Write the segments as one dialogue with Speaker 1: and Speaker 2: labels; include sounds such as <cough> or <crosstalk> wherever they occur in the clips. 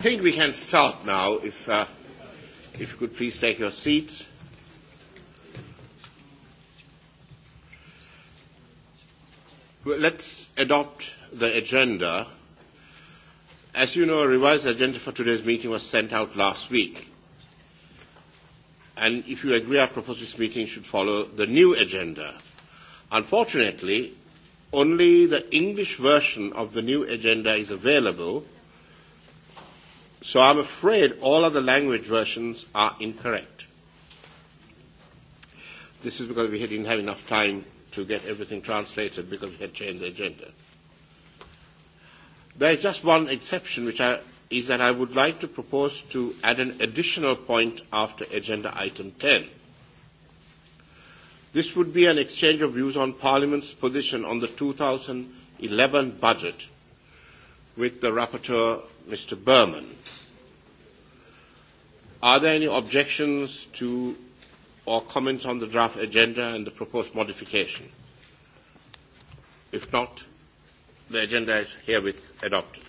Speaker 1: I think we can start now, if, uh, if you could please take your seats. Well, let's adopt the agenda. As you know, a revised agenda for today's meeting was sent out last week. And if you agree, I propose this meeting should follow the new agenda. Unfortunately, only the English version of the new agenda is available – So I'm afraid all of the language versions are incorrect. This is because we didn't have enough time to get everything translated because we had changed the agenda. There is just one exception, which I, is that I would like to propose to add an additional point after agenda item 10. This would be an exchange of views on Parliament's position on the 2011 budget with the rapporteur Mr. Berman. Are there any objections to or comments on the draft agenda and the proposed modification? If not, the agenda is herewith adopted.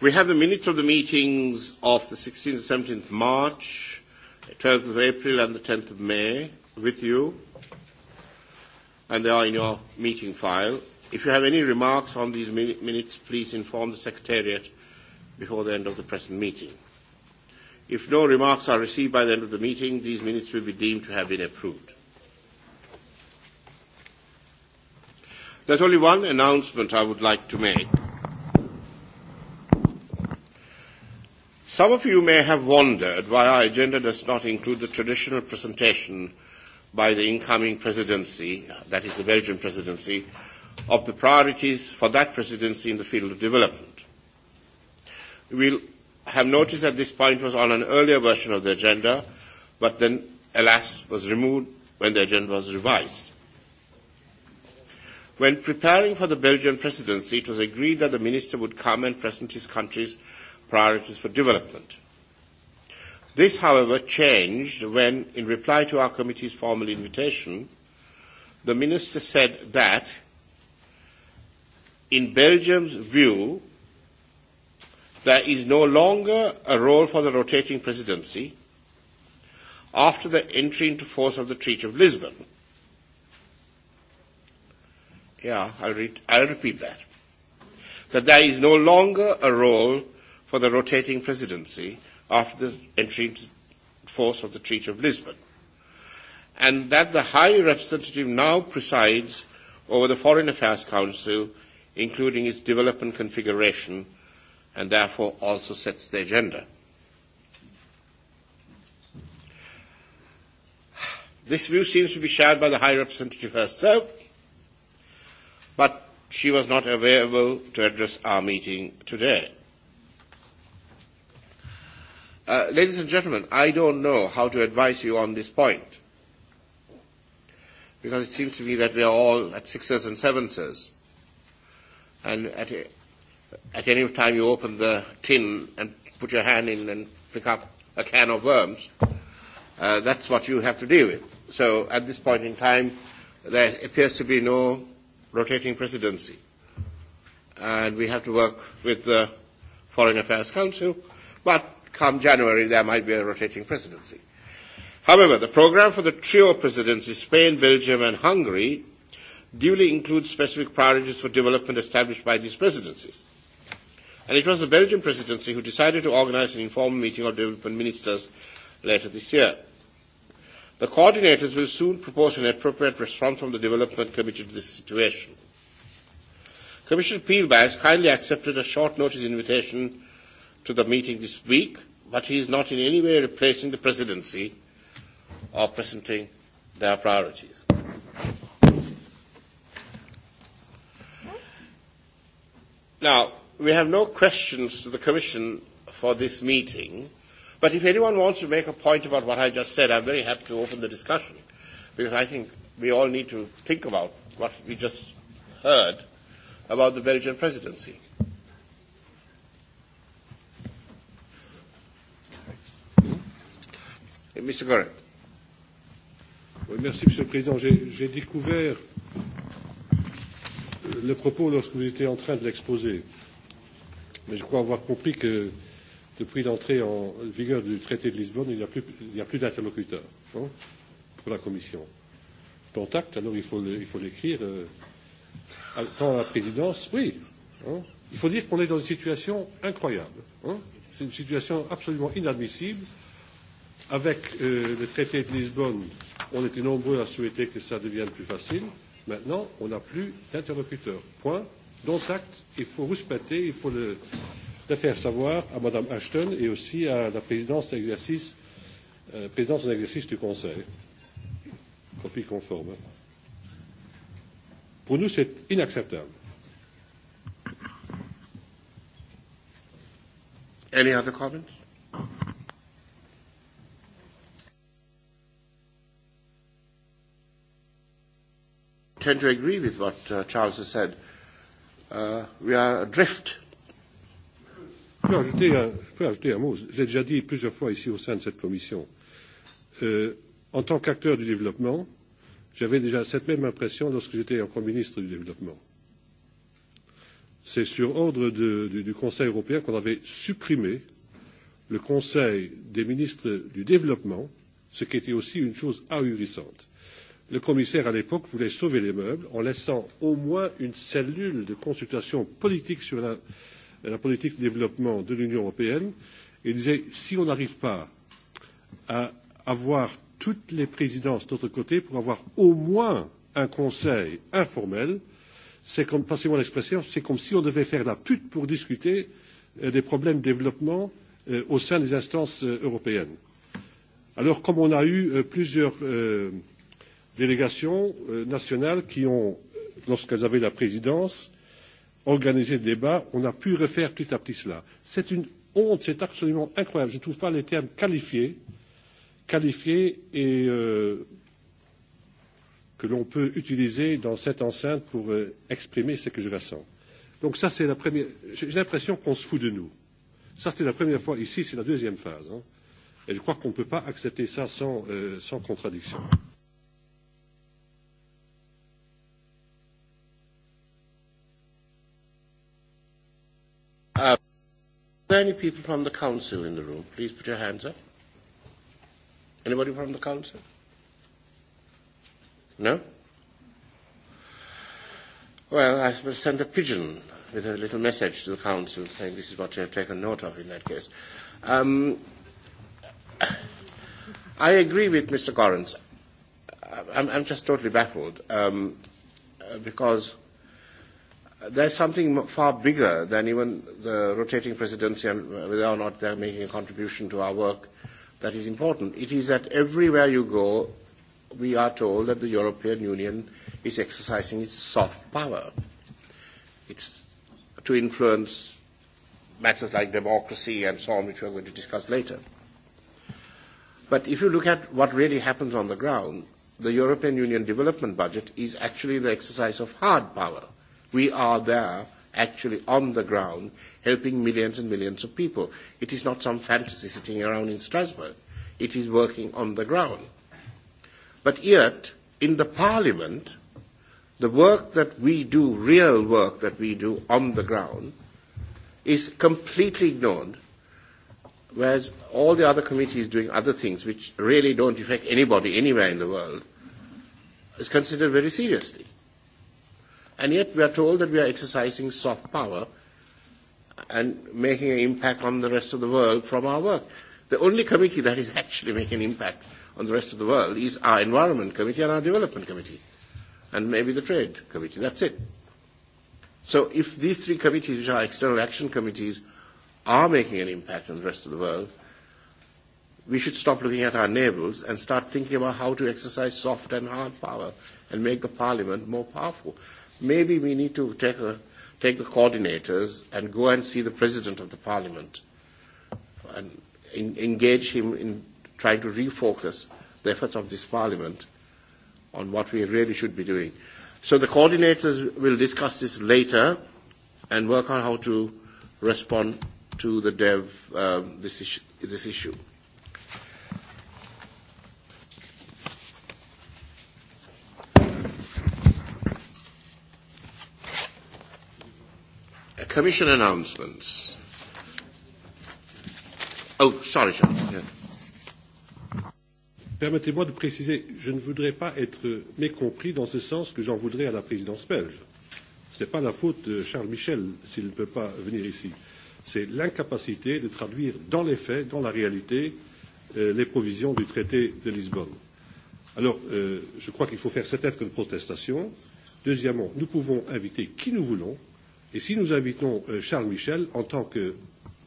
Speaker 1: We have the minutes of the meetings of the 16th and 17th March, 12th of April and the 10th of May with you, and they are in your meeting file. If you have any remarks on these minutes, please inform the Secretariat before the end of the present meeting. If no remarks are received by the end of the meeting, these minutes will be deemed to have been approved. There's only one announcement I would like to make. Some of you may have wondered why our agenda does not include the traditional presentation by the incoming presidency, that is the Belgian presidency, of the priorities for that presidency in the field of development. We have noticed that this point was on an earlier version of the agenda, but then, alas, was removed when the agenda was revised. When preparing for the Belgian presidency, it was agreed that the minister would come and present his country's priorities for development. This, however, changed when, in reply to our committee's formal invitation, the minister said that in Belgium's view, there is no longer a role for the rotating presidency after the entry into force of the Treaty of Lisbon. Yeah, I'll, read, I'll repeat that. That there is no longer a role for the rotating presidency after the entry into force of the Treaty of Lisbon. And that the High Representative now presides over the Foreign Affairs Council including its development configuration, and therefore also sets the agenda. This view seems to be shared by the High Representative herself, but she was not available to address our meeting today. Uh, ladies and gentlemen, I don't know how to advise you on this point, because it seems to me that we are all at sixes and sevenses and at, at any time you open the tin and put your hand in and pick up a can of worms, uh, that's what you have to deal with. So at this point in time, there appears to be no rotating presidency. And we have to work with the Foreign Affairs Council, but come January there might be a rotating presidency. However, the program for the trio presidency, Spain, Belgium and Hungary, duly include specific priorities for development established by these presidencies. And it was the Belgian presidency who decided to organize an informal meeting of development ministers later this year. The coordinators will soon propose an appropriate response from the Development Committee to this situation. Commissioner Peelby has kindly accepted a short notice invitation to the meeting this week, but he is not in any way replacing the presidency or presenting their priorities. Now, we have no questions to the Commission for this meeting, but if anyone wants to make a point about what I just said, I'm very happy to open the discussion, because I think we all need to think about what we just heard about the Belgian presidency.
Speaker 2: Et Mr. Gorin. Oui, merci, Monsieur le Président. J'ai découvert le propos lorsque vous étiez en train de l'exposer. Mais je crois avoir compris que depuis l'entrée en vigueur du traité de Lisbonne, il n'y a plus, plus d'interlocuteur hein, pour la Commission. Contact, alors il faut l'écrire euh, tant à la présidence, oui. Hein, il faut dire qu'on est dans une situation incroyable. Hein, C'est une situation absolument inadmissible. Avec euh, le traité de Lisbonne, on était nombreux à souhaiter que ça devienne plus facile. Maintenant, on n'a plus d'interlocuteur. Point. Dont acte. Il faut respecter, il faut le, le faire savoir à Mme Ashton et aussi à la présidence d'exercice, euh, présidence en exercice du Conseil. Copie conforme. Pour nous, c'est inacceptable.
Speaker 1: Any other comments?
Speaker 2: tend to agree with what uh, Charles has said. Uh, we are adrift. Je peux, ajouter un, je peux ajouter un mot. J'ai déjà dit plusieurs fois ici au sein de cette commission. Euh, en tant qu'acteur du développement, j'avais déjà cette même impression lorsque j'étais encore ministre du développement. C'est sur ordre de, du, du Conseil européen qu'on avait supprimé le Conseil des ministres du développement, ce qui était aussi une chose ahurissante le commissaire à l'époque voulait sauver les meubles en laissant au moins une cellule de consultation politique sur la, la politique de développement de l'Union européenne. Il disait si on n'arrive pas à avoir toutes les présidences de notre côté pour avoir au moins un conseil informel, c'est comme, passez-moi l'expression, c'est comme si on devait faire la pute pour discuter euh, des problèmes de développement euh, au sein des instances euh, européennes. Alors, comme on a eu plusieurs euh, délégations euh, nationales qui ont, lorsqu'elles avaient la présidence, organisé le débat, on a pu refaire petit à petit cela. C'est une honte, c'est absolument incroyable. Je ne trouve pas les termes qualifiés, qualifiés et euh, que l'on peut utiliser dans cette enceinte pour euh, exprimer ce que je ressens. Donc ça, c'est la première. J'ai l'impression qu'on se fout de nous. Ça, c'était la première fois. Ici, c'est la deuxième phase. Hein. Et je crois qu'on ne peut pas accepter ça sans, euh, sans contradiction.
Speaker 1: Uh, are there any people from the council in the room? Please put your hands up. Anybody from the council? No? Well, I will send a pigeon with a little message to the council saying this is what you have taken note of in that case. Um, I agree with Mr. Correns. I'm, I'm just totally baffled um, uh, because there's something far bigger than even the rotating presidency and whether or not they're making a contribution to our work that is important. It is that everywhere you go, we are told that the European Union is exercising its soft power. It's to influence matters like democracy and so on, which we're going to discuss later. But if you look at what really happens on the ground, the European Union development budget is actually the exercise of hard power – We are there actually on the ground helping millions and millions of people. It is not some fantasy sitting around in Strasbourg. It is working on the ground. But yet, in the parliament, the work that we do, real work that we do on the ground, is completely ignored, whereas all the other committees doing other things which really don't affect anybody anywhere in the world is considered very seriously. And yet we are told that we are exercising soft power and making an impact on the rest of the world from our work. The only committee that is actually making an impact on the rest of the world is our Environment Committee and our Development Committee, and maybe the Trade Committee. That's it. So if these three committees, which are external action committees, are making an impact on the rest of the world, we should stop looking at our neighbours and start thinking about how to exercise soft and hard power and make the parliament more powerful maybe we need to take, a, take the coordinators and go and see the president of the parliament and in, engage him in trying to refocus the efforts of this parliament on what we really should be doing. So the coordinators will discuss this later and work out how to respond to the dev um, this, issue, this issue. Commission announcements.
Speaker 2: Oh, sorry, Charles. Yeah. Permettez-moi de préciser, je ne voudrais pas être mécompris dans ce sens que j'en voudrais à la présidence belge. Ce n'est pas la faute de Charles Michel s'il ne peut pas venir ici. C'est l'incapacité de traduire dans les faits, dans la réalité, euh, les provisions du traité de Lisbonne. Alors, euh, je crois qu'il faut faire cette lettre de protestation. Deuxièmement, nous pouvons inviter qui nous voulons, Et si nous invitons euh, Charles Michel en tant que,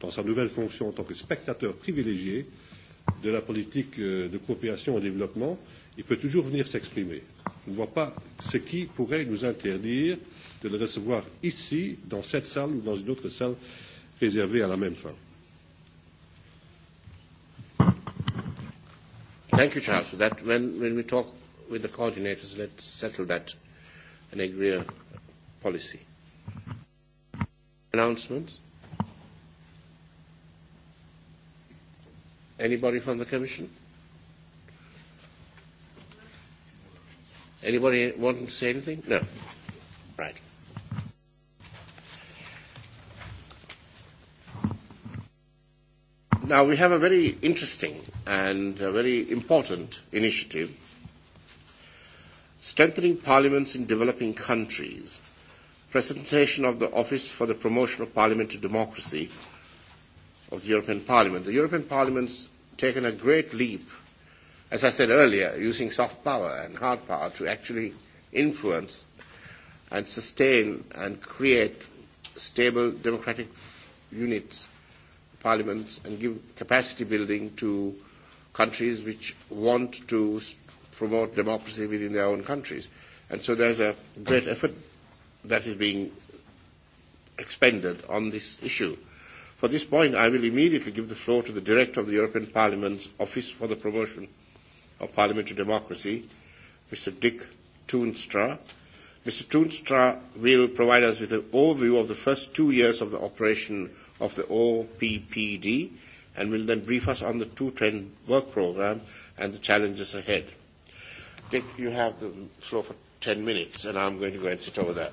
Speaker 2: dans sa nouvelle fonction en tant que spectateur privilégié de la politique euh, de coopération au développement, il peut toujours venir s'exprimer. Je ne vois pas ce qui pourrait nous interdire de le recevoir ici, dans cette salle ou dans une autre salle réservée à la même fin.
Speaker 1: Thank you, Charles. That when, when we talk with the coordinators, let's settle that and agree a policy. Announcements? Anybody from the Commission? Anybody wanting to say anything? No. Right. Now we have a very interesting and a very important initiative, Strengthening Parliaments in Developing Countries – presentation of the Office for the Promotion of Parliamentary Democracy of the European Parliament. The European Parliament's taken a great leap, as I said earlier, using soft power and hard power to actually influence and sustain and create stable democratic units, parliaments, and give capacity building to countries which want to promote democracy within their own countries. And so there's a great effort that is being expended on this issue. For this point, I will immediately give the floor to the Director of the European Parliament's Office for the Promotion of Parliamentary Democracy, Mr. Dick Toonstra. Mr. Toonstra will provide us with an overview of the first two years of the operation of the OPPD and will then brief us on the 210 work programme and the challenges ahead. Dick, you have the floor for 10 minutes, and I'm going to go and sit over there.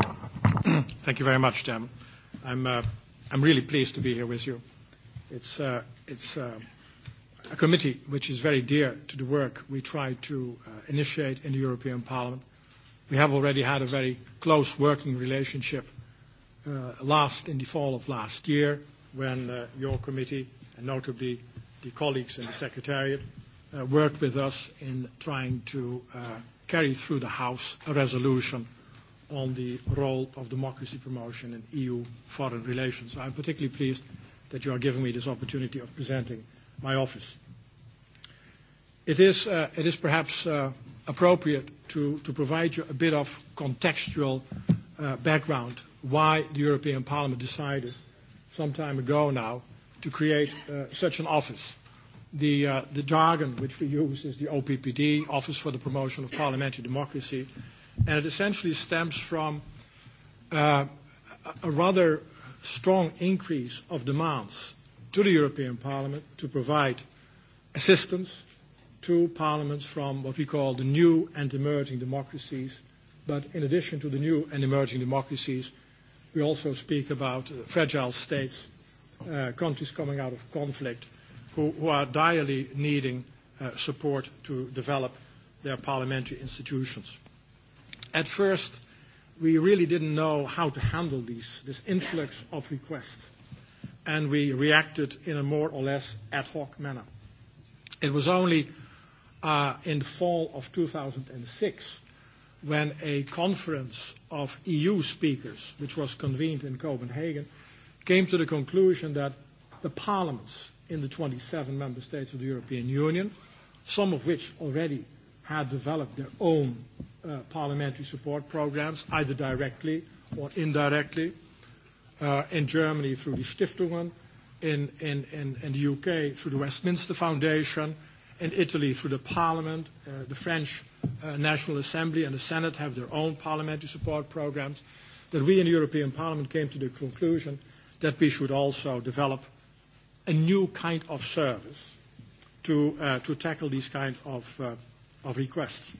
Speaker 3: Thank you very much, Dan. I'm, uh, I'm really pleased to be here with you. It's, uh, it's uh, a committee which is very dear to the work we try to uh, initiate in the European Parliament. We have already had a very close working relationship uh, last in the fall of last year when uh, your committee, and notably the colleagues in the Secretariat, uh, worked with us in trying to uh, carry through the House a resolution on the role of democracy promotion in EU foreign relations. I'm particularly pleased that you are giving me this opportunity of presenting my office. It is, uh, it is perhaps uh, appropriate to, to provide you a bit of contextual uh, background why the European Parliament decided some time ago now to create uh, such an office. The, uh, the jargon which we use is the OPPD, Office for the Promotion of Parliamentary Democracy, And it essentially stems from uh, a rather strong increase of demands to the European Parliament to provide assistance to parliaments from what we call the new and emerging democracies. But in addition to the new and emerging democracies, we also speak about fragile states, uh, countries coming out of conflict, who, who are direly needing uh, support to develop their parliamentary institutions. At first, we really didn't know how to handle these, this influx of requests, and we reacted in a more or less ad hoc manner. It was only uh, in the fall of 2006 when a conference of EU speakers, which was convened in Copenhagen, came to the conclusion that the parliaments in the 27 member states of the European Union, some of which already had developed their own uh, parliamentary support programs, either directly or indirectly. Uh, in Germany through the Stiftungen, in, in, in, in the UK through the Westminster Foundation, in Italy through the Parliament. Uh, the French uh, National Assembly and the Senate have their own parliamentary support programs. That we in the European Parliament came to the conclusion that we should also develop a new kind of service to, uh, to tackle these kind of, uh, of requests.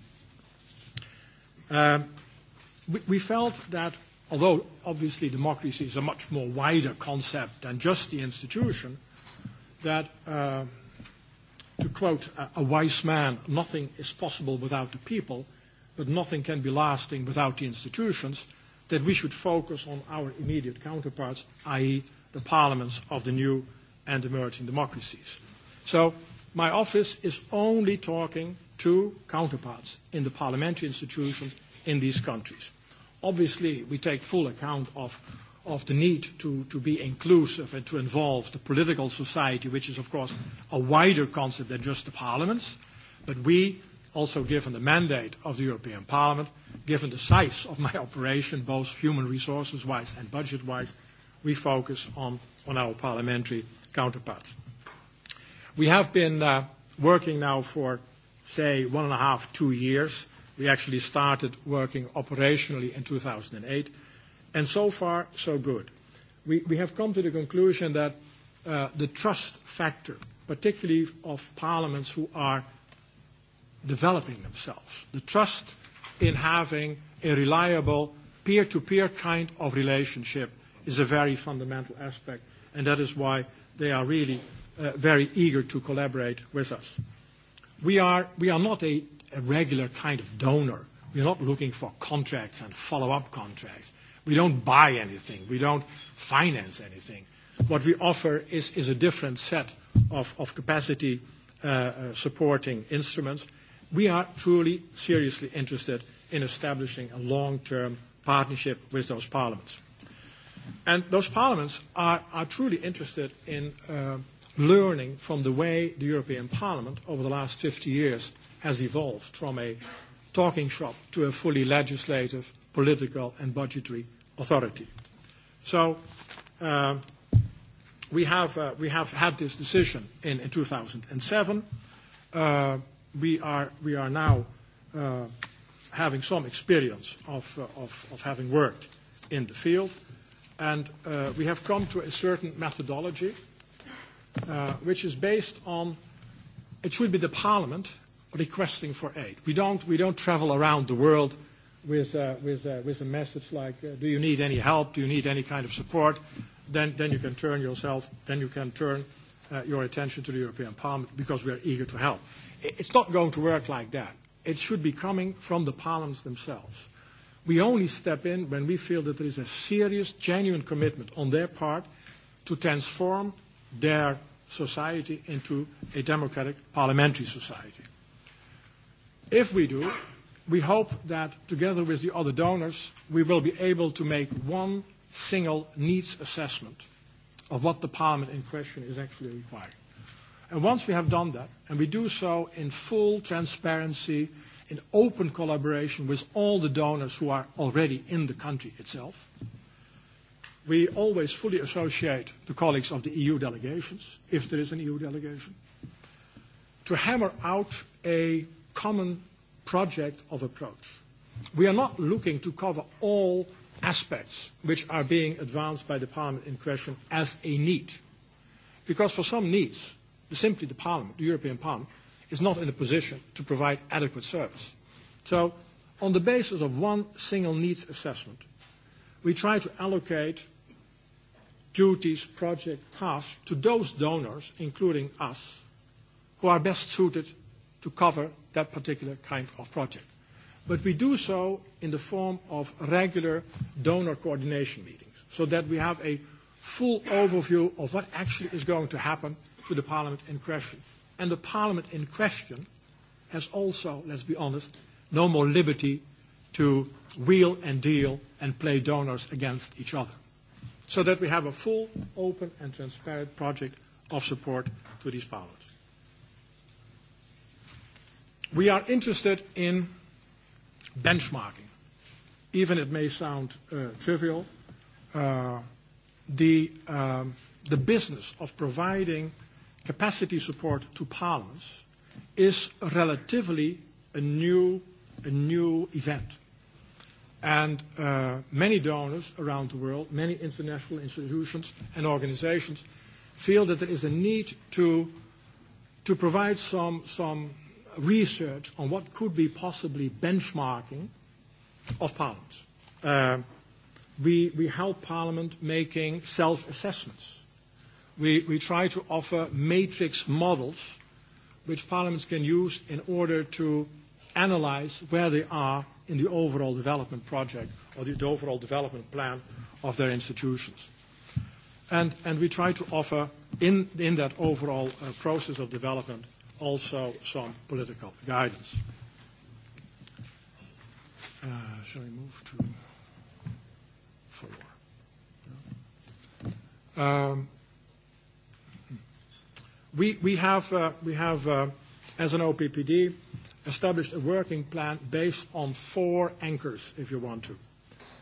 Speaker 3: Um, we, we felt that although obviously democracy is a much more wider concept than just the institution, that uh, to quote a, a wise man, nothing is possible without the people, but nothing can be lasting without the institutions, that we should focus on our immediate counterparts, i.e., the parliaments of the new and emerging democracies. So my office is only talking to counterparts in the parliamentary institutions in these countries. Obviously, we take full account of, of the need to, to be inclusive and to involve the political society, which is, of course, a wider concept than just the parliaments. But we, also given the mandate of the European Parliament, given the size of my <laughs> operation, both human resources-wise and budget-wise, we focus on, on our parliamentary counterparts. We have been uh, working now for say, one and a half, two years. We actually started working operationally in 2008, and so far, so good. We, we have come to the conclusion that uh, the trust factor, particularly of parliaments who are developing themselves, the trust in having a reliable peer-to-peer -peer kind of relationship is a very fundamental aspect, and that is why they are really uh, very eager to collaborate with us. We are, we are not a, a regular kind of donor. We're not looking for contracts and follow-up contracts. We don't buy anything. We don't finance anything. What we offer is, is a different set of, of capacity uh, uh, supporting instruments. We are truly, seriously interested in establishing a long-term partnership with those parliaments. And those parliaments are, are truly interested in uh, learning from the way the European Parliament over the last 50 years has evolved from a talking shop to a fully legislative, political and budgetary authority. So uh, we, have, uh, we have had this decision in, in 2007. Uh, we, are, we are now uh, having some experience of, uh, of, of having worked in the field. And uh, we have come to a certain methodology uh, which is based on it should be the parliament requesting for aid. We don't, we don't travel around the world with, uh, with, uh, with a message like, uh, do you need any help? Do you need any kind of support? Then, then you can turn yourself, then you can turn uh, your attention to the European Parliament because we are eager to help. It's not going to work like that. It should be coming from the parliaments themselves. We only step in when we feel that there is a serious, genuine commitment on their part to transform their society into a democratic parliamentary society. If we do, we hope that together with the other donors, we will be able to make one single needs assessment of what the parliament in question is actually requiring. And once we have done that, and we do so in full transparency, in open collaboration with all the donors who are already in the country itself, we always fully associate the colleagues of the EU delegations, if there is an EU delegation, to hammer out a common project of approach. We are not looking to cover all aspects which are being advanced by the Parliament in question as a need. Because for some needs, simply the Parliament, the European Parliament, is not in a position to provide adequate service. So on the basis of one single needs assessment, we try to allocate duties project tasks to those donors, including us, who are best suited to cover that particular kind of project. But we do so in the form of regular donor coordination meetings so that we have a full overview of what actually is going to happen to the parliament in question. And the parliament in question has also, let's be honest, no more liberty to wheel and deal and play donors against each other so that we have a full, open and transparent project of support to these powers. We are interested in benchmarking. Even it may sound uh, trivial, uh, the, um, the business of providing capacity support to parliaments is relatively a new, a new event. And uh, many donors around the world, many international institutions and organizations feel that there is a need to, to provide some, some research on what could be possibly benchmarking of parliaments. Uh, we, we help parliament making self-assessments. We, we try to offer matrix models which parliaments can use in order to analyze where they are in the overall development project or the overall development plan of their institutions. And, and we try to offer in, in that overall uh, process of development also some political guidance. Uh, shall we move to four? Yeah. Um, hmm. we, we have, uh, we have uh, as an OPPD, established a working plan based on four anchors, if you want to.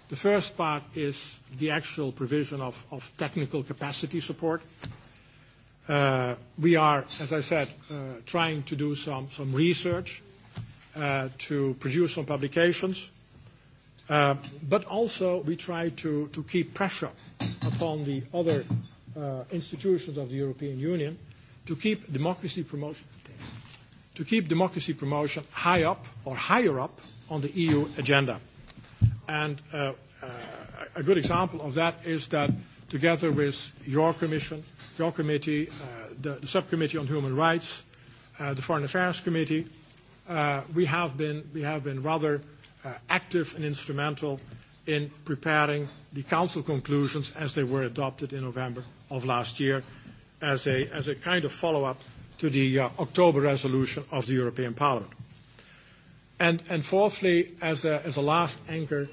Speaker 3: The first part is the actual provision of, of technical capacity support. Uh, we are, as I said, uh, trying to do some, some research uh, to produce some publications. Uh, But also we try to, to keep pressure upon the other uh, institutions of the European Union to keep democracy promotion to keep democracy promotion high up or higher up on the EU agenda. And uh, uh, a good example of that is that together with your commission, your committee, uh, the, the subcommittee on human rights, uh, the foreign affairs committee, uh, we have been we have been rather uh, active and instrumental in preparing the council conclusions as they were adopted in November of last year, as a as a kind of follow up to the uh, October resolution of the European Parliament. And, and fourthly, as a, as a last anchor,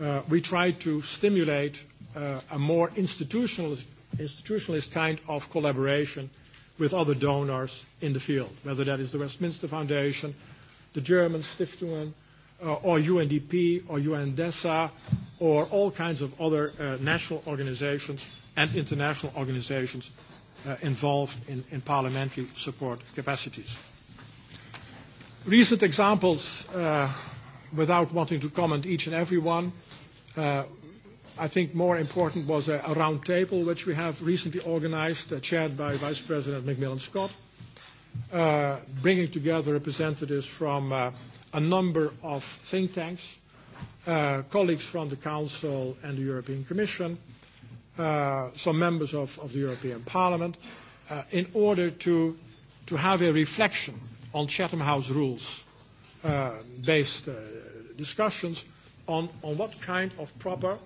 Speaker 3: uh, we try to stimulate uh, a more institutionalist, institutionalist kind of collaboration with other donors in the field, whether that is the Westminster Foundation, the German Stiftungen, uh, or UNDP, or UNDESA, or all kinds of other uh, national organizations and international organizations uh, involved in, in parliamentary support capacities. Recent examples, uh, without wanting to comment each and every one, uh, I think more important was a, a round table which we have recently organized, uh, chaired by Vice President Macmillan Scott, uh, bringing together representatives from uh, a number of think tanks, uh, colleagues from the Council and the European Commission, uh, some members of, of the European Parliament uh, in order to, to have a reflection on Chatham House rules uh, based uh, discussions on, on what kind of proper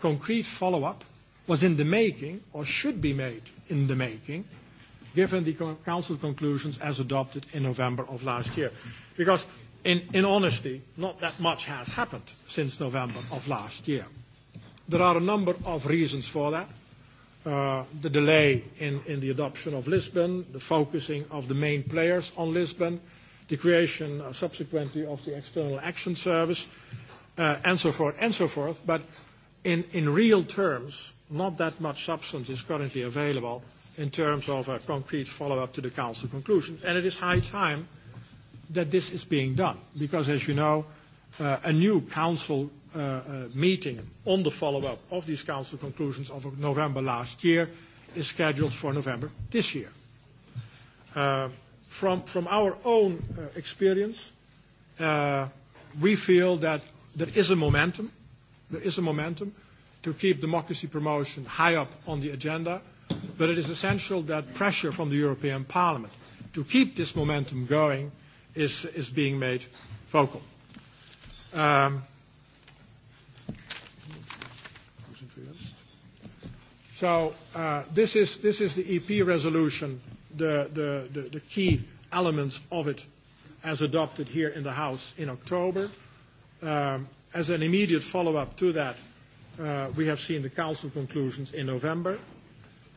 Speaker 3: concrete follow-up was in the making or should be made in the making given the Council conclusions as adopted in November of last year. Because in, in honesty, not that much has happened since November of last year. There are a number of reasons for that. Uh, the delay in, in the adoption of Lisbon, the focusing of the main players on Lisbon, the creation uh, subsequently of the External Action Service, uh, and so forth, and so forth. But in, in real terms, not that much substance is currently available in terms of a concrete follow-up to the Council conclusions. And it is high time that this is being done, because as you know, uh, a new Council uh, meeting on the follow-up of these council conclusions of November last year is scheduled for November this year. Uh, from, from our own uh, experience, uh, we feel that there is a momentum, there is a momentum to keep democracy promotion high up on the agenda, but it is essential that pressure from the European Parliament to keep this momentum going is, is being made vocal. Um, So uh, this, is, this is the EP resolution, the, the, the, the key elements of it as adopted here in the House in October. Um, as an immediate follow-up to that, uh, we have seen the Council conclusions in November.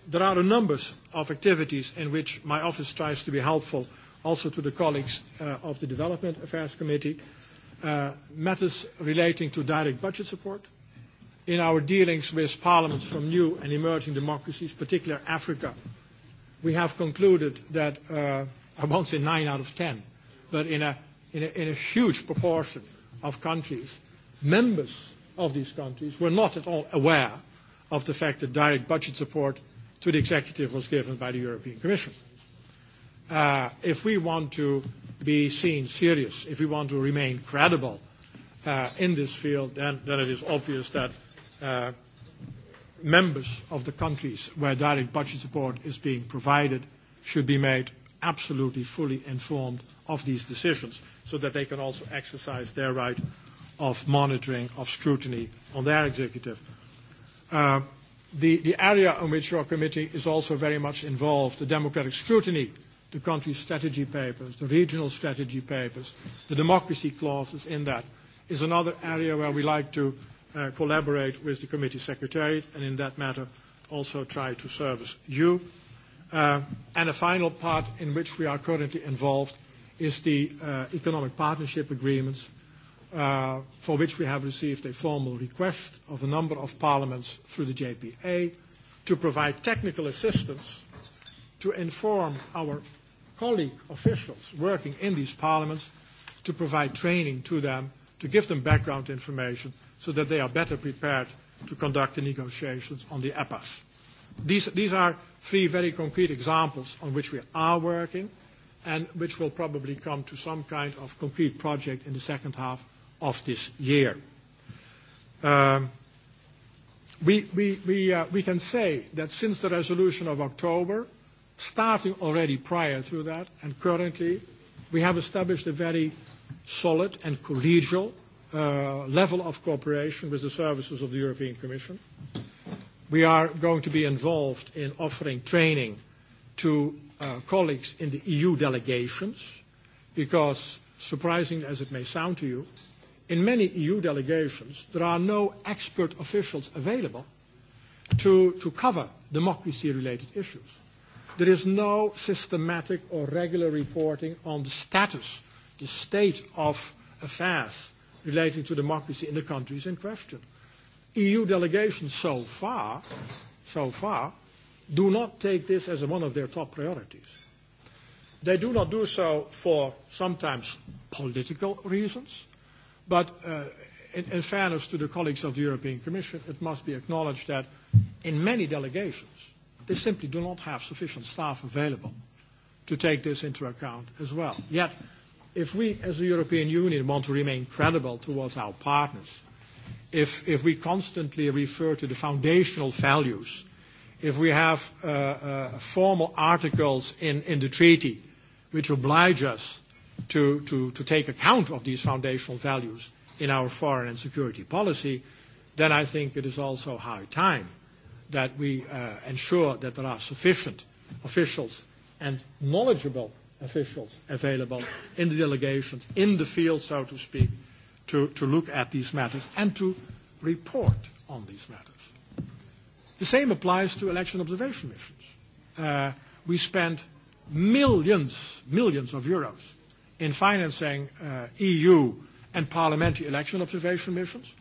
Speaker 3: There are a number of activities in which my office tries to be helpful also to the colleagues uh, of the Development Affairs Committee. Uh, matters relating to direct budget support, in our dealings with parliaments from new and emerging democracies, particularly Africa, we have concluded that, uh, I won't say nine out of ten, but in a, in, a, in a huge proportion of countries, members of these countries were not at all aware of the fact that direct budget support to the executive was given by the European Commission. Uh, if we want to be seen serious, if we want to remain credible uh, in this field, then, then it is obvious that Uh, members of the countries where direct budget support is being provided should be made absolutely fully informed of these decisions so that they can also exercise their right of monitoring, of scrutiny on their executive. Uh, the, the area in which your committee is also very much involved, the democratic scrutiny, the country's strategy papers, the regional strategy papers, the democracy clauses in that, is another area where we like to uh, collaborate with the committee secretariat and in that matter also try to service you. Uh, and a final part in which we are currently involved is the uh, economic partnership agreements uh, for which we have received a formal request of a number of parliaments through the JPA to provide technical assistance to inform our colleague officials working in these parliaments to provide training to them, to give them background information so that they are better prepared to conduct the negotiations on the EPAs. These, these are three very concrete examples on which we are working and which will probably come to some kind of concrete project in the second half of this year. Um, we, we, we, uh, we can say that since the resolution of October, starting already prior to that and currently, we have established a very solid and collegial Uh, level of cooperation with the services of the European Commission. We are going to be involved in offering training to uh, colleagues in the EU delegations, because, surprising as it may sound to you, in many EU delegations there are no expert officials available to, to cover democracy-related issues. There is no systematic or regular reporting on the status, the state of affairs relating to democracy in the countries in question. EU delegations so far, so far, do not take this as one of their top priorities. They do not do so for sometimes political reasons, but uh, in, in fairness to the colleagues of the European Commission, it must be acknowledged that in many delegations, they simply do not have sufficient staff available to take this into account as well. Yet if we as the European Union want to remain credible towards our partners, if, if we constantly refer to the foundational values, if we have uh, uh, formal articles in, in the treaty which oblige us to, to, to take account of these foundational values in our foreign and security policy, then I think it is also high time that we uh, ensure that there are sufficient officials and knowledgeable officials available in the delegations, in the field, so to speak, to, to look at these matters and to report on these matters. The same applies to election observation missions. Uh, we spend millions, millions of euros in financing uh, EU and parliamentary election observation missions.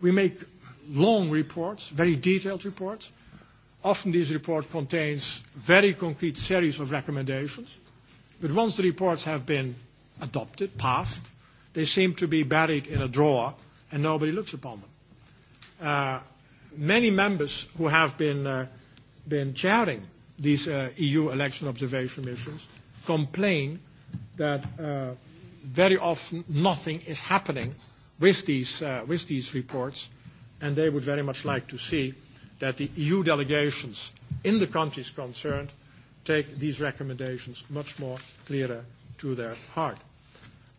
Speaker 3: We make long reports, very detailed reports. Often this report contains very concrete series of recommendations But once the reports have been adopted, passed, they seem to be buried in a drawer and nobody looks upon them. Uh, many members who have been, uh, been chairing these uh, EU election observation missions complain that uh, very often nothing is happening with these, uh, with these reports, and they would very much like to see that the EU delegations in the countries concerned – take these recommendations much more clearer to their heart.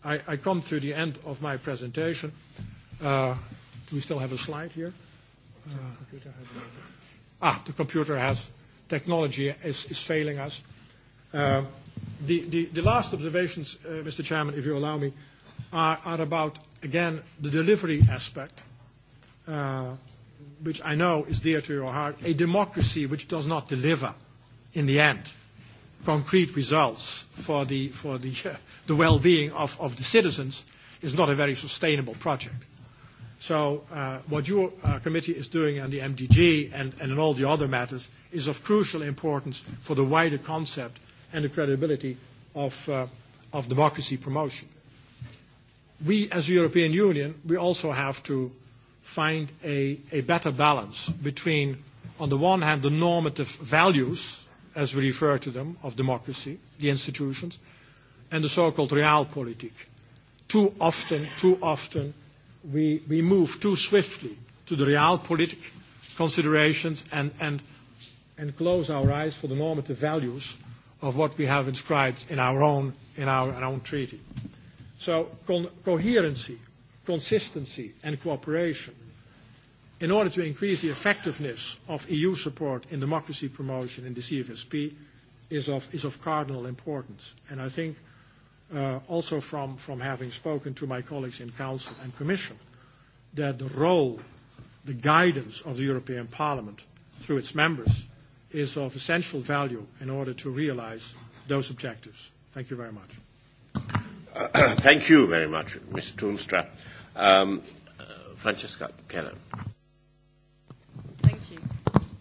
Speaker 3: I, I come to the end of my presentation. Uh, we still have a slide here. Uh, ah, the computer has technology is, is failing us. Uh, the, the, the last observations, uh, Mr. Chairman, if you allow me, are, are about, again, the delivery aspect, uh, which I know is dear to your heart, a democracy which does not deliver – in the end, concrete results for the, for the, uh, <laughs> the well-being of, of the citizens is not a very sustainable project. So uh, what your uh, committee is doing on the MDG and, and in all the other matters is of crucial importance for the wider concept and the credibility of, uh, of democracy promotion. We, as a European Union, we also have to find a, a better balance between, on the one hand, the normative values as we refer to them, of democracy, the institutions, and the so-called realpolitik. Too often, too often, we, we move too swiftly to the realpolitik considerations and, and, and close our eyes for the normative values of what we have inscribed in our own, in our, our own treaty. So con- coherency, consistency, and cooperation – In order to increase the effectiveness of EU support in democracy promotion in the CFSP is of, is of cardinal importance. And I think uh, also from, from having spoken to my colleagues in Council and Commission that the role, the guidance of the European Parliament through its members is of essential value in order to realize those objectives. Thank you very much.
Speaker 1: Uh, <coughs> thank you very much, Mr. Toonstra. Um, uh, Francesca Keller.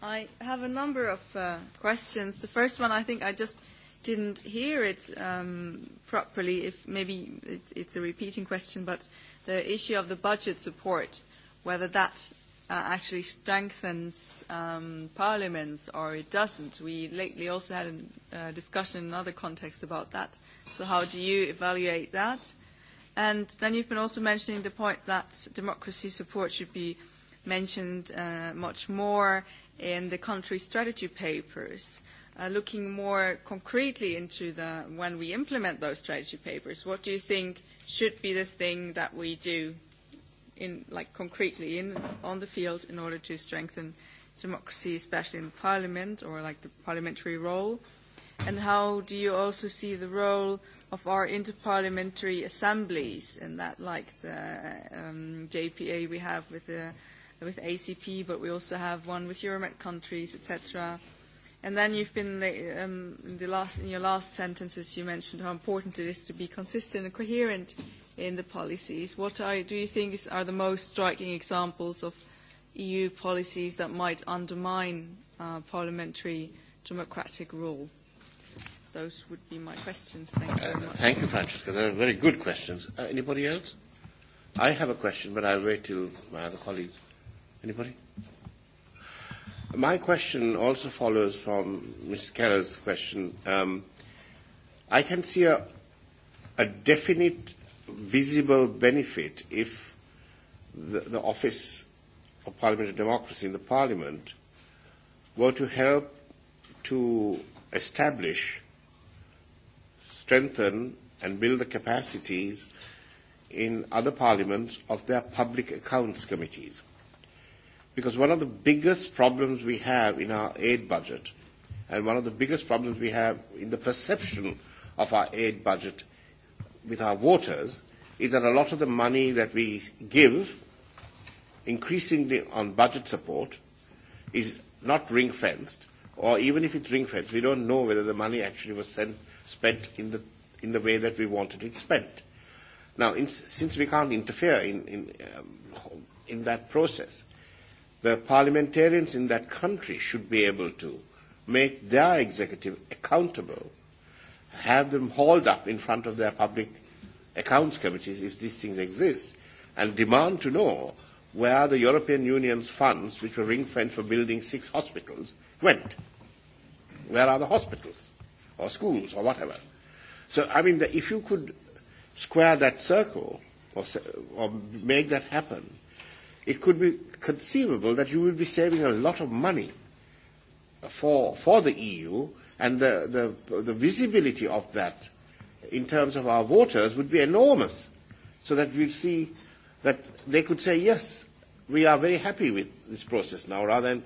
Speaker 4: I have a number of uh, questions. The first one, I think I just didn't hear it um, properly. If maybe it, it's a repeating question, but the issue of the budget support, whether that uh, actually strengthens um, parliaments or it doesn't. We lately also had a uh, discussion in another context about that. So how do you evaluate that? And then you've been also mentioning the point that democracy support should be mentioned uh, much more in the country strategy papers, uh, looking more concretely into the when we implement those strategy papers, what do you think should be the thing that we do in like concretely in on the field in order to strengthen democracy, especially in the parliament or like the parliamentary role? And how do you also see the role of our interparliamentary assemblies in that, like the um, JPA we have with the with ACP, but we also have one with Euromed countries, etc. And then you've been um, in, the last, in your last sentences you mentioned how important it is to be consistent and coherent in the policies. What are, do you think is, are the most striking examples of EU policies that might undermine uh, parliamentary democratic rule? Those would be my questions. Thank you very uh, much. Uh, thank you,
Speaker 1: Francesca. They're very good questions. Uh, anybody else? I have a question, but I'll wait till my uh, other colleagues. Anybody? My question also follows from Ms. Keller's question. Um, I can see a, a definite visible benefit if the, the Office of Parliamentary Democracy in the Parliament were to help to establish, strengthen, and build the capacities in other parliaments of their public accounts committees. Because one of the biggest problems we have in our aid budget, and one of the biggest problems we have in the perception of our aid budget with our voters, is that a lot of the money that we give, increasingly on budget support, is not ring fenced, or even if it's ring fenced, we don't know whether the money actually was sent, spent in the, in the way that we wanted it spent. Now, in, since we can't interfere in, in, um, in that process, the parliamentarians in that country should be able to make their executive accountable, have them hauled up in front of their public accounts committees if these things exist, and demand to know where the European Union's funds, which were ring-fenced for building six hospitals, went. Where are the hospitals or schools or whatever? So, I mean, the, if you could square that circle or, or make that happen, it could be conceivable that you will be saving a lot of money for, for the EU, and the, the, the visibility of that in terms of our voters would be enormous, so that we'd see that they could say, yes, we are very happy with this process now, rather than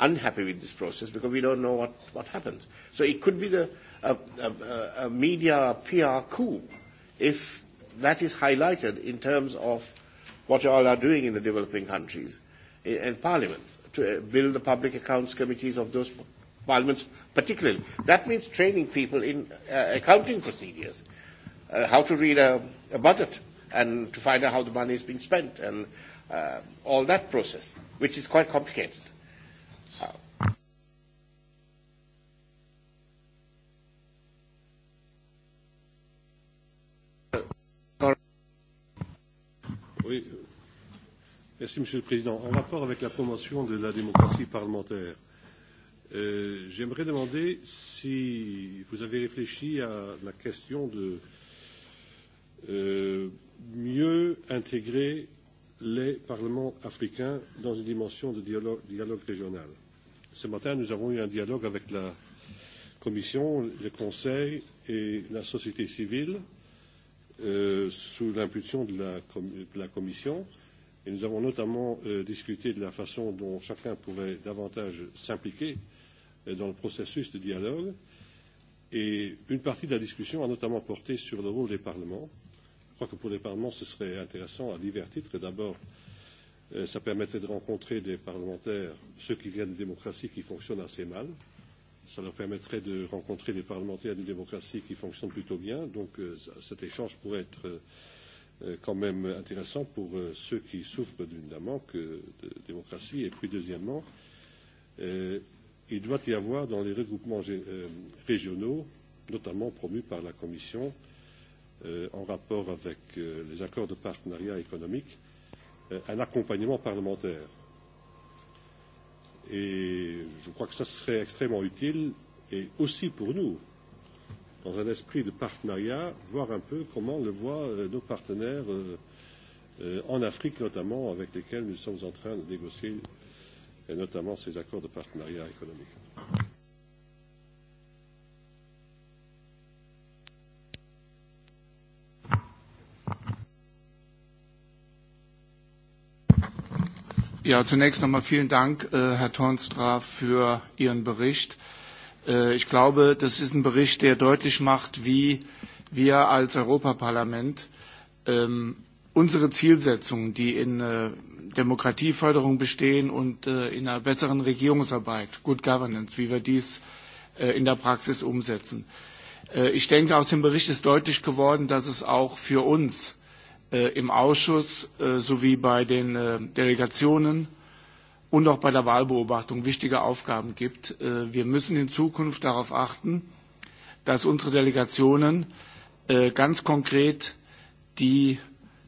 Speaker 1: unhappy with this process because we don't know what, what happens. So it could be the, a, a, a media PR coup if that is highlighted in terms of what all are doing in the developing countries eh, and parliaments to eh, build the public accounts committees of those parliaments particularly. That means training people in uh, accounting procedures, uh, how to read a, a budget and to find out how the money is being spent and uh, all that process, which is quite complicated. Uh,
Speaker 2: Oui, Merci, Monsieur le Président. En rapport avec la promotion de la démocratie parlementaire, euh, j'aimerais demander si vous avez réfléchi à la question de euh, mieux intégrer les parlements africains dans une dimension de dialogue, dialogue régional. Ce matin, nous avons eu un dialogue avec la Commission, le Conseil et la société civile euh, sous l'impulsion de, la, de la Commission. Euh, Et nous avons notamment euh, discuté de la façon dont chacun pouvait davantage s'impliquer euh, dans le processus de dialogue. Et une partie de la discussion a notamment porté sur le rôle des parlements. Je crois que pour les parlements, ce serait intéressant à divers titres. D'abord, euh, ça permettrait de rencontrer des parlementaires, ceux qui viennent de démocraties qui fonctionnent assez mal. Ça leur permettrait de rencontrer des parlementaires d'une démocratie qui fonctionne plutôt bien. Donc euh, cet échange pourrait être. Euh, Euh, quand même intéressant pour euh, ceux qui souffrent d'une manque de démocratie. Et puis, deuxièmement, euh, il doit y avoir dans les regroupements régionaux, notamment promus par la Commission en rapport avec les accords de partenariat économique, un accompagnement parlementaire. Et je crois que ça serait extrêmement utile, et aussi pour nous, dans un esprit de partenariat, voir un peu comment le voient euh, nos partenaires euh, euh, en Afrique notamment, avec lesquels nous sommes en train de négocier, et notamment ces accords de partenariat économique.
Speaker 5: Ja, zunächst nochmal vielen Dank, äh, Herr Tornstra, für Ihren Bericht. Äh, ich glaube, das ist ein Bericht, der deutlich macht, wie wir als Europaparlament ähm, unsere Zielsetzungen, die in äh, Demokratieförderung bestehen und äh, in einer besseren Regierungsarbeit, Good Governance, wie wir dies in der Praxis umsetzen. Ich denke, aus dem Bericht ist deutlich geworden, dass es auch für uns im Ausschuss sowie bei den Delegationen und auch bei der Wahlbeobachtung wichtige Aufgaben gibt. Äh, wir müssen in Zukunft darauf achten, dass unsere Delegationen äh, ganz konkret die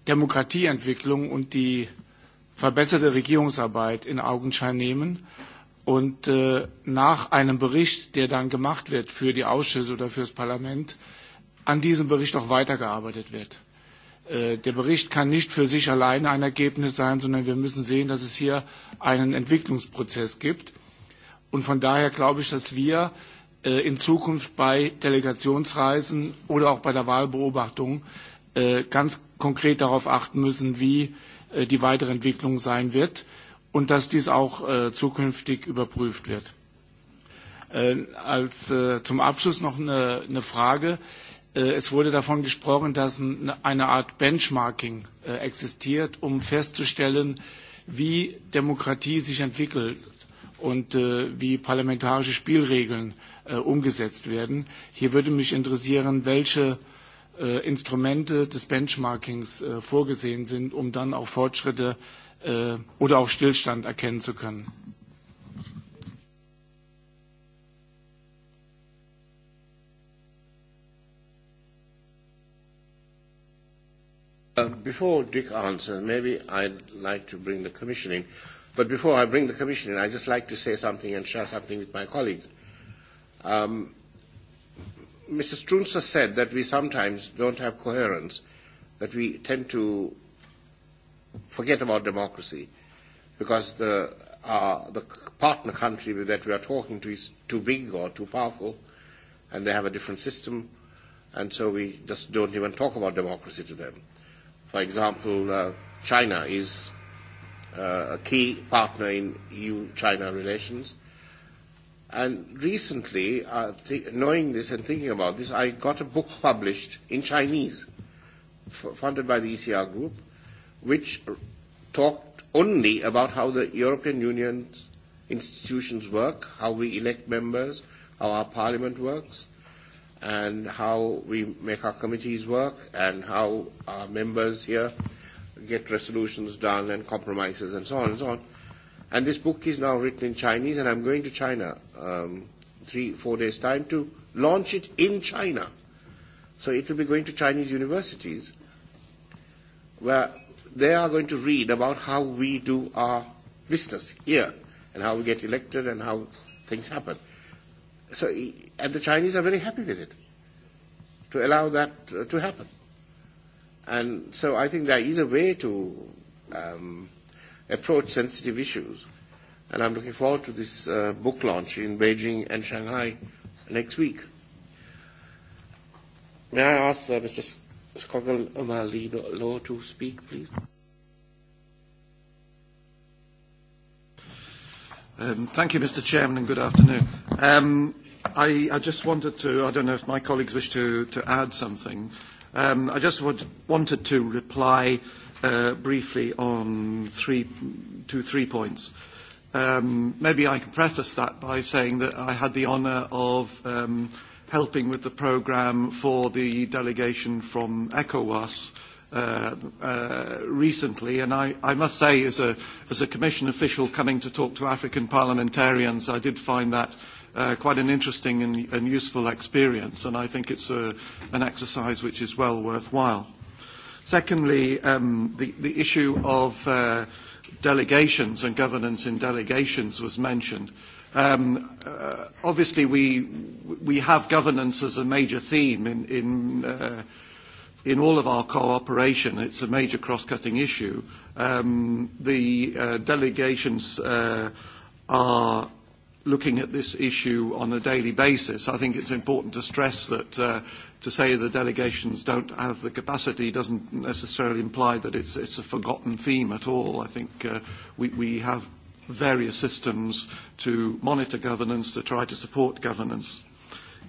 Speaker 5: Demokratieentwicklung und die verbesserte Regierungsarbeit in Augenschein nehmen. Und äh, nach einem Bericht, der dann gemacht wird für die Ausschüsse oder für das Parlament, an diesem Bericht auch weitergearbeitet wird. Äh, der Bericht kann nicht für sich allein ein Ergebnis sein, sondern wir müssen sehen, dass es hier einen Entwicklungsprozess gibt. Und von daher glaube ich, dass wir äh, in Zukunft bei Delegationsreisen oder auch bei der Wahlbeobachtung äh, ganz konkret darauf achten müssen, wie die weitere Entwicklung sein wird und dass dies auch zukünftig überprüft wird. Als, zum Abschluss noch eine, Frage. Äh, es wurde davon gesprochen, dass eine Art Benchmarking äh, existiert, um festzustellen, wie Demokratie sich entwickelt und äh, wie parlamentarische Spielregeln äh, umgesetzt werden. Hier würde mich interessieren, welche äh, Instrumente des Benchmarkings äh, vorgesehen sind, um dann auch Fortschritte oder auch Stillstand erkennen zu können.
Speaker 1: Uh, before Dick answers, maybe I'd like to bring the Commission in. But before I bring the Commission in, I'd just like to say something and share something with my colleagues. Um, Mr. Strunzer said that we sometimes don't have coherence, that we tend to forget about democracy because the, uh, the partner country that we are talking to is too big or too powerful and they have a different system and so we just don't even talk about democracy to them. For example, uh, China is uh, a key partner in EU-China relations. And recently, uh, th- knowing this and thinking about this, I got a book published in Chinese, f- funded by the ECR Group, which talked only about how the European Union's institutions work, how we elect members, how our parliament works, and how we make our committees work and how our members here get resolutions done and compromises and so on and so on. And this book is now written in Chinese, and I'm going to China um, three, four days' time to launch it in China. So it will be going to Chinese universities where they are going to read about how we do our business here and how we get elected and how things happen. So, and the Chinese are very happy with it, to allow that uh, to happen. And so I think there is a way to um, approach sensitive issues. And I'm looking forward to this uh, book launch in Beijing and Shanghai next week. May I ask uh, Mr.
Speaker 6: Skogel O'Malley Law to speak, please? Um, thank you, Mr. Chairman, and good afternoon. Um, I, I just wanted to, I don't know if my colleagues wish to, to add something. Um, I just would, wanted to reply uh, briefly on three, two, three points. Um, maybe I can preface that by saying that I had the honour of um, helping with the programme for the delegation from ECOWAS uh, uh, recently, and I, I must say, as a, as a Commission official coming to talk to African parliamentarians, I did find that uh, quite an interesting and, and useful experience, and I think it's a, an exercise which is well worthwhile. Secondly, um, the, the issue of uh, delegations and governance in delegations was mentioned. Um, uh, obviously, we, we have governance as a major theme in, in, uh, in all of our cooperation. It's a major cross-cutting issue. Um, the uh, delegations uh, are looking at this issue on a daily basis, I think it's important to stress that uh, to say the delegations don't have the capacity doesn't necessarily imply that it's, it's a forgotten theme at all. I think uh, we, we have various systems to monitor governance, to try to support governance.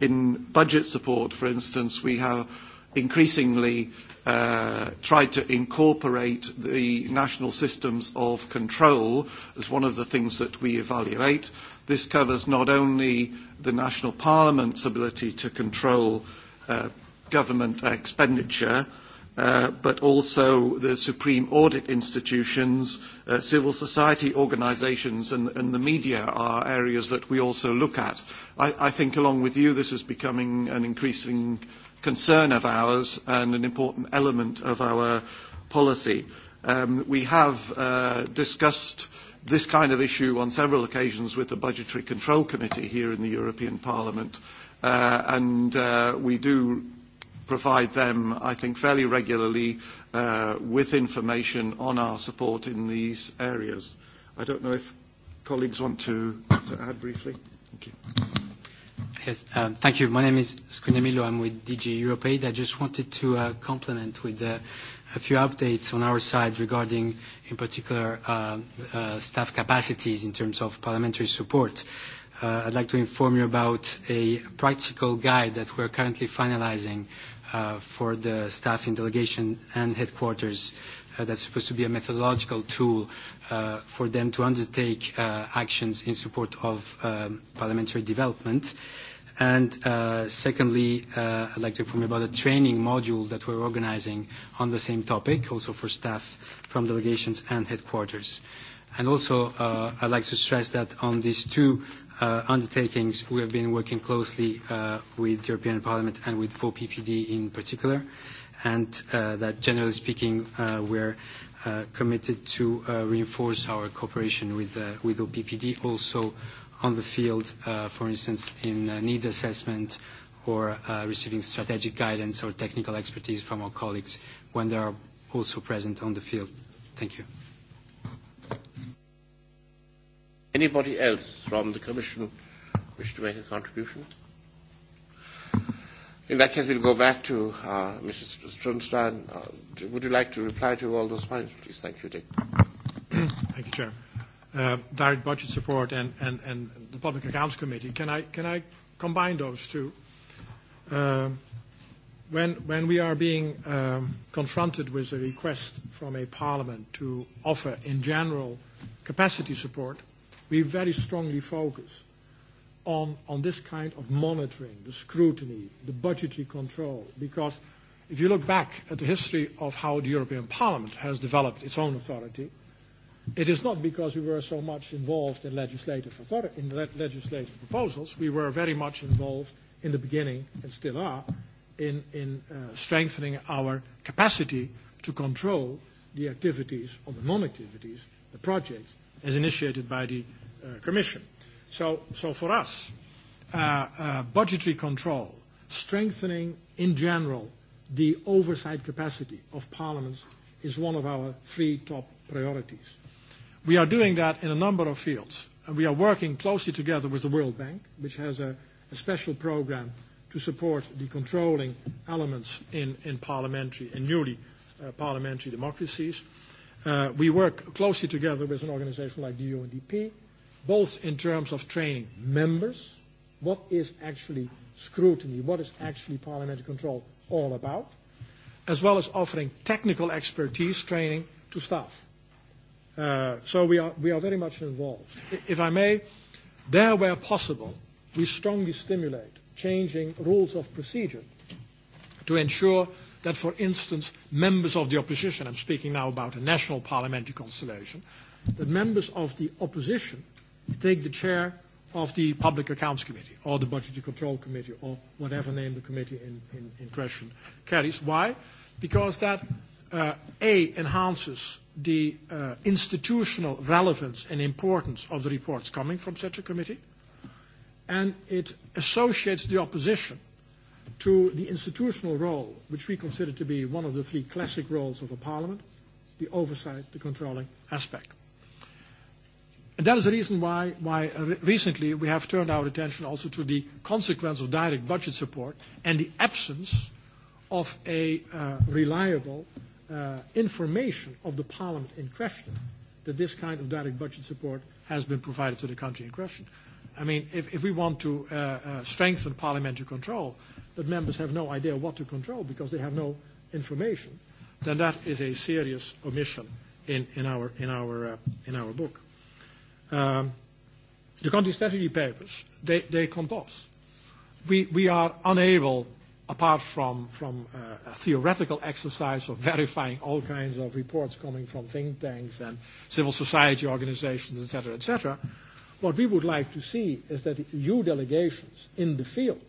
Speaker 6: In budget support, for instance, we have increasingly uh, tried to incorporate the national systems of control as one of the things that we evaluate. This covers not only the national parliament's ability to control uh, government expenditure, uh, but also the supreme audit institutions, uh, civil society organisations and, and the media are areas that we also look at. I, I think along with you this is becoming an increasing concern of ours and an important element of our policy. Um, we have uh, discussed uh, this kind of issue on several occasions with the Budgetary Control Committee here in the European Parliament, uh, and uh, we do provide them, I think, fairly regularly uh, with information on our support in these
Speaker 7: areas. I don't know if colleagues want to, to add briefly. Thank you. Yes, um, thank you. My name is Scunamillo. I'm with DG EuropeAid. I just wanted to uh, complement with uh, a few updates on our side regarding in particular uh, uh, staff capacities in terms of parliamentary support, uh, I'd like to inform you about a practical guide that we're currently finalizing uh, for the staff in delegation and headquarters uh, that's supposed to be a methodological tool uh, for them to undertake uh, actions in support of um, parliamentary development. And uh, secondly, uh, I'd like to inform you about a training module that we're organizing on the same topic, also for staff from delegations and headquarters. And also, uh, I'd like to stress that on these two uh, undertakings, we have been working closely uh, with European Parliament and with OPPD in particular, and uh, that generally speaking, uh, we're uh, committed to uh, reinforce our cooperation with, uh, with OPPD also on the field, uh, for instance, in uh, needs assessment or uh, receiving strategic guidance or technical expertise from our colleagues when they are also present on the field. Thank you.
Speaker 1: Anybody else from the Commission wish to make a contribution? In that case, we'll go back to uh, Mrs. Strunstein. Uh, would you like to reply to all those points, please? Thank you, Dick.
Speaker 3: Thank you, Chair. Uh, direct budget support and, and, and the Public Accounts Committee. Can I, can I combine those two? Uh, when, when we are being um, confronted with a request from a parliament to offer, in general, capacity support, we very strongly focus on, on this kind of monitoring, the scrutiny, the budgetary control, because if you look back at the history of how the European Parliament has developed its own authority, it is not because we were so much involved in legislative, in legislative proposals. We were very much involved in the beginning, and still are, in, uh, strengthening our capacity to control the activities or the non-activities, the projects, as initiated by the uh, Commission. So, so for us, uh, budgetary control, strengthening in general the oversight capacity of parliaments is one of our three top priorities. We are doing that in a number of fields. And we are working closely together with the World Bank, which has a special program to support the controlling elements in, in parliamentary and newly uh, parliamentary democracies. Uh, we work closely together with an organization like the UNDP, both in terms of training members, what is actually scrutiny, what is actually parliamentary control all about, as well as offering technical expertise training to staff. Uh, so we are, we are very much involved. If I may, there where possible, we strongly stimulate changing rules of procedure to ensure that, for instance, members of the opposition, I'm speaking now about a national parliamentary constellation, that members of the opposition take the chair of the Public Accounts Committee or the Budgetary Control Committee or whatever name the committee in, in, in question carries. Why? Because that, uh, A, enhances the uh, institutional relevance and importance of the reports coming from such a committee – and it associates the opposition to the institutional role, which we consider to be one of the three classic roles of a parliament, the oversight, the controlling aspect. And that is the reason why, why recently we have turned our attention also to the consequence of direct budget support and the absence of a uh, reliable uh, information of the parliament in question that this kind of direct budget support has been provided to the country in question. I mean, if, if we want to uh, uh, strengthen parliamentary control, but members have no idea what to control because they have no information, then that is a serious omission in, in, our, in, our, uh, in our book. Um, the country strategy papers, they, they compose. We, we are unable, apart from, from uh, a theoretical exercise of verifying all kinds of reports coming from think tanks and civil society organizations, et cetera, et cetera, What we would like to see is that the EU delegations in the field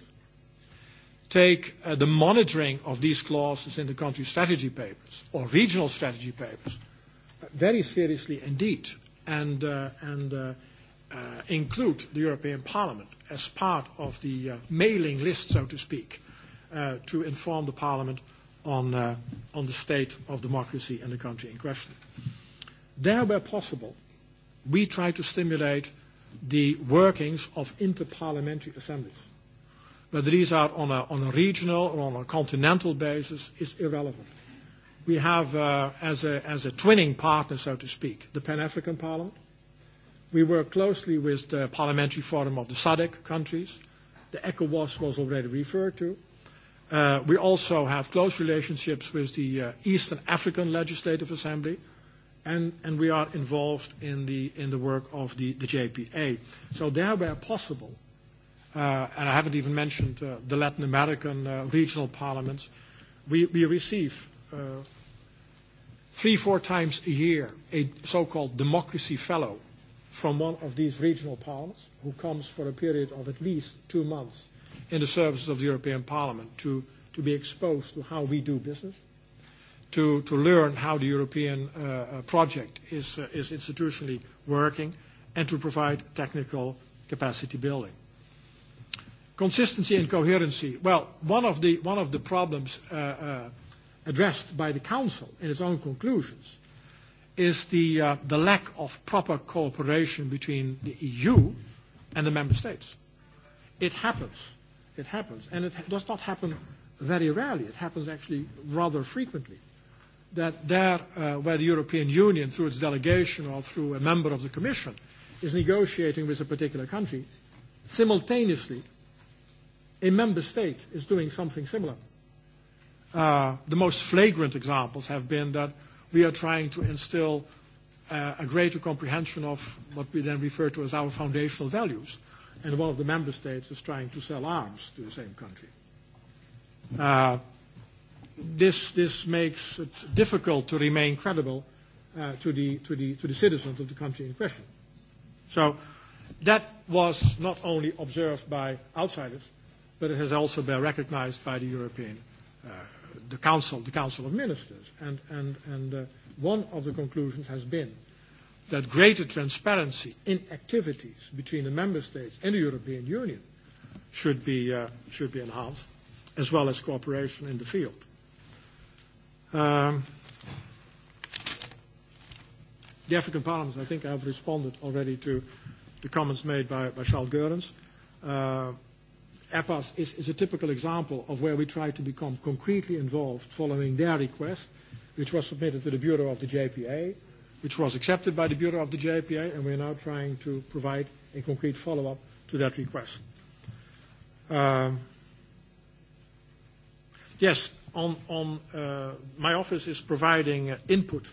Speaker 3: take uh, the monitoring of these clauses in the country strategy papers or regional strategy papers very seriously indeed and, uh, and uh, uh, include the European Parliament as part of the uh, mailing list, so to speak, uh, to inform the Parliament on, uh, on the state of democracy in the country in question. There, where possible, we try to stimulate – the workings of interparliamentary assemblies. Whether these are on a, on a regional or on a continental basis is irrelevant. We have, uh, as, a, as a twinning partner, so to speak, the Pan-African Parliament. We work closely with the Parliamentary Forum of the SADC countries. The ECOWAS was already referred to. Uh, we also have close relationships with the uh, Eastern African Legislative Assembly, and, and we are involved in the, in the work of the, the JPA. So there where possible, uh, and I haven't even mentioned uh, the Latin American uh, regional parliaments, we, we receive uh, three, four times a year a so-called democracy fellow from one of these regional parliaments who comes for a period of at least two months in the services of the European Parliament to, to be exposed to how we do business to, to learn how the European uh, uh, project is, uh, is institutionally working and to provide technical capacity building. Consistency and coherency. Well, one of the, one of the problems uh, uh, addressed by the Council in its own conclusions is the, uh, the lack of proper cooperation between the EU and the Member States. It happens. It happens. And it does not happen very rarely. It happens actually rather frequently that there, uh, where the European Union, through its delegation or through a member of the Commission, is negotiating with a particular country, simultaneously, a member state is doing something similar. Uh, the most flagrant examples have been that we are trying to instill uh, a greater comprehension of what we then refer to as our foundational values. And one of the member states is trying to sell arms to the same country. Uh, this, this makes it difficult to remain credible uh, to, the, to, the, to the citizens of the country in question. So that was not only observed by outsiders, but it has also been recognized by the European uh, the Council, the Council of Ministers. And, and, and uh, one of the conclusions has been that greater transparency in activities between the member states and the European Union should be, uh, should be enhanced, as well as cooperation in the field. Um, the African Parliament, I think I've responded already to the comments made by, by Charles Goerens. Uh, EPAS is, is a typical example of where we try to become concretely involved following their request, which was submitted to the Bureau of the JPA, which was accepted by the Bureau of the JPA, and we're now trying to provide a concrete follow-up to that request. Um, yes, on, on uh, my office is providing uh, input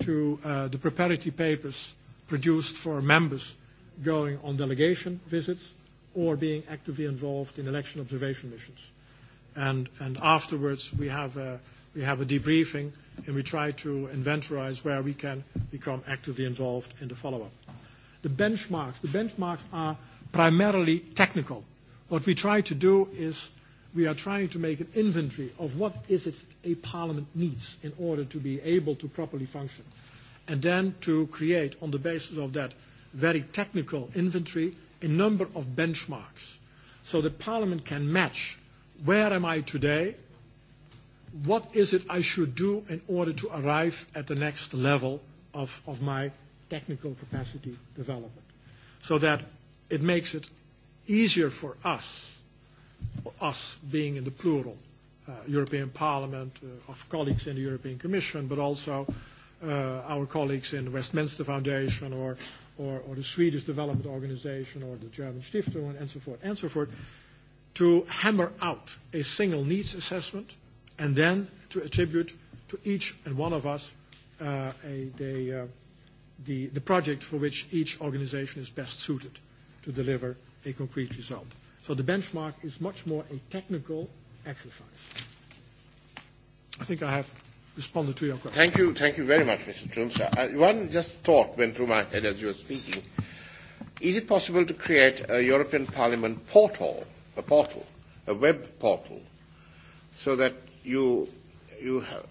Speaker 3: to uh, the preparatory papers produced for members going on delegation visits or being actively involved in election observation missions. And, and afterwards, we have, a, we have a debriefing and we try to inventorize where we can become actively involved in the follow up. The benchmarks, the benchmarks are primarily technical. What we try to do is we are trying to make an inventory of what is it a parliament needs in order to be able to properly function. And then to create, on the basis of that very technical inventory, a number of benchmarks so that parliament can match where am I today, what is it I should do in order to arrive at the next level of, of my technical capacity development, so that it makes it easier for us example, us being in the plural, uh, European Parliament, uh, of colleagues in the European Commission, but also uh, our colleagues in the Westminster Foundation or, or, or the Swedish Development Organization or the German Stiftung and, so forth, and so forth, to hammer out a single needs assessment and then to attribute to each and one of us uh, a, the, uh, the, the project for which each organization is best suited to deliver a concrete result. So the benchmark is much more a technical exercise. I think I have responded to your question.
Speaker 1: Thank you. Thank you very much, Mr. Trumsa. Uh, uh, one just thought went through my head as you were speaking. Is it possible to create a European Parliament portal, a portal, a web portal, so that you, you have,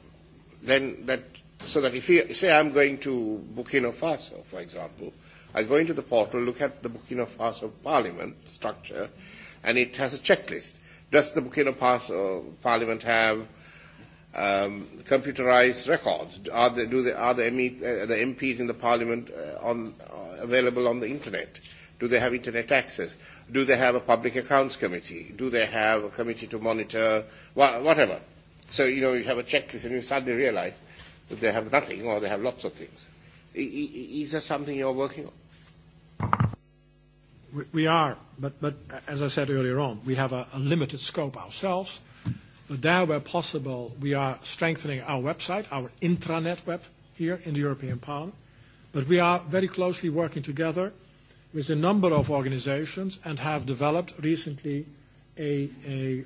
Speaker 1: then that, so that if you, say I'm going to Burkina Faso, for example, I go into the portal, look at the Burkina Faso Parliament structure, mm-hmm and it has a checklist. Does the Burkina Faso uh, Parliament have um, computerized records? Are, they, do they, are the, ME, uh, the MPs in the Parliament uh, on, uh, available on the Internet? Do they have Internet access? Do they have a Public Accounts Committee? Do they have a committee to monitor wh- whatever? So, you know, you have a checklist and you suddenly realize that they have nothing or they have lots of things. I- I- is that something you're working on?
Speaker 3: We, are, but, as I said earlier on, we have a, limited scope ourselves. But there, where possible, we are strengthening our website, our intranet web here in the European Parliament. But we are very closely working together with a number of organizations and have developed recently a,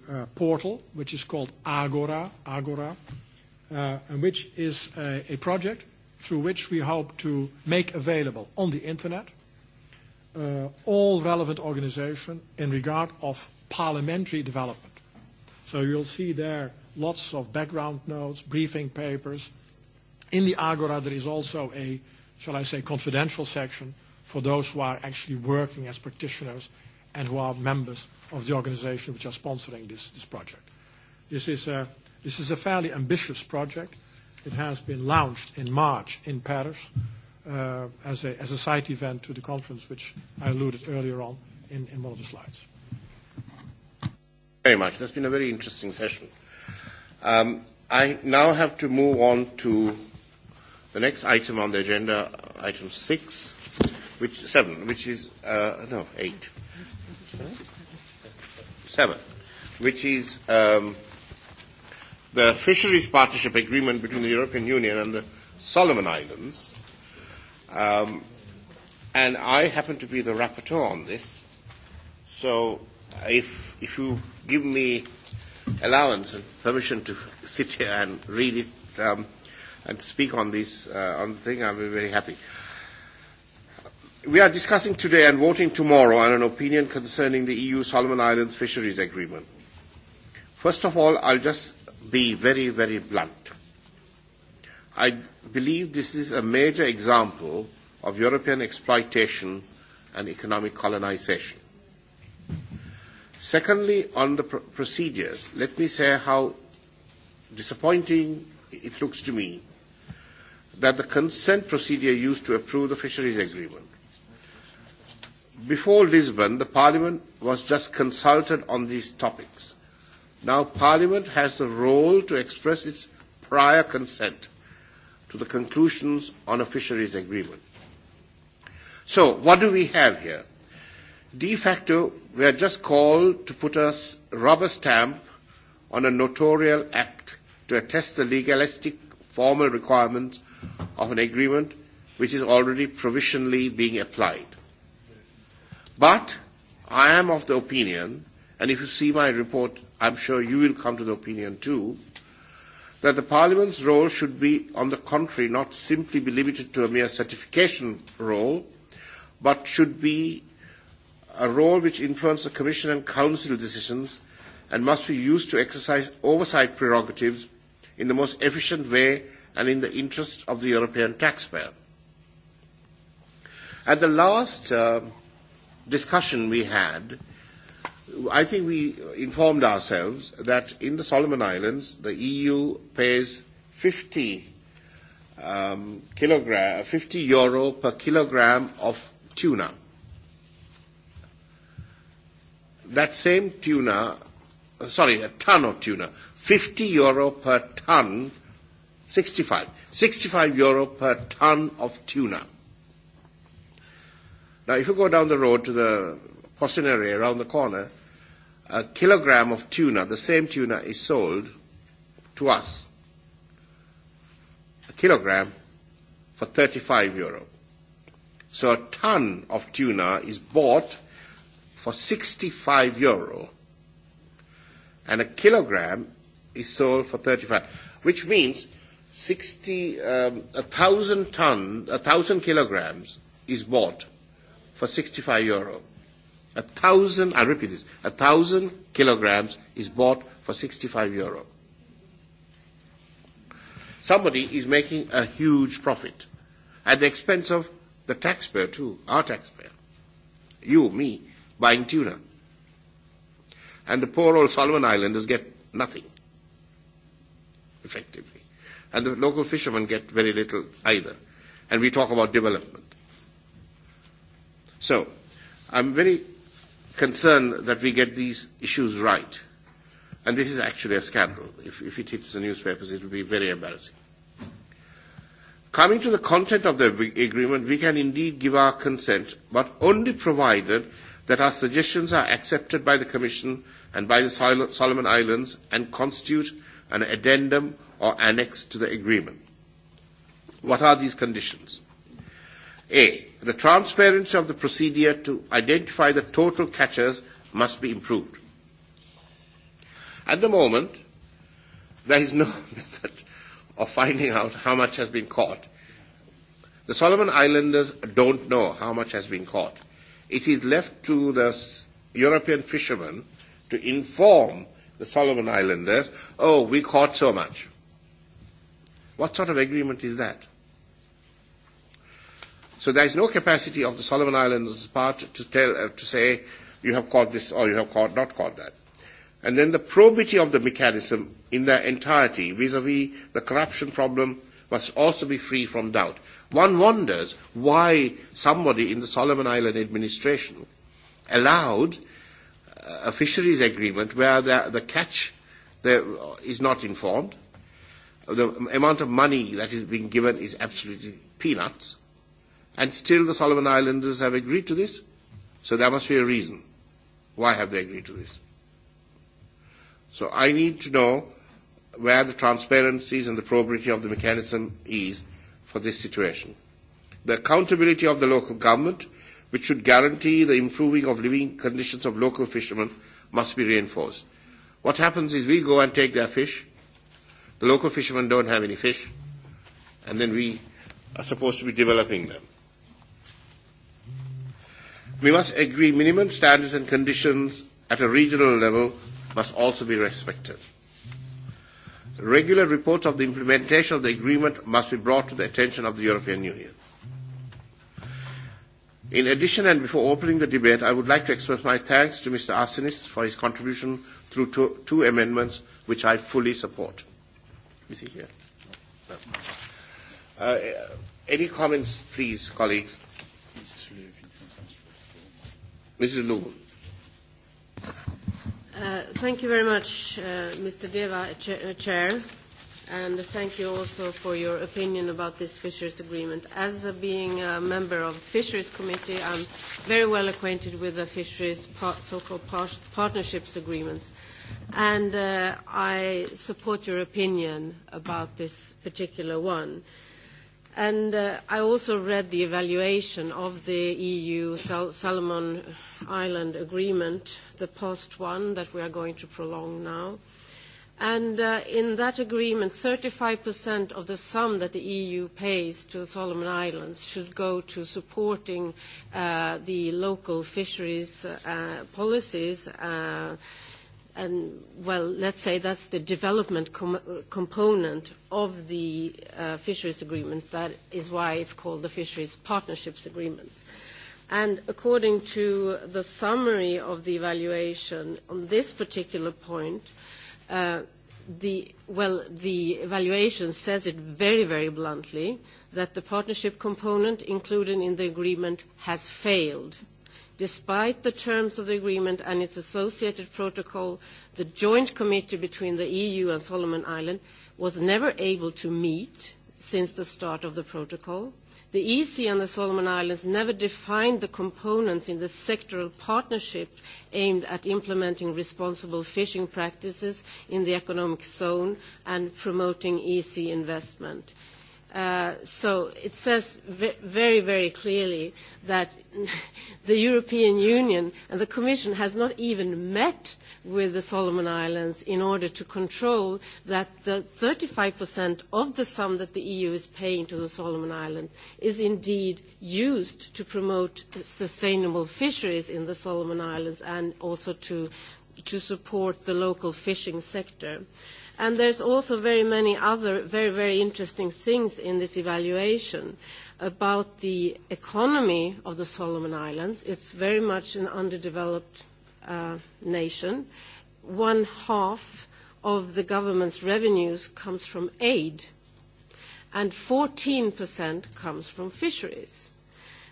Speaker 3: uh, portal which is called Agora, Agora uh, and which is a project through which we hope to make available on the internet uh, all relevant organizations in regard of parliamentary development. So you'll see there lots of background notes, briefing papers. In the Agora, there is also a, shall I say, confidential section for those who are actually working as practitioners and who are members of the organization which are sponsoring this, this project. This is, a, this is a fairly ambitious project. It has been launched in March in Paris uh, as, a, as a side event to the conference, which I alluded earlier on in, in one of the slides.
Speaker 1: Very much. That's been a very interesting session. Um, I now have to move on to the next item on the agenda, item six, which seven, which is uh, no eight, seven, which is um, the fisheries partnership agreement between the European Union and the Solomon Islands. Um, and I happen to be the rapporteur on this, so if, if you give me allowance and permission to sit here and read it um, and speak on this uh, on the thing, I'll be very happy. We are discussing today and voting tomorrow on an opinion concerning the EU Solomon Islands Fisheries Agreement. First of all, I'll just be very, very blunt. I believe this is a major example of European exploitation and economic colonization. Secondly, on the pr procedures, let me say how disappointing it looks to me that the consent procedure used to approve the fisheries agreement. Before Lisbon, the Parliament was just consulted on these topics. Now Parliament has a role to express its prior consent to the conclusions on a fisheries agreement. So what do we have here? De facto, we are just called to put a rubber stamp on a notarial act to attest the legalistic formal requirements of an agreement which is already provisionally being applied. But I am of the opinion, and if you see my report, I'm sure you will come to the opinion too, that the Parliament's role should be, on the contrary, not simply be limited to a mere certification role, but should be a role which influences the Commission and Council decisions and must be used to exercise oversight prerogatives in the most efficient way and in the interest of the European taxpayer. At the last uh, discussion we had, I think we informed ourselves that in the Solomon Islands, the EU pays 50 um, kilogram, 50 euro per kilogram of tuna. That same tuna, uh, sorry, a ton of tuna, 50 euro per ton, 65, 65 euro per ton of tuna. Now, if you go down the road to the Postenary around the corner, a kilogram of tuna, the same tuna is sold to us, a kilogram for 35 euro. So a ton of tuna is bought for 65 euro and a kilogram is sold for 35, which means 60, um, a thousand ton, a thousand kilograms is bought for 65 euro. A thousand, I repeat this, a thousand kilograms is bought for 65 euro. Somebody is making a huge profit at the expense of the taxpayer too, our taxpayer. You, me, buying tuna. And the poor old Solomon Islanders get nothing, effectively. And the local fishermen get very little either. And we talk about development. So, I'm very concern that we get these issues right. And this is actually a scandal. If, if it hits the newspapers, it will be very embarrassing. Coming to the content of the agreement, we can indeed give our consent, but only provided that our suggestions are accepted by the Commission and by the Sol Solomon Islands and constitute an addendum or annex to the agreement. What are these conditions? A the transparency of the procedure to identify the total catchers must be improved. At the moment, there is no <laughs> method of finding out how much has been caught. The Solomon Islanders don't know how much has been caught. It is left to the European fishermen to inform the Solomon Islanders, oh, we caught so much. What sort of agreement is that? So there is no capacity of the Solomon Islands part to tell, uh, to say you have caught this or you have caught not caught that. And then the probity of the mechanism in their entirety, vis-à-vis the corruption problem, must also be free from doubt. One wonders why somebody in the Solomon Island administration allowed uh, a fisheries agreement where the, the catch uh, is not informed, the amount of money that is being given is absolutely peanuts, uh, And still the Solomon Islanders have agreed to this. So there must be a reason. Why have they agreed to this? So I need to know where the transparencies and the probity of the mechanism is for this situation. The accountability of the local government, which should guarantee the improving of living conditions of local fishermen, must be reinforced. What happens is we go and take their fish, the local fishermen don't have any fish, and then we are supposed to be developing them. We must agree minimum standards and conditions at a regional level must also be respected. Regular reports of the implementation of the agreement must be brought to the attention of the European Union. In addition, and before opening the debate, I would like to express my thanks to Mr. Arsenis for his contribution through two, two amendments, which I fully support. Is he here? No. Uh, any comments, please, colleagues? Mrs. Lubin.
Speaker 8: Uh, thank you very much, uh, Mr. Deva, uh, ch uh, Chair, and thank you also for your opinion about this Fisheries Agreement. As uh, being a member of the Fisheries Committee, I'm very well acquainted with the Fisheries par so-called par partnerships agreements, and uh, I support your opinion about this particular one. Uh, And uh, I also read the evaluation of the EU Solomon Island Agreement, the post one that we are going to prolong now. And uh, in that agreement, 35% of the sum that the EU pays to the Solomon Islands should go to supporting uh, the local fisheries uh, policies. Uh, Um, well, let's say that's the development com component of the uh, fisheries agreement. That is why it's called the fisheries partnerships agreement. And according to the summary of the evaluation on this particular point, uh, the, well, the evaluation says it very, very bluntly that the partnership component included in the agreement has failed. Uh, Despite the terms of the agreement and its associated protocol, the joint committee between the EU and Solomon Islands was never able to meet since the start of the protocol. The EC and the Solomon Islands never defined the components in the sectoral partnership aimed at implementing responsible fishing practices in the economic zone and promoting EC investment. Uh, so it says very, very clearly that <laughs> the European Union and the Commission has not even met with the Solomon Islands in order to control that the 35% of the sum that the EU is paying to the Solomon Islands is indeed used to promote sustainable fisheries in the Solomon Islands and also to, to support the local fishing sector. Uh, And there's also very many other very, very interesting things in this evaluation about the economy of the Solomon Islands. It's very much an underdeveloped uh, nation. One half of the government's revenues comes from aid, and 14% comes from fisheries.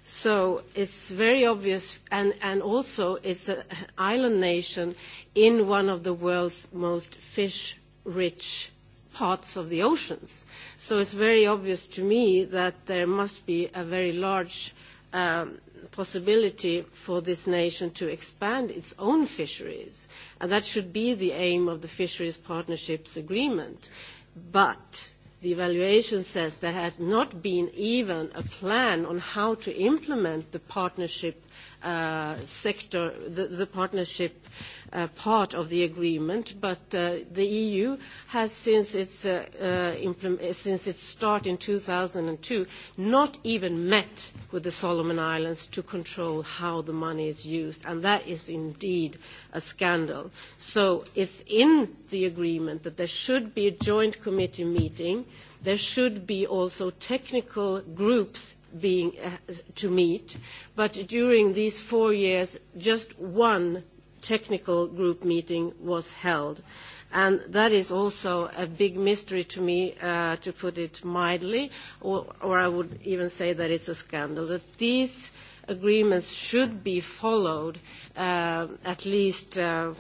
Speaker 8: So it's very obvious, and, and also it's an island nation in one of the world's most fish rich parts of the oceans. So it's very obvious to me that there must be a very large um, possibility for this nation to expand its own fisheries. And that should be the aim of the Fisheries Partnerships Agreement. But the evaluation says there has not been even a plan on how to implement the partnership uh, sector, the, the partnership uh, Uh, part of the agreement, but uh, the EU has since its, uh, uh, since its start in 2002 not even met with the Solomon Islands to control how the money is used, and that is indeed a scandal. So it's in the agreement that there should be a joint committee meeting. There should be also technical groups being uh, to meet, but during these four years, just one technical group meeting was held. And that is also a big mystery to me, uh, to put it mildly, or, or I would even say that it's a scandal, that these agreements should be followed uh, at least uh,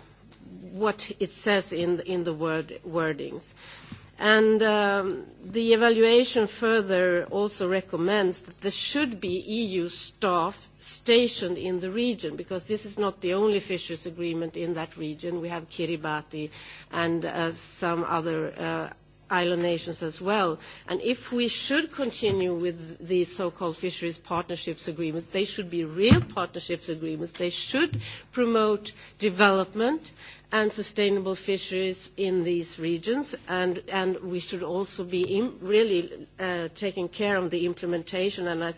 Speaker 8: what it says in, in the word, wordings. Uh, And um, the evaluation further also recommends that there should be EU staff stationed in the region because this is not the only fisheries agreement in that region. We have Kiribati and uh, some other uh, island nations as well. And if we should continue with these so-called fisheries partnerships agreements, they should be real partnerships agreements. They should promote development and sustainable fisheries in these regions, and, we should also be really uh, taking care of the implementation. And I,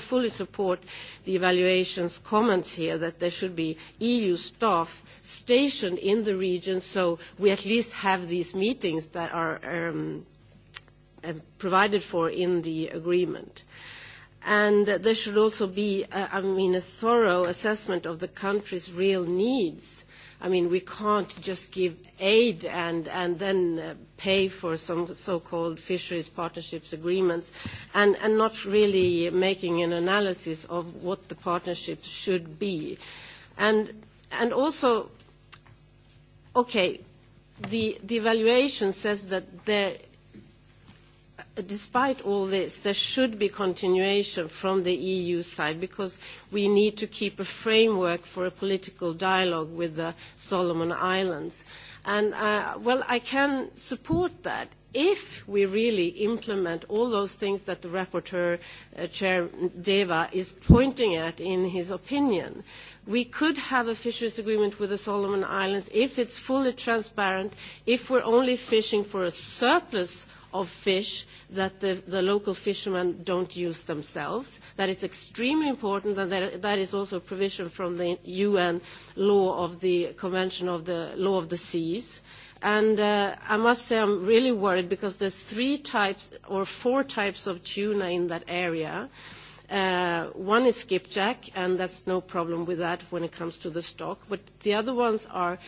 Speaker 8: fully support the evaluation's comments here that there should be EU staff stationed in the region so we at least have these meetings that are um, uh, provided for in the agreement. there should also be, uh, a thorough assessment of the country's real needs I mean, we can't just give aid and, and then uh, pay for some so-called fisheries partnerships agreements and, and not really making an analysis of what the partnerships should be. And, and also, okay, the, the evaluation says that there despite all this, there should be continuation from the EU side because we need to keep a framework for a political dialogue with the Solomon Islands. And, uh, well, I can support that if we really implement all those things that the rapporteur, uh, Chair Deva, is pointing at in his opinion. We could have a fisheries agreement with the Solomon Islands if it's fully transparent, if we're only fishing for a surplus of fish, that the, the local fishermen don't use themselves. That is extremely important, and that, that is also a provision from the UN law of the Convention of the Law of the Seas. And uh, I must say I'm really worried because there's three types or four types of tuna in that area. Uh, one is skipjack, and that's no problem with that when it comes to the stock. But the other ones are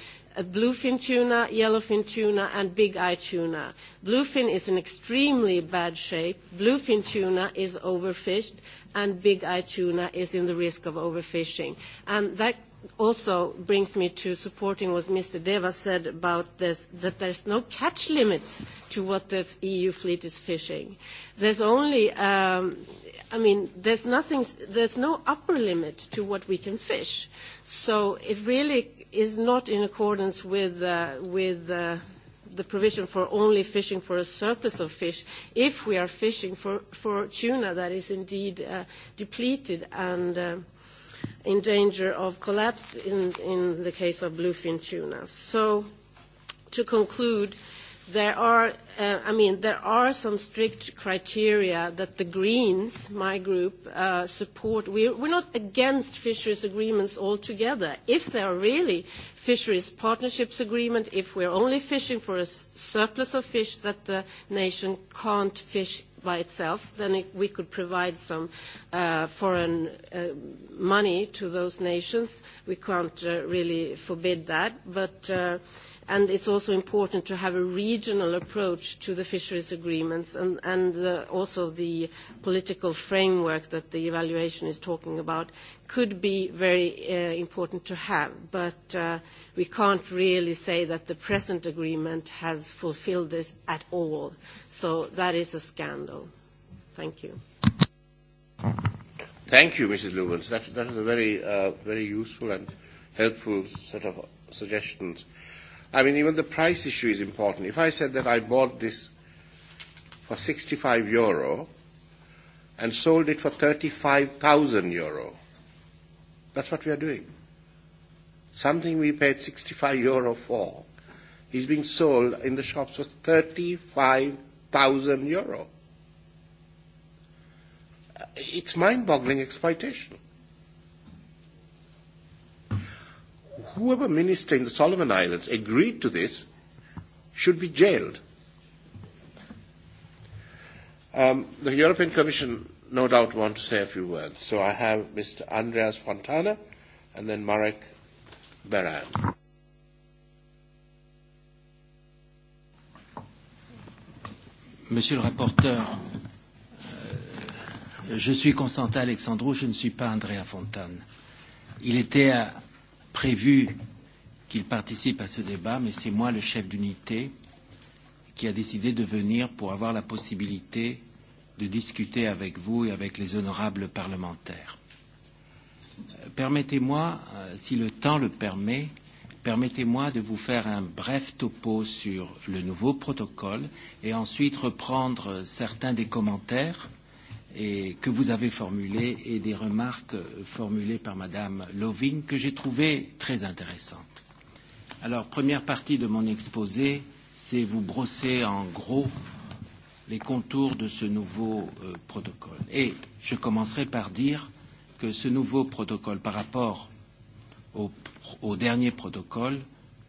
Speaker 8: bluefin tuna, yellowfin tuna, and big eye tuna. Bluefin is in extremely bad shape. Bluefin tuna is overfished, and big eye tuna is in the risk of overfishing. And that also brings me to supporting what Mr. Deva said about this, that there's no catch limits to what the EU fleet is fishing. There's only, um, I mean, there's nothing, there's no upper limit to what we can fish. So it really is not in accordance with, uh, with uh, the provision for only fishing for a surplus of fish if we are fishing for, for tuna that is indeed uh, depleted and uh, in danger of collapse in, in the case of bluefin tuna. So to conclude, uh, there are, uh, I mean, there are some strict criteria that the Greens, my group, uh, support. We're, we're not against fisheries agreements altogether. If they are really fisheries partnerships agreement, if we're only fishing for a surplus of fish that the nation can't fish by itself, then it, we could provide some uh, foreign uh, money to those nations. We can't uh, really forbid that, but. Uh, and it's also important to have a regional approach to the fisheries agreements and, uh, also the political framework that the evaluation is talking about could be very uh, important to have, but uh, we can't really say that the present agreement has fulfilled this at all. So that is a scandal. Thank you.
Speaker 1: Thank you, Mrs. Lewins. That, that is a very, useful and helpful set of suggestions. I mean, even the price issue is important. If I said that I bought this for 65 euro and sold it for 35,000 euro, that's what we are doing. Something we paid 65 euro for is being sold in the shops for 35,000 euro. It's mind-boggling exploitation. whoever minister in the Solomon Islands agreed to this should be jailed. Um, the European Commission no doubt want to say a few words. So I have Mr. Andreas Fontana and then Marek Beran.
Speaker 9: Monsieur le rapporteur, euh, je suis Constantin Alexandrou, je ne suis pas Andrea Fontane. Il était à, prévu qu'il participe à ce débat, mais c'est moi, le chef d'unité, qui a décidé de venir pour avoir la possibilité de discuter avec vous et avec les honorables parlementaires. Euh, permettez-moi, euh, si le temps le permet, permettez-moi de vous faire un bref topo sur le nouveau protocole et ensuite reprendre euh, certains des commentaires et que vous avez formulées et des remarques formulées par Madame Loving que j'ai trouvées très intéressantes. Alors, première partie de mon exposé, c'est vous brosser en gros les contours de ce nouveau euh, protocole. Et je commencerai par dire que ce nouveau protocole par rapport au, au dernier protocole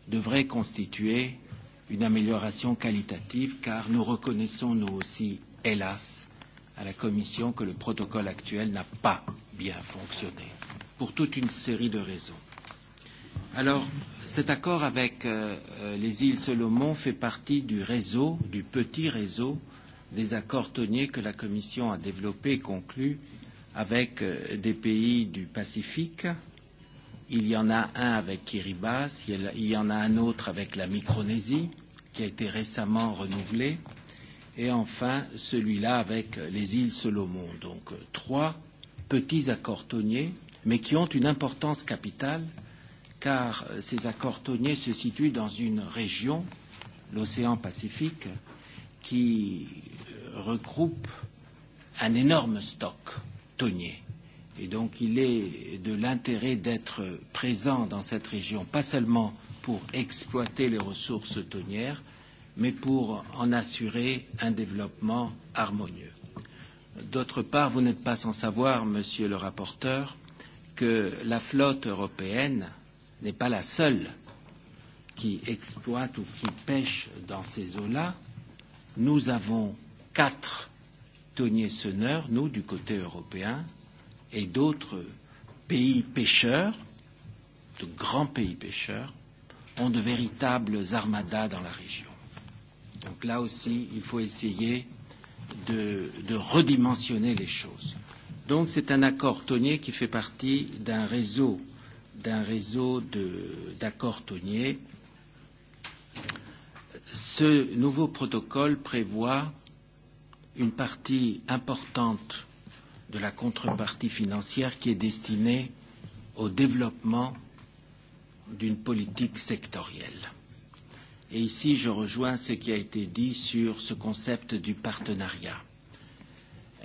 Speaker 9: devrait constituer une amélioration qualitative car nous reconnaissons nous aussi, hélas, euh, à la Commission que le protocole actuel n'a pas bien fonctionné, pour toute une série de raisons. Alors, cet accord avec euh, euh, les îles Solomon fait partie du réseau, du petit réseau des accords tonniers que la Commission a développé et conclu avec euh, des pays du Pacifique. Il y en a un avec Kiribati, il y en a un autre avec la Micronésie, qui a été récemment renouvelé. Euh, et enfin celui-là avec les îles Solomon. Donc trois petits accords tonniers, mais qui ont une importance capitale, car ces accords tonniers se situent dans une région, l'océan Pacifique, qui regroupe un énorme stock tonnier. Et donc il est de l'intérêt d'être présent dans cette région, pas seulement pour exploiter les ressources tonnières, mais pour en assurer un développement harmonieux. D'autre part, vous n'êtes pas sans savoir, monsieur le rapporteur, que la flotte européenne n'est pas la seule qui exploite ou qui pêche dans ces eaux-là. Nous avons quatre tonniers sonneurs, nous, du côté européen, et d'autres pays pêcheurs, de grands pays pêcheurs, ont de véritables armadas dans la région. Donc là aussi, il faut essayer de, de redimensionner les choses. Donc c'est un accord tonnier qui fait partie d'un réseau, d'un réseau d'accords tonniers. Ce nouveau protocole prévoit une partie importante de la contrepartie financière qui est destinée au développement d'une politique sectorielle. Et ici, je rejoins ce qui a été dit sur ce concept du partenariat.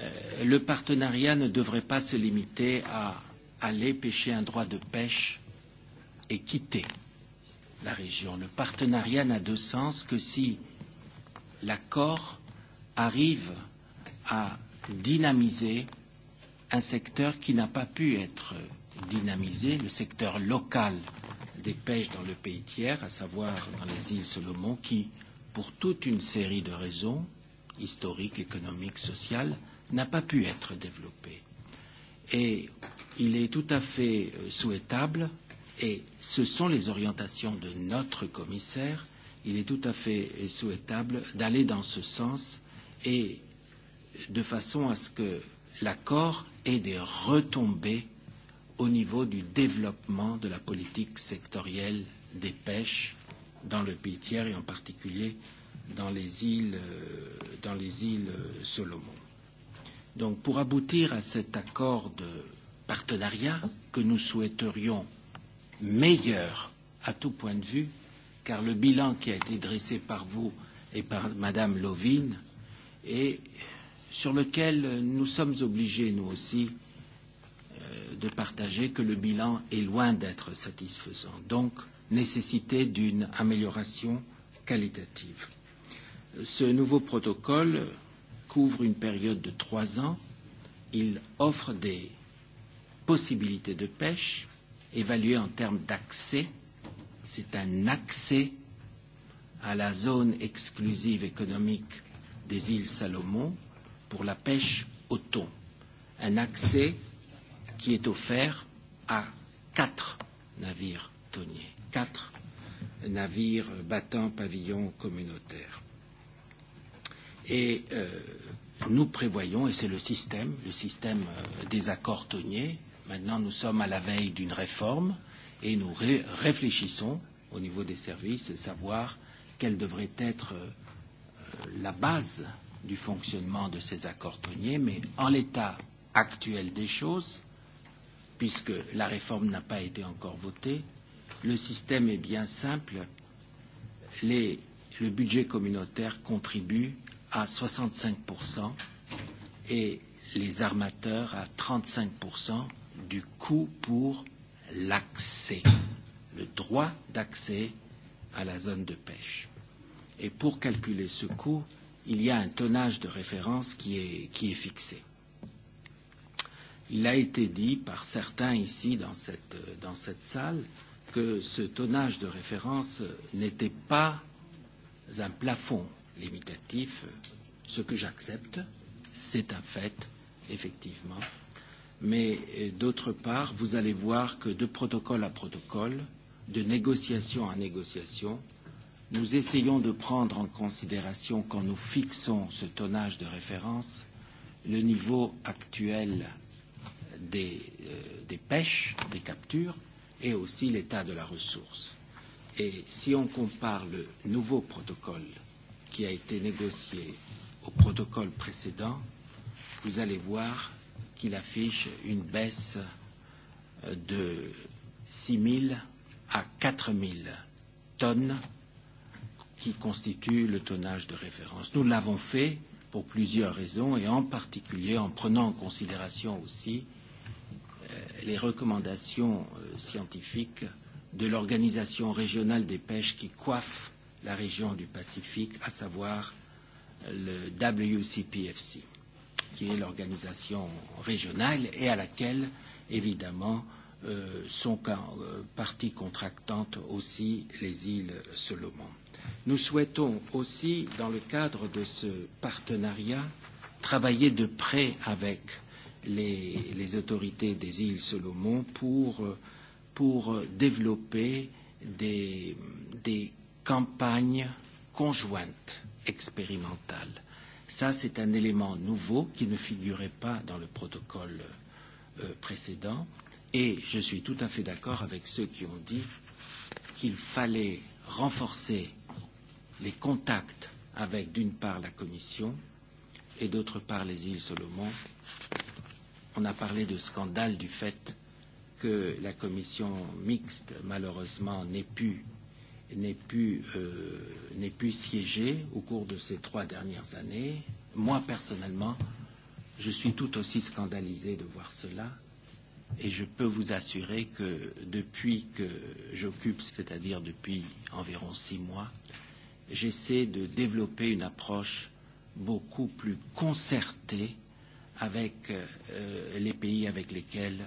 Speaker 9: Euh, le partenariat ne devrait pas se limiter à aller pêcher un droit de pêche et quitter la région. Le partenariat n'a de sens que si l'accord arrive à dynamiser un secteur qui n'a pas pu être dynamisé, le secteur local des pêches dans le pays tiers, à savoir dans les îles Solomon, qui, pour toute une série de raisons historiques, économiques, sociales, n'a pas pu être développée. Et il est tout à fait euh, souhaitable, et ce sont les orientations de notre commissaire, il est tout à fait euh, souhaitable d'aller dans ce sens et de façon à ce que l'accord ait des retombées au niveau du développement de la politique sectorielle des pêches dans le pays tiers et en particulier dans les îles, euh, dans les îles euh, Solomon. Donc pour aboutir à cet accord de partenariat que nous souhaiterions meilleur à tout point de vue, car le bilan qui a été dressé par vous et par Madame Lovine et sur lequel nous sommes obligés, nous aussi, euh, Euh, de partager que le bilan est loin d'être satisfaisant, donc nécessité d'une amélioration qualitative. Ce nouveau protocole couvre une période de trois ans. Il offre des possibilités de pêche évaluées en termes d'accès. C'est un accès à la zone exclusive économique des îles Salomon pour la pêche au thon. Un accès qui est offert à quatre navires tonniers, quatre navires battant pavillon communautaire. Et euh, nous prévoyons, et c'est le système, le système euh, des accords tonniers, maintenant nous sommes à la veille d'une réforme et nous ré réfléchissons au niveau des services, savoir quelle devrait être euh, la base du fonctionnement de ces accords tonniers, mais en l'état actuel des choses, puisque la réforme n'a pas été encore votée. Le système est bien simple. Les, le budget communautaire contribue à 65% et les armateurs à 35% du coût pour l'accès, le droit d'accès à la zone de pêche. Et pour calculer ce coût, il y a un tonnage de référence qui est, qui est fixé. Il a été dit par certains ici dans cette, dans cette salle que ce tonnage de référence n'était pas un plafond limitatif, ce que j'accepte, c'est un fait, effectivement. Mais euh, d'autre part, vous allez voir que de protocole à protocole, de négociation à négociation, nous essayons de prendre en considération, quand nous fixons ce tonnage de référence, le niveau actuel des, euh, des pêches, des captures, et aussi l'état de la ressource. Et si on compare le nouveau protocole qui a été négocié au protocole précédent, vous allez voir qu'il affiche une baisse euh, de 6 000 à 4 000 tonnes qui constitue le tonnage de référence. Nous l'avons fait pour plusieurs raisons et en particulier en prenant en considération aussi euh, les recommandations euh, scientifiques de l'Organisation régionale des pêches qui coiffe la région du Pacifique, à savoir le WCPFC, qui est l'organisation régionale et à laquelle, évidemment, euh, sont euh, partie contractante aussi les îles Solomon. Nous souhaitons aussi, dans le cadre de ce partenariat, travailler de près avec euh, les, les autorités des îles Solomon pour, pour développer des, des campagnes conjointes expérimentales. Ça, c'est un élément nouveau qui ne figurait pas dans le protocole euh, précédent. Et je suis tout à fait d'accord avec ceux qui ont dit qu'il fallait renforcer les contacts avec, d'une part, la Commission et, d'autre part, les îles Solomon On a parlé de scandale du fait que la commission mixte, malheureusement, n'ait pu, n'ait pu, euh, n'ait pu siéger au cours de ces trois dernières années. Moi, personnellement, je suis tout aussi scandalisé de voir cela. Et je peux vous assurer que depuis que j'occupe, c'est-à-dire depuis environ six mois, j'essaie de développer une approche beaucoup plus concertée euh, avec euh, les pays avec lesquels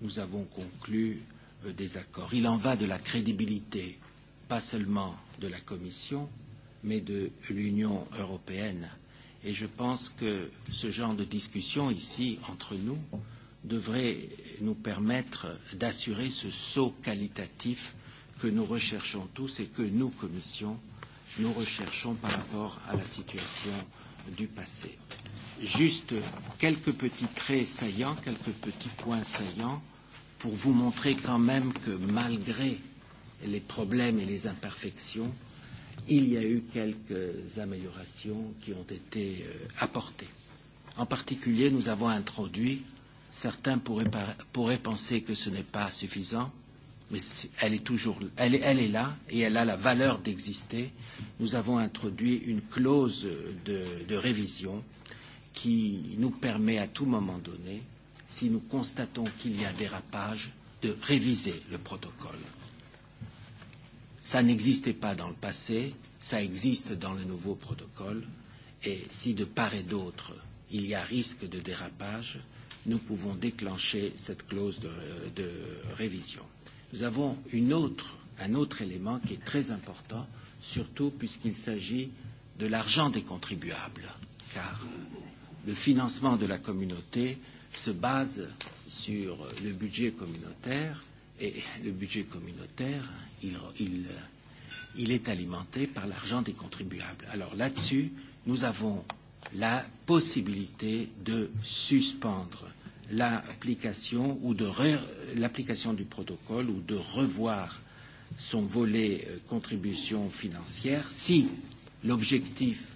Speaker 9: nous avons conclu euh, des accords. Il en va de la crédibilité, pas seulement de la Commission, mais de l'Union européenne. Et je pense que ce genre de discussion ici, entre nous, devrait nous permettre d'assurer ce saut qualitatif que nous recherchons tous et que nous, Commission, nous recherchons par rapport à la situation du passé juste quelques petits traits saillants, quelques petits points saillants pour vous montrer quand même que malgré les problèmes et les imperfections, il y a eu quelques améliorations qui ont été euh, apportées. En particulier, nous avons introduit, certains pourraient, pourraient penser que ce n'est pas suffisant, mais est, elle est toujours, elle, elle est là et elle a la valeur d'exister. Nous avons introduit une clause de, de révision euh, qui nous permet à tout moment donné, si nous constatons qu'il y a dérapage, de réviser le protocole. Ça n'existait pas dans le passé, ça existe dans le nouveau protocole, et si de part et d'autre il y a risque de dérapage, nous pouvons déclencher cette clause de, de révision. Nous avons une autre, un autre élément qui est très important, surtout puisqu'il s'agit de l'argent des contribuables, car le financement de la communauté se base sur le budget communautaire et le budget communautaire, il, il, il est alimenté par l'argent des contribuables. Alors là-dessus, nous avons la possibilité de suspendre l'application ou de l'application du protocole ou de revoir son volet euh, contribution financière si l'objectif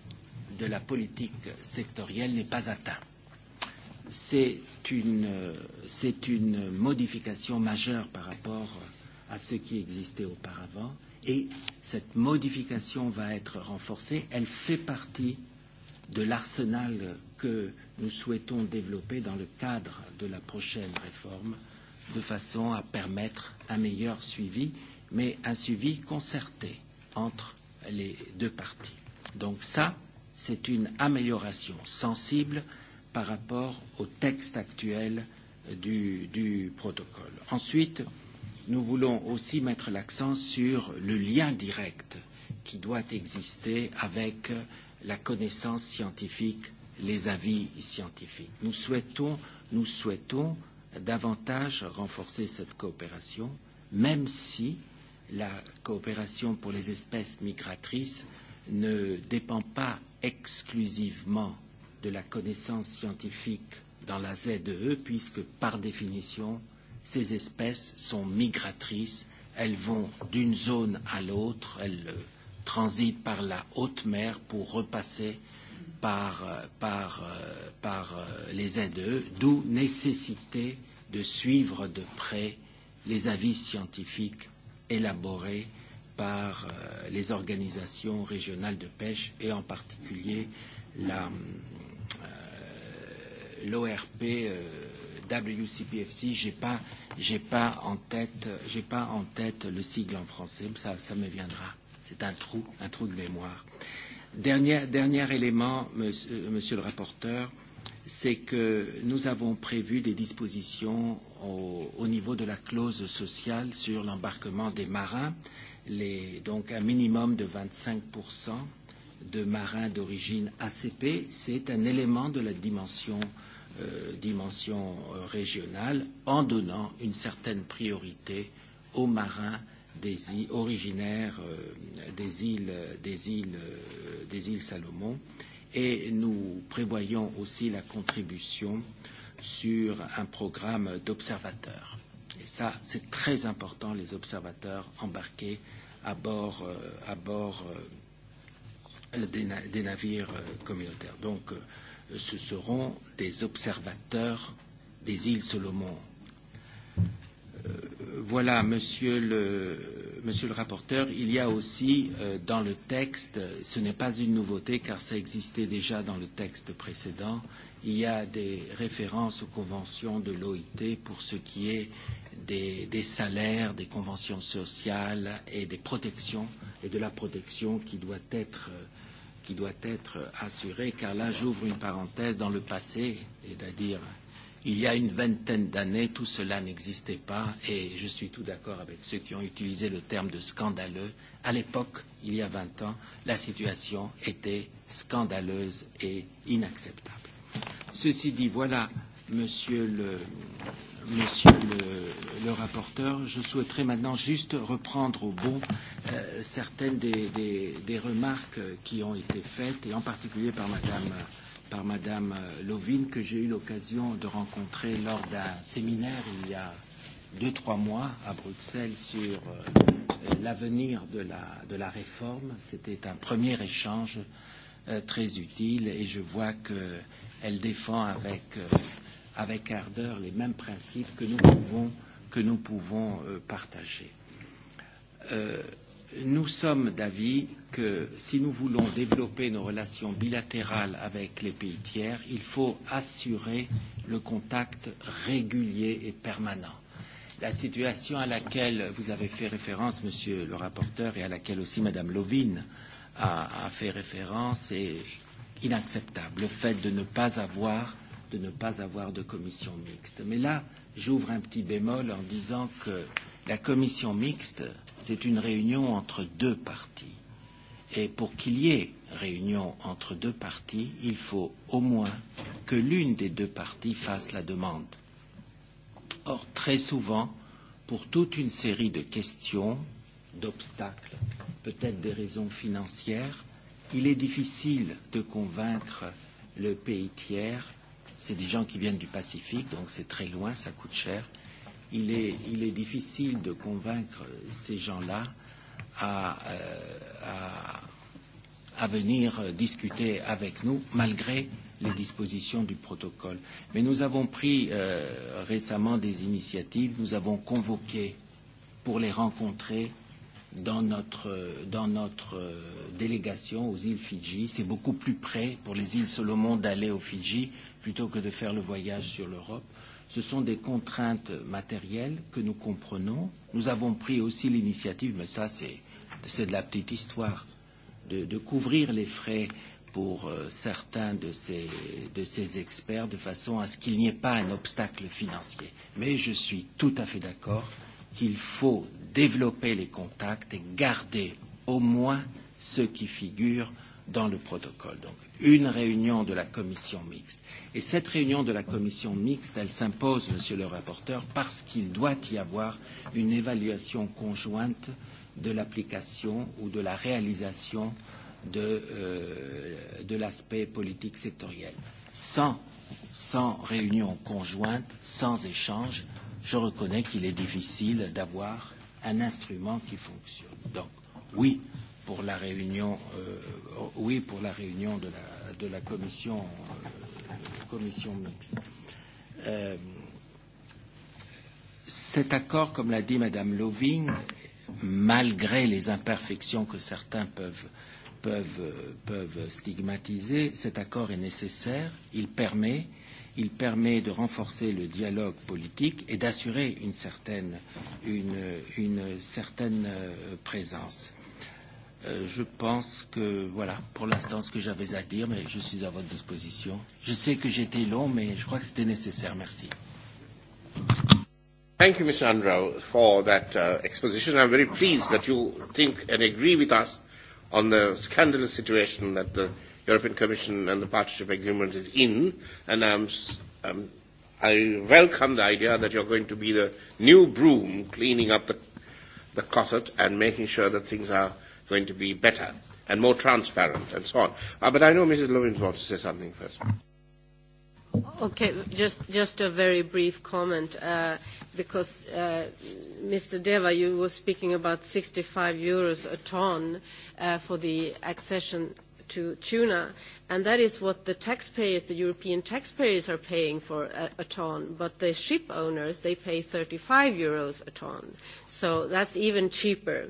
Speaker 9: de la politique sectorielle n'est pas atteint. C'est une, une modification majeure par rapport à ce qui existait auparavant et cette modification va être renforcée. Elle fait partie de l'arsenal que nous souhaitons développer dans le cadre de la prochaine réforme de façon à permettre un meilleur suivi, mais un suivi concerté entre les deux parties. Donc ça, C'est une amélioration sensible par rapport au texte actuel du, du protocole. Ensuite, nous voulons aussi mettre l'accent sur le lien direct qui doit exister avec la connaissance scientifique, les avis scientifiques. Nous souhaitons, nous souhaitons davantage renforcer cette coopération, même si la coopération pour les espèces migratrices ne dépend pas exclusivement de la connaissance scientifique dans la ZEE, e, puisque par définition, ces espèces sont migratrices. Elles vont d'une zone à l'autre, elles euh, transitent par la haute mer pour repasser par, euh, par, euh, par les ZEE, e, d'où nécessité de suivre de près les avis scientifiques élaborés par euh, les organisations régionales de pêche et en particulier l'ORP euh, euh WCPFC. n'ai pas, pas pas en tête le sigle en français, mais ça, ça me viendra. C'est un trou, un trou de mémoire. Dernier, dernier élément, monsieur, euh, monsieur le rapporteur, c'est que nous avons prévu des dispositions au, au niveau de la clause sociale sur l'embarquement des marins. Euh, les, donc un minimum de 25% de marins d'origine ACP. C'est un élément de la dimension, euh, dimension euh, régionale en donnant une certaine priorité aux marins des îles, originaires euh, des îles, des îles, euh, des îles Salomon. Et nous prévoyons aussi la contribution sur un programme d'observateurs. Et ça, c'est très important, les observateurs embarqués à bord, euh, à bord euh, des, na des navires euh, communautaires. Donc, euh, ce seront des observateurs des îles Solomon. Euh, voilà, monsieur le, monsieur le rapporteur, il y a aussi euh, dans le texte, ce n'est pas une nouveauté car ça existait déjà dans le texte précédent, il y a des références aux conventions de l'OIT pour ce qui est des, des salaires, des conventions sociales et des protections et de la protection qui doit être euh, qui doit être assurée. Car là, j'ouvre une parenthèse dans le passé, c'est-à-dire il y a une vingtaine d'années, tout cela n'existait pas et je suis tout d'accord avec ceux qui ont utilisé le terme de scandaleux. À l'époque, il y a 20 ans, la situation était scandaleuse et inacceptable. Ceci dit, voilà, monsieur le, Monsieur le, le rapporteur. Je souhaiterais maintenant juste reprendre au bon euh, certaines des, des, des remarques qui ont été faites, et en particulier par Madame, par Madame Lovine, que j'ai eu l'occasion de rencontrer lors d'un séminaire il y a deux, trois mois à Bruxelles sur euh, l'avenir de la, de la réforme. C'était un premier échange euh, très utile et je vois qu'elle défend avec euh, avec ardeur les mêmes principes que nous pouvons, que nous pouvons euh, partager. Euh, nous sommes d'avis que si nous voulons développer nos relations bilatérales avec les pays tiers, il faut assurer le contact régulier et permanent. La situation à laquelle vous avez fait référence, monsieur le rapporteur, et à laquelle aussi madame Lovin a, a fait référence est inacceptable. Le fait de ne pas avoir euh, de ne pas avoir de commission mixte. Mais là, j'ouvre un petit bémol en disant que la commission mixte, c'est une réunion entre deux parties. Et pour qu'il y ait réunion entre deux parties, il faut au moins que l'une des deux parties fasse la demande. Or, très souvent, pour toute une série de questions, d'obstacles, peut-être des raisons financières, il est difficile de convaincre le pays tiers c'est des gens qui viennent du Pacifique, donc c'est très loin, ça coûte cher. Il est, il est difficile de convaincre ces gens-là à, euh, à, à venir discuter avec nous, malgré les dispositions du protocole. Mais nous avons pris euh, récemment des initiatives, nous avons convoqué pour les rencontrer dans notre, dans notre euh, délégation aux îles Fidji. C'est beaucoup plus près pour les îles Solomon d'aller aux Fidji plutôt que de faire le voyage sur l'Europe. Ce sont des contraintes matérielles que nous comprenons. Nous avons pris aussi l'initiative, mais ça c'est de la petite histoire, de, de couvrir les frais pour euh, certains de ces, de ces experts de façon à ce qu'il n'y ait pas un obstacle financier. Mais je suis tout à fait d'accord qu'il faut développer les contacts et garder au moins ce qui figure dans le protocole. Donc une réunion de la commission mixte. Et cette réunion de la commission mixte, elle s'impose, monsieur le rapporteur, parce qu'il doit y avoir une évaluation conjointe de l'application ou de la réalisation de, euh, de l'aspect politique sectoriel. Sans, sans réunion conjointe, sans échange, je reconnais qu'il est difficile d'avoir un instrument qui fonctionne. Donc, oui pour la réunion, euh, oui pour la réunion de la, de la commission, euh, commission mixte. Euh, cet accord, comme l'a dit Madame Loving, malgré les imperfections que certains peuvent, peuvent, peuvent stigmatiser, cet accord est nécessaire. Il permet il permet de renforcer le dialogue politique et d'assurer une certaine, une, une certaine euh, présence. Euh, je pense que voilà pour l'instant ce que j'avais à dire, mais je suis à votre disposition. Je sais que j'étais long, mais je crois que c'était nécessaire. Merci. Thank
Speaker 1: you, Mr. Andro, for that uh, exposition. I'm very pleased that you think and agree with us on the scandalous situation that the European Commission and the partnership agreement is in, and I'm, um, I welcome the idea that you're going to be the new broom cleaning up the, the closet and making sure that things are going to be better and more transparent and so on. Uh, but I know Mrs. Lovins wants to say something first.
Speaker 8: Okay, just, just a very brief comment, uh, because uh, Mr. Deva, you were speaking about 65 euros a ton uh, for the accession to tuna. And that is what the taxpayers, the European taxpayers, are paying for a, a ton. But the ship owners, they pay 35 euros a ton. So that's even cheaper.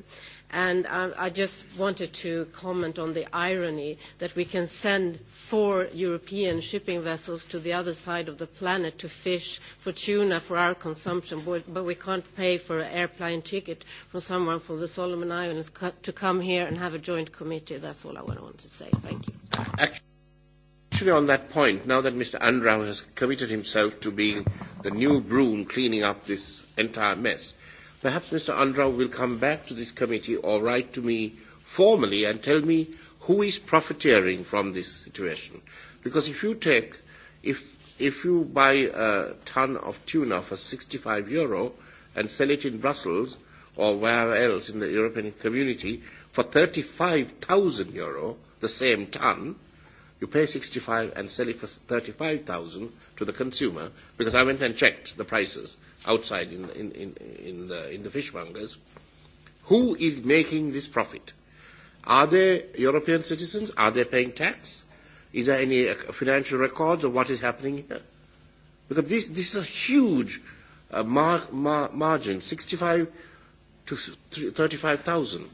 Speaker 8: And I, I just wanted to comment on the irony that we can send four European shipping vessels to the other side of the planet to fish for tuna for our consumption, but, but we can't pay for an airplane ticket from someone from the Solomon Islands to come here and have a joint committee. That's all I wanted to say. Thank you.
Speaker 1: Actually, on that point, now that Mr. Andrau has committed himself to being the new broom cleaning up this entire mess, Perhaps Mr. Andrau will come back to this committee or write to me formally and tell me who is profiteering from this situation. Because if you take, if, if you buy a ton of tuna for 65 euro and sell it in Brussels or wherever else in the European community for 35,000 euro, the same ton, you pay 65 and sell it for 35,000 to the consumer because I went and checked the prices outside in, in, in, in, the, in the fishmongers. Who is making this profit? Are they European citizens? Are they paying tax? Is there any uh, financial records of what is happening here? Because this, this is a huge uh, mar, mar, margin, 65 to 35,000.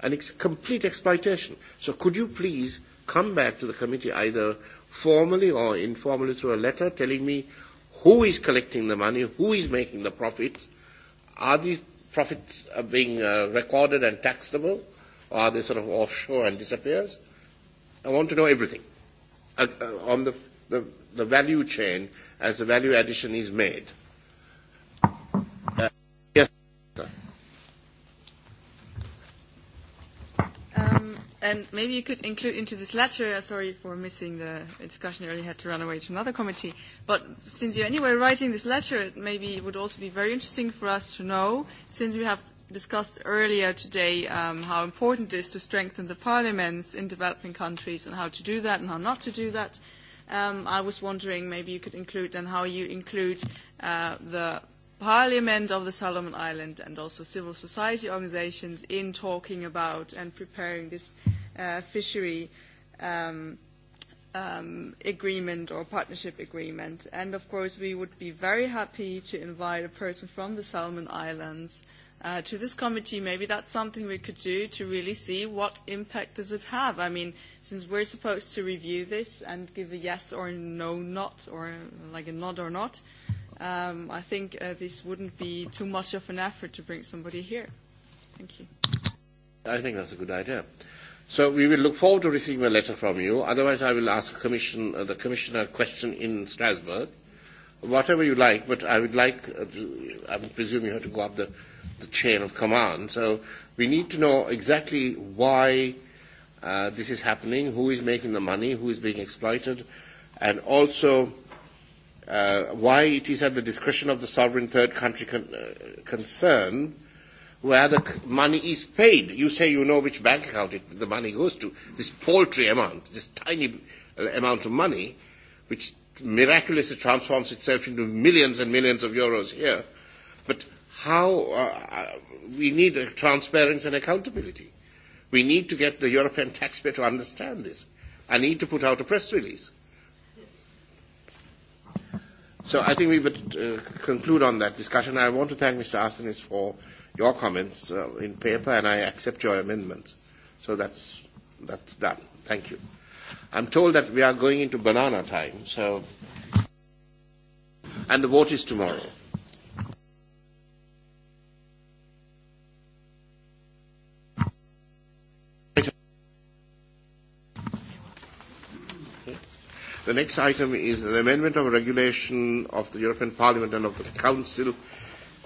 Speaker 1: And it's complete exploitation. So could you please come back to the committee either formally or informally through a letter telling me who is collecting the money, who is making the profits, are these profits uh, being uh, recorded and taxable, or are they sort of offshore and disappears? I want to know everything uh, uh, on the, the, the value chain as the value addition is made. Uh,
Speaker 4: And maybe you could include into this letter, uh, sorry for missing the discussion earlier, had to run away to another committee. But since you're anyway writing this letter, it maybe it would also be very interesting for us to know, since we have discussed earlier today um, how important it is to strengthen the parliaments in developing countries and how to do that and how not to do that. Um, I was wondering maybe you could include and how you include uh, the Parliament of the Solomon Islands and also civil society organizations in talking about and preparing this uh, fishery um, um, agreement or partnership agreement. And of course, we would be very happy to invite a person from the Solomon Islands uh, to this committee. Maybe that's something we could do to really see what impact does it have. I mean, since we're supposed to review this and give a yes or no, not, or like a nod or not, uh, um, I think uh, this wouldn't be too much of an effort to bring somebody here. Thank you.
Speaker 1: I think that's a good idea. So we will look forward to receiving a letter from you. Otherwise, I will ask commission, uh, the commissioner a question in Strasbourg. Whatever you like, but I would like, uh, I presume you have to go up the, the chain of command. So we need to know exactly why uh, this is happening, who is making the money, who is being exploited, and also uh, why it is at the discretion of the sovereign third country con- uh, concerned where the c- money is paid. You say you know which bank account it, the money goes to. This paltry amount, this tiny uh, amount of money, which miraculously transforms itself into millions and millions of euros here. But how uh, uh, we need a transparency and accountability. We need to get the European taxpayer to understand this. I need to put out a press release So I think we would uh, conclude on that discussion. I want to thank Mr. Arsenis for your comments uh, in paper, and I accept your amendments. So that's, that's done. Thank you. I'm told that we are going into banana time, so, and the vote is tomorrow. The next item is an amendment of a regulation of the European Parliament and of the Council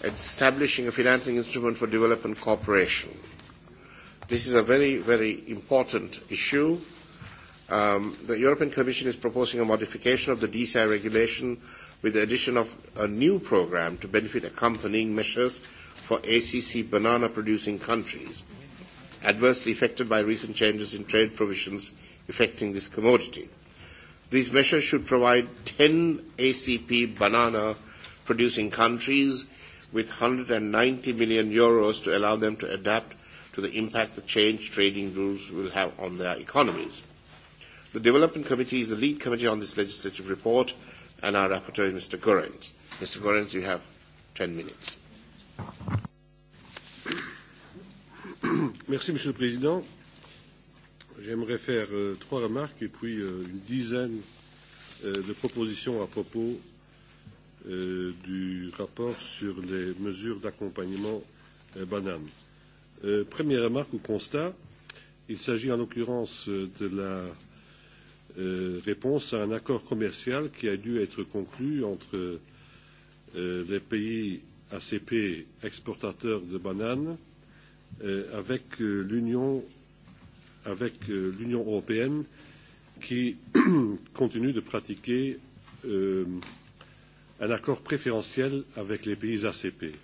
Speaker 1: establishing a financing instrument for development cooperation. This is a very, very important issue. Um, the European Commission is proposing a modification of the DCI regulation with the addition of a new program to benefit accompanying measures for ACC banana producing countries adversely affected by recent changes in trade provisions affecting this commodity. These measures should provide 10 ACP banana producing countries with 190 million euros to allow them to adapt to the impact the changed trading rules will have on their economies. The Development Committee is the lead committee on this legislative report, and our rapporteur is Mr. Gorenz. Mr. Gorenz, you have 10 minutes.
Speaker 2: Merci, Monsieur le Président. J'aimerais faire euh, trois remarques et puis euh, une dizaine euh, de propositions à propos euh, du rapport sur les mesures d'accompagnement euh, banane. Euh, première remarque ou constat, il s'agit en l'occurrence euh, de la euh, réponse à un accord commercial qui a dû être conclu entre euh, les pays ACP exportateurs de bananes euh, avec euh, l'Union européenne avec euh, l'Union européenne qui <clears throat> continue de pratiquer euh, un accord préférentiel avec les pays ACP.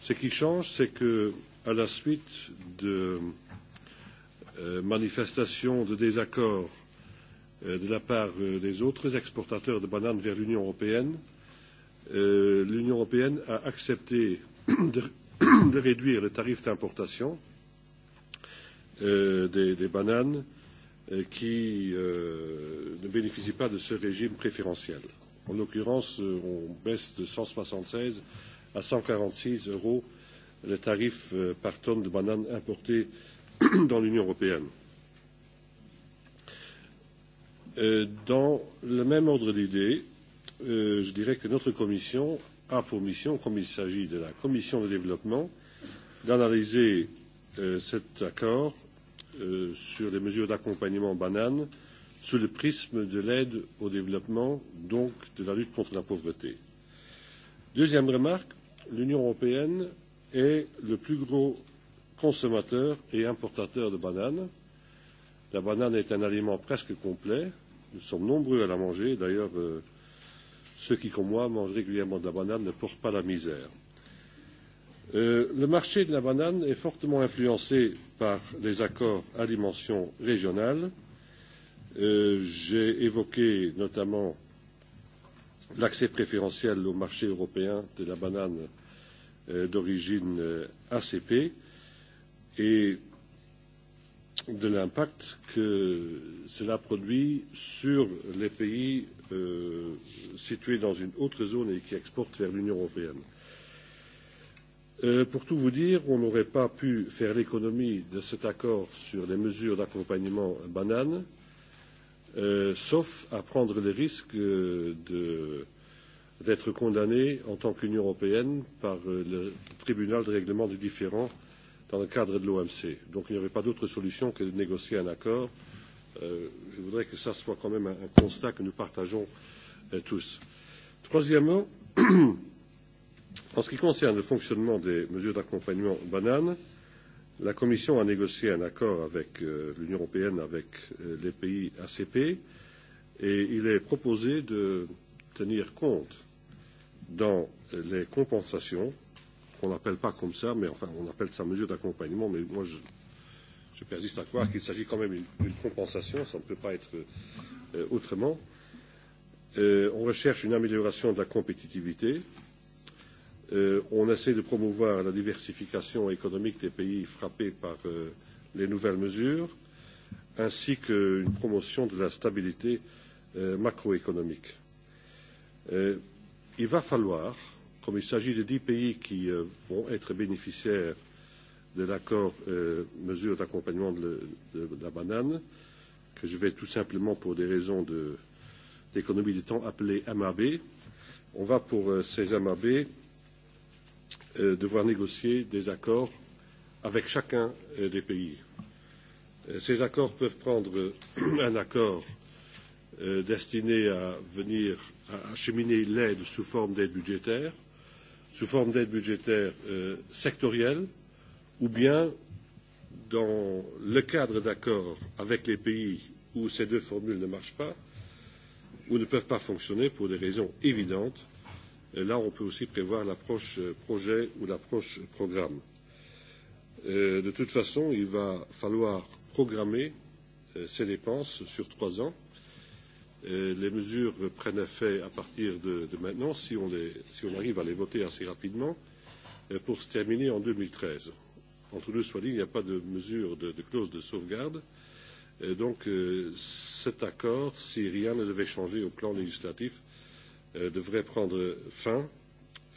Speaker 2: Ce qui change, c'est que, à la suite de euh, manifestations de désaccord euh, de la part euh, des autres exportateurs de bananes vers l'Union européenne, euh, l'Union européenne a accepté <clears throat> de, de réduire les tarifs d'importation euh, des, des bananes euh, qui euh, ne bénéficient pas de ce régime préférentiel. En l'occurrence, euh, on baisse de 176 à 146 euros le tarif euh, par tonne de bananes importées <clears throat> dans l'Union européenne. Euh, dans le même ordre d'idées, euh, je dirais que notre commission a pour mission, comme il s'agit de la commission de développement, d'analyser cet accord Euh, sur les mesures d'accompagnement banane sous le prisme de l'aide au développement, donc de la lutte contre la pauvreté. Deuxième remarque, l'Union européenne est le plus gros consommateur et importateur de bananes. La banane est un aliment presque complet. Nous sommes nombreux à la manger. D'ailleurs, euh, ceux qui, comme moi, mangent régulièrement de la banane ne portent pas la misère. Euh, le marché de la banane est fortement influencé par les accords à dimension régionale. Euh, J'ai évoqué notamment l'accès préférentiel au marché européen de la banane euh, d'origine euh, ACP et de l'impact que cela produit sur les pays euh, situés dans une autre zone et qui exportent vers l'Union européenne. Euh, pour tout vous dire, on n'aurait pas pu faire l'économie de cet accord sur les mesures d'accompagnement banane, euh, sauf à prendre le risque euh, d'être condamné en tant qu'Union européenne par euh, le tribunal de règlement des différends dans le cadre de l'OMC. Donc il n'y avait pas d'autre solution que de négocier un accord. Euh, je voudrais que ça soit quand même un, un constat que nous partageons euh, tous. Troisièmement, <clears throat> En ce qui concerne le fonctionnement des mesures d'accompagnement bananes, la Commission a négocié un accord avec euh, l'Union européenne, avec euh, les pays ACP, et il est proposé de tenir compte dans les compensations, qu'on n'appelle pas comme ça, mais enfin on appelle ça mesure d'accompagnement, mais moi je, je persiste à croire qu'il s'agit quand même d'une compensation, ça ne peut pas être euh, autrement. Euh, on recherche une amélioration de la compétitivité, euh, Euh, on essaie de promouvoir la diversification économique des pays frappés par euh, les nouvelles mesures, ainsi qu'une promotion de la stabilité euh, macroéconomique. Euh, il va falloir, comme il s'agit de dix pays qui euh, vont être bénéficiaires de l'accord euh, mesure d'accompagnement de, de, la banane, que je vais tout simplement, pour des raisons d'économie de, d'économie temps, appeler MAB, on va pour euh, ces MAB Euh, devoir négocier des accords avec chacun euh, des pays. Euh, ces accords peuvent prendre <clears throat> un accord destiné à venir à acheminer l'aide sous forme d'aide budgétaire, sous forme d'aide budgétaire sectorielle, ou bien dans le cadre d'accords avec les pays où ces deux formules ne marchent pas ou ne peuvent pas fonctionner pour des raisons évidentes, Et là, on peut aussi prévoir l'approche euh, projet ou l'approche programme. Euh, de toute façon, il va falloir programmer euh, ces dépenses sur trois ans. Euh, les mesures prennent effet à partir de, de maintenant, si on, les, si on arrive à les voter assez rapidement, pour se terminer en 2013. Entre deux soit dit, il n'y a pas de mesure de, de clause de sauvegarde. Et donc, cet accord, si rien ne devait changer au plan législatif, euh, devrait prendre fin,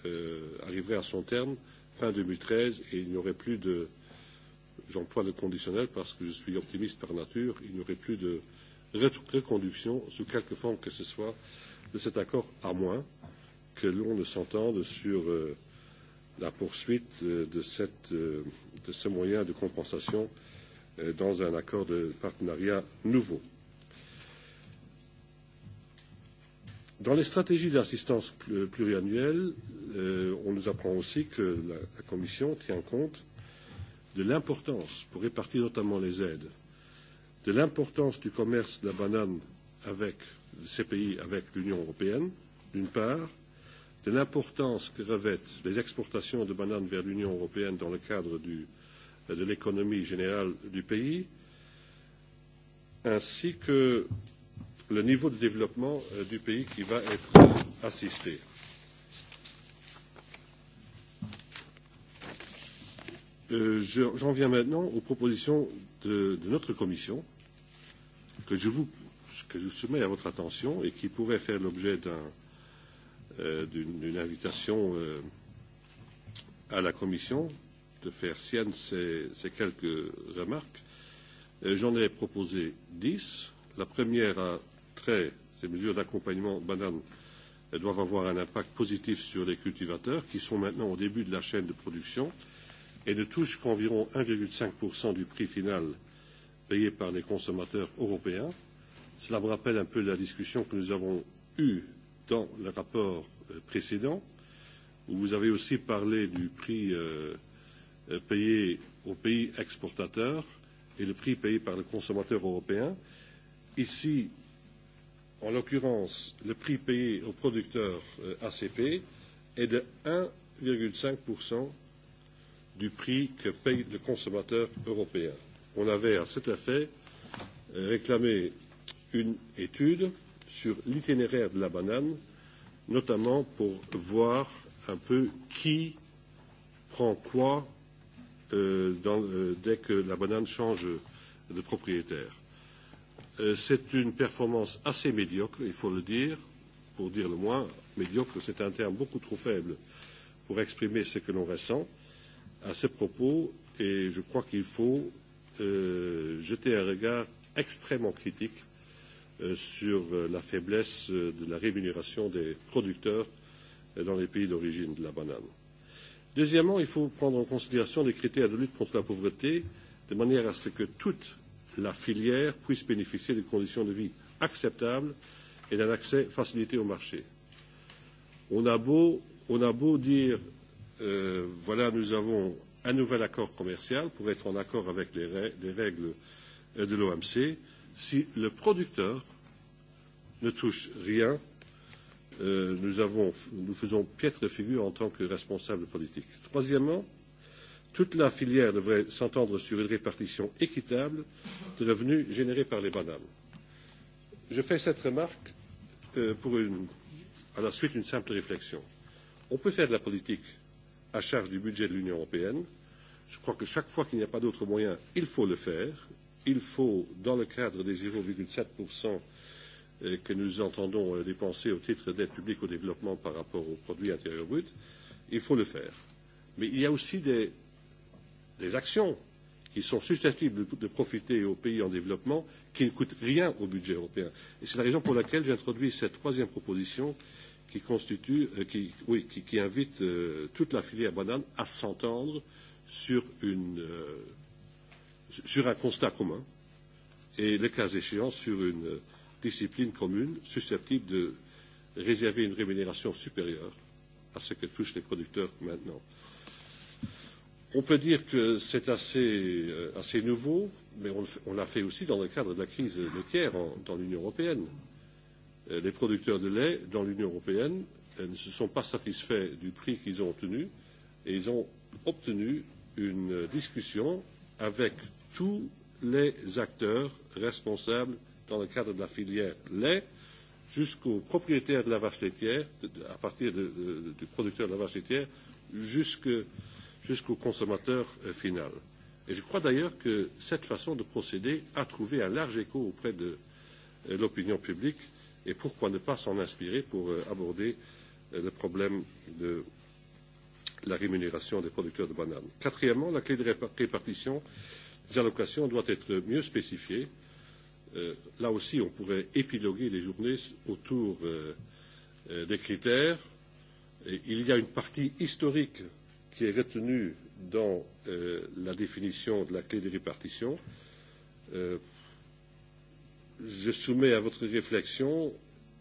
Speaker 2: euh, arriverait à son terme fin 2013 et il n'y aurait plus de, j'emploie le conditionnel parce que je suis optimiste par nature, il n'y aurait plus de reconduction sous quelque forme que ce soit de cet accord, à moins que l'on ne s'entende sur euh, la poursuite euh, de, cette, euh, de ce moyen de compensation euh, dans un accord de partenariat nouveau. Dans les stratégies d'assistance pluriannuelle, euh, on nous apprend aussi que la, la Commission tient compte de l'importance, pour répartir notamment les aides, de l'importance du commerce de la banane avec ces pays, avec l'Union européenne, d'une part, de l'importance que revêtent les exportations de bananes vers l'Union européenne dans le cadre du, de l'économie générale du pays, ainsi que le niveau de développement euh, du pays qui va être euh, assisté. Euh, J'en viens maintenant aux propositions de, de notre commission que je, vous, que je soumets à votre attention et qui pourraient faire l'objet euh, d'une euh, d invitation euh, à la commission de faire sienne ces, ces quelques remarques. J'en ai proposé dix. La première a très, ces mesures d'accompagnement banane elles doivent avoir un impact positif sur les cultivateurs qui sont maintenant au début de la chaîne de production et ne touchent qu'environ 1,5% du prix final payé par les consommateurs européens. Cela me rappelle un peu la discussion que nous avons eue dans le rapport euh, précédent, où vous avez aussi parlé du prix euh, euh, payé aux pays exportateurs et le prix payé par le consommateur européen. Ici, en l'occurrence le prix payé aux producteurs euh, ACP, est de 1,5% du prix que paye le consommateur européen. On avait à cet effet réclamé une étude sur l'itinéraire de la banane, notamment pour voir un peu qui prend quoi euh, dans, euh, dès que la banane change de propriétaire. Euh, c'est une performance assez médiocre, il faut le dire, pour dire le moins. Médiocre, c'est un terme beaucoup trop faible pour exprimer ce que l'on ressent à ce propos, et je crois qu'il faut euh, jeter un regard extrêmement critique euh, sur euh, la faiblesse euh, de la rémunération des producteurs dans les pays d'origine de la banane. Deuxièmement, il faut prendre en considération les critères de lutte contre la pauvreté de manière à ce que toutes la filière puisse bénéficier de conditions de vie acceptables et d'un accès facilité au marché. On a beau, on a beau dire euh, voilà, nous avons un nouvel accord commercial pour être en accord avec les, les règles euh, de l'OMC, si le producteur ne touche rien, euh, nous, avons, nous faisons piètre figure en tant que responsable politique. Troisièmement, euh, Toute la filière devrait s'entendre sur une répartition équitable des revenus générés par les bananes. Je fais cette remarque euh, pour une, à la suite d'une simple réflexion. On peut faire de la politique à charge du budget de l'Union européenne. Je crois que chaque fois qu'il n'y a pas d'autre moyen, il faut le faire. Il faut, dans le cadre des 0,7 euh, que nous entendons euh, dépenser au titre d'aide publique au développement par rapport au produit intérieur brut, il faut le faire. Mais il y a aussi des, des actions qui sont susceptibles de, profiter aux pays en développement, qui ne coûtent rien au budget européen. Et c'est la raison pour laquelle j'ai introduit cette troisième proposition qui constitue, euh, qui, oui, qui, qui invite euh, toute la filière banane à s'entendre sur, euh, sur un constat commun et, le cas échéant, sur une euh, discipline commune susceptible de réserver une rémunération supérieure à ce que touchent les producteurs maintenant. On peut dire que c'est assez, euh, assez nouveau, mais on, l'a fait aussi dans le cadre de la crise laitière en, dans l'Union européenne. Euh, les producteurs de lait dans l'Union européenne euh, ne se sont pas satisfaits du prix qu'ils ont obtenu et ils ont obtenu une discussion avec tous les acteurs responsables dans le cadre de la filière lait jusqu'au propriétaire de la vache laitière, à partir de, de, du producteur de la vache laitière, jusqu'au jusqu'au consommateur euh, final. Et je crois d'ailleurs que cette façon de procéder a trouvé un large écho auprès de euh, l'opinion publique et pourquoi ne pas s'en inspirer pour euh, aborder le problème de la rémunération des producteurs de bananes. Quatrièmement, la clé de répartition des allocations doit être mieux spécifiée. là aussi, on pourrait épiloguer les journées autour des critères. il y a une partie historique qui est retenu dans euh, la définition de la clé de répartition, euh, je soumets à votre réflexion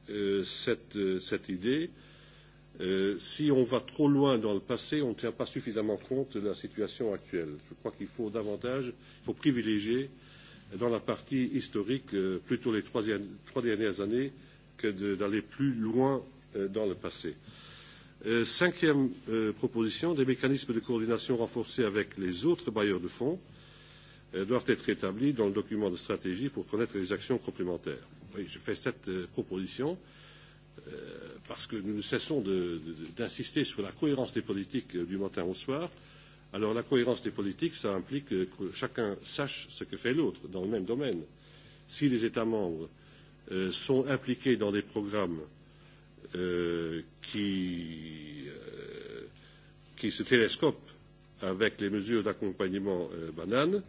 Speaker 2: euh, cette, euh, cette idée. Euh, si on va trop loin dans le passé, on ne tient pas suffisamment compte de la situation actuelle. Je crois qu'il faut davantage, il faut privilégier dans la partie historique euh, plutôt les trois, trois dernières années que d'aller plus loin euh, dans le passé. Euh, Euh, cinquième euh, proposition, des mécanismes de coordination renforcés avec les autres bailleurs de fonds euh, doivent être établis dans le document de stratégie pour connaître les actions complémentaires. Oui, je fais cette proposition parce que nous ne cessons d'insister sur la cohérence des politiques du matin au soir. Alors la cohérence des politiques, ça implique que chacun sache ce que fait l'autre dans le même domaine. Si les États membres euh, sont impliqués dans des programmes qui, euh, qui se télescope avec les mesures d'accompagnement euh, banane,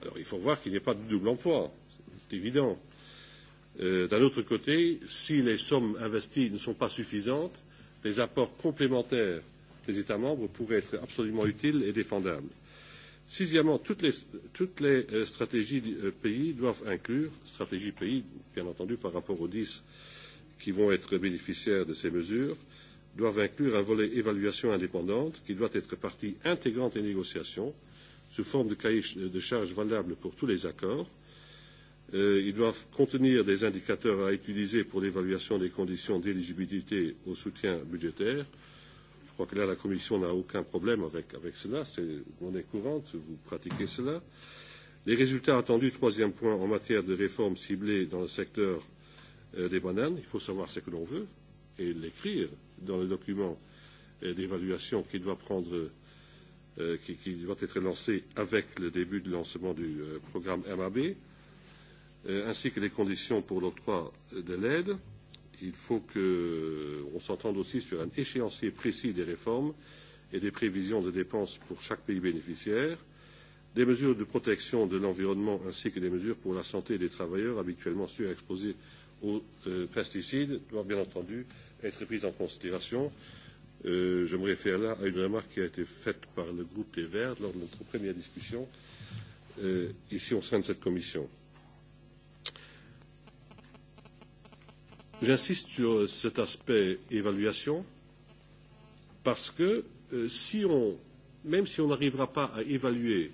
Speaker 2: alors il faut voir qu'il n'y a pas de double emploi, c'est évident. Euh, D'un autre côté, si les sommes investies ne sont pas suffisantes, des apports complémentaires des États membres pourraient être absolument utiles et défendables. Sixièmement, toutes les, toutes les euh, stratégies euh, pays doivent inclure, stratégie pays bien entendu par rapport aux dix euh, qui vont être bénéficiaires de ces mesures doivent inclure un volet évaluation indépendante qui doit être partie intégrante des négociations sous forme de cahier de charges valable pour tous les accords. Euh, ils doivent contenir des indicateurs à utiliser pour l'évaluation des conditions d'éligibilité au soutien budgétaire. Je crois que là, la Commission n'a aucun problème avec, avec cela. C'est monnaie courante, vous pratiquez cela. Les résultats attendus, troisième point, en matière de réformes ciblées dans le secteur euh, Euh, des bananes, il faut savoir ce que l'on veut et l'écrire dans le document euh, d'évaluation qui doit prendre, euh, qui, qui doit être lancé avec le début de lancement du euh, programme MAB, euh, ainsi que les conditions pour l'octroi de l'aide. Il faut qu'on euh, s'entende aussi sur un échéancier précis des réformes et des prévisions de dépenses pour chaque pays bénéficiaire, des mesures de protection de l'environnement ainsi que des mesures pour la santé des travailleurs habituellement surexposés aux euh, pesticides doit bien entendu être prise en considération. Euh, je me réfère là à une remarque qui a été faite par le groupe des Verts lors de notre première discussion euh, ici au sein de cette commission. J'insiste sur cet aspect évaluation parce que euh, si on, même si on n'arrivera pas à évaluer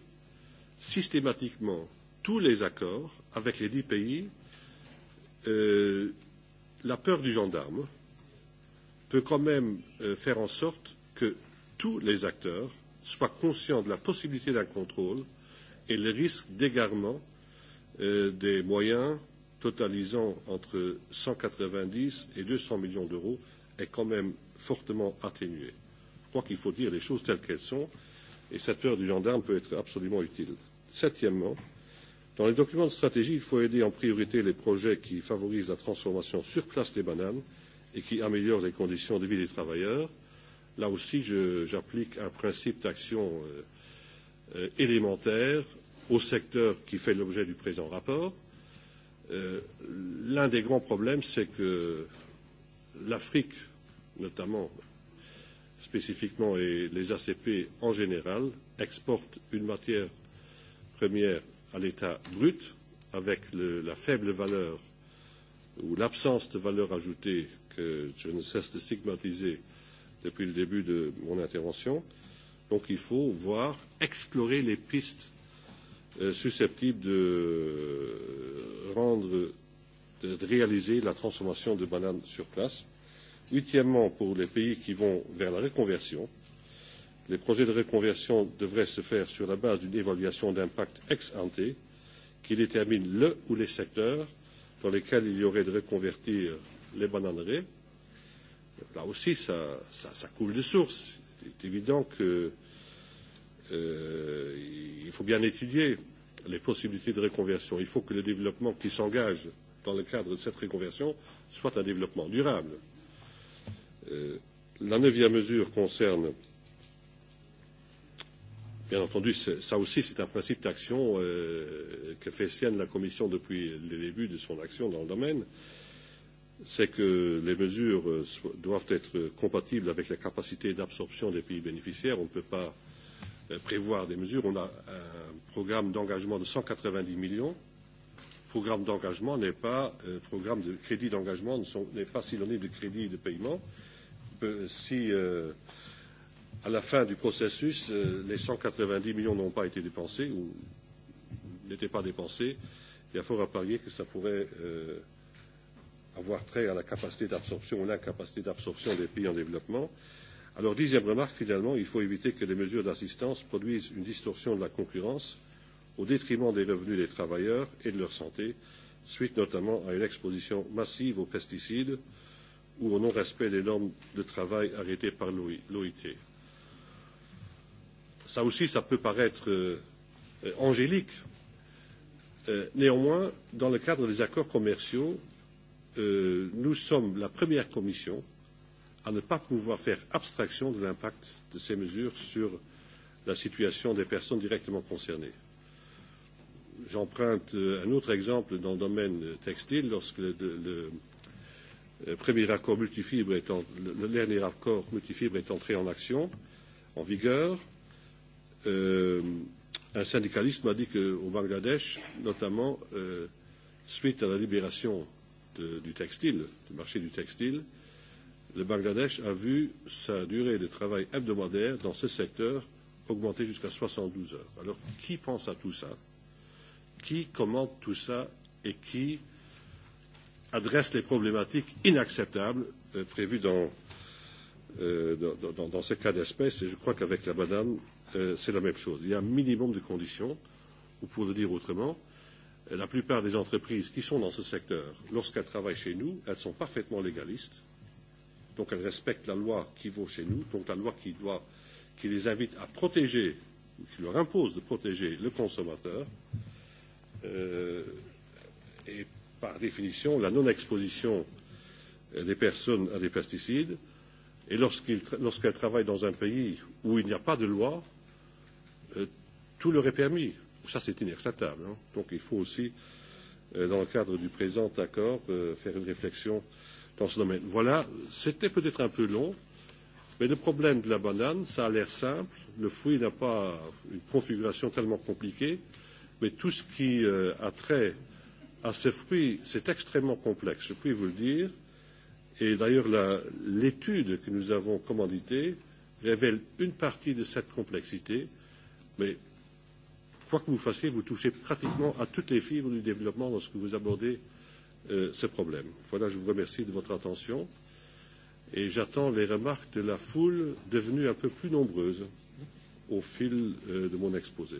Speaker 2: systématiquement tous les accords avec les dix pays, Euh, la peur du gendarme peut quand même euh, faire en sorte que tous les acteurs soient conscients de la possibilité d'un contrôle et le risque d'égarement euh, des moyens totalisant entre 190 et 200 millions d'euros est quand même fortement atténué. Je crois qu'il faut dire les choses telles qu'elles sont et cette peur du gendarme peut être absolument utile. Septièmement, euh, Dans les documents de stratégie, il faut aider en priorité les projets qui favorisent la transformation sur place des bananes et qui améliorent les conditions de vie des travailleurs. Là aussi, j'applique un principe d'action euh, euh, élémentaire au secteur qui fait l'objet du présent rapport. Euh, L'un des grands problèmes, c'est que l'Afrique, notamment spécifiquement, et les ACP en général, exportent une matière première à l'état brut, avec le, la faible valeur ou l'absence de valeur ajoutée que je ne cesse de stigmatiser depuis le début de mon intervention. Donc il faut voir, explorer les pistes euh, susceptibles de rendre, de, de réaliser la transformation de bananes sur place. Huitièmement, pour les pays qui vont vers la reconversion, les projets de reconversion devraient se faire sur la base d'une évaluation d'impact ex ante qui détermine le ou les secteurs dans lesquels il y aurait de reconvertir les bananeraies. Là aussi, ça, ça, ça coule de source. Il est évident qu'il euh, faut bien étudier les possibilités de reconversion. Il faut que le développement qui s'engage dans le cadre de cette reconversion soit un développement durable. Euh, la neuvième mesure concerne Bien entendu, ça aussi, c'est un principe d'action euh, que fait sienne la Commission depuis le début de son action dans le domaine. C'est que les mesures euh, doivent être compatibles avec la capacité d'absorption des pays bénéficiaires. On ne peut pas euh, prévoir des mesures. On a un programme d'engagement de 190 millions. Programme d'engagement n'est pas euh, programme de crédit d'engagement n'est pas synonyme de crédit de paiement. Si euh, à la fin du processus, euh, les 190 millions n'ont pas été dépensés ou n'étaient pas dépensés. Il y a fort à parier que ça pourrait euh, avoir trait à la capacité d'absorption ou l'incapacité d'absorption des pays en développement. Alors, dixième remarque, finalement, il faut éviter que les mesures d'assistance produisent une distorsion de la concurrence au détriment des revenus des travailleurs et de leur santé, suite notamment à une exposition massive aux pesticides ou au non-respect des normes de travail arrêtées par l'OIT ça aussi, ça peut paraître euh, angélique. Euh, néanmoins, dans le cadre des accords commerciaux, euh, nous sommes la première commission à ne pas pouvoir faire abstraction de l'impact de ces mesures sur la situation des personnes directement concernées. J'emprunte euh, un autre exemple dans le domaine textile, lorsque le, le, le euh, premier accord multifibre est en, le, le dernier accord multifibre est entré en action, en vigueur, euh, euh, un syndicaliste m'a dit qu'au Bangladesh, notamment euh, suite à la libération de, du textile, du marché du textile, le Bangladesh a vu sa durée de travail hebdomadaire dans ce secteur augmenter jusqu'à 72 heures. Alors, qui pense à tout ça Qui commente tout ça Et qui adresse les problématiques inacceptables euh, prévues dans, euh, dans, dans, dans ce cas d'espèce Et je crois qu'avec la madame, Euh, c'est la même chose. Il y a un minimum de conditions, ou pour le dire autrement, la plupart des entreprises qui sont dans ce secteur, lorsqu'elles travaillent chez nous, elles sont parfaitement légalistes. Donc elles respectent la loi qui vaut chez nous, donc la loi qui, doit, qui les invite à protéger, qui leur impose de protéger le consommateur. Euh, et par définition, la non-exposition des personnes à des pesticides. Et lorsqu'elles tra lorsqu travaillent dans un pays où il n'y a pas de loi, tout leur est permis. Ça, c'est inacceptable. Hein. Donc, il faut aussi, euh, dans le cadre du présent accord, euh, faire une réflexion dans ce domaine. Voilà, c'était peut-être un peu long, mais le problème de la banane, ça a l'air simple. Le fruit n'a pas une configuration tellement compliquée, mais tout ce qui euh, a trait à ces fruits, c'est extrêmement complexe, je puis vous le dire. Et d'ailleurs, l'étude que nous avons commanditée révèle une partie de cette complexité, mais quoi que vous fassiez, vous touchez pratiquement à toutes les fibres du développement lorsque vous abordez euh, ce problème. Voilà, je vous remercie de votre attention et j'attends les remarques de la foule devenue un peu plus nombreuse au fil euh, de mon exposé.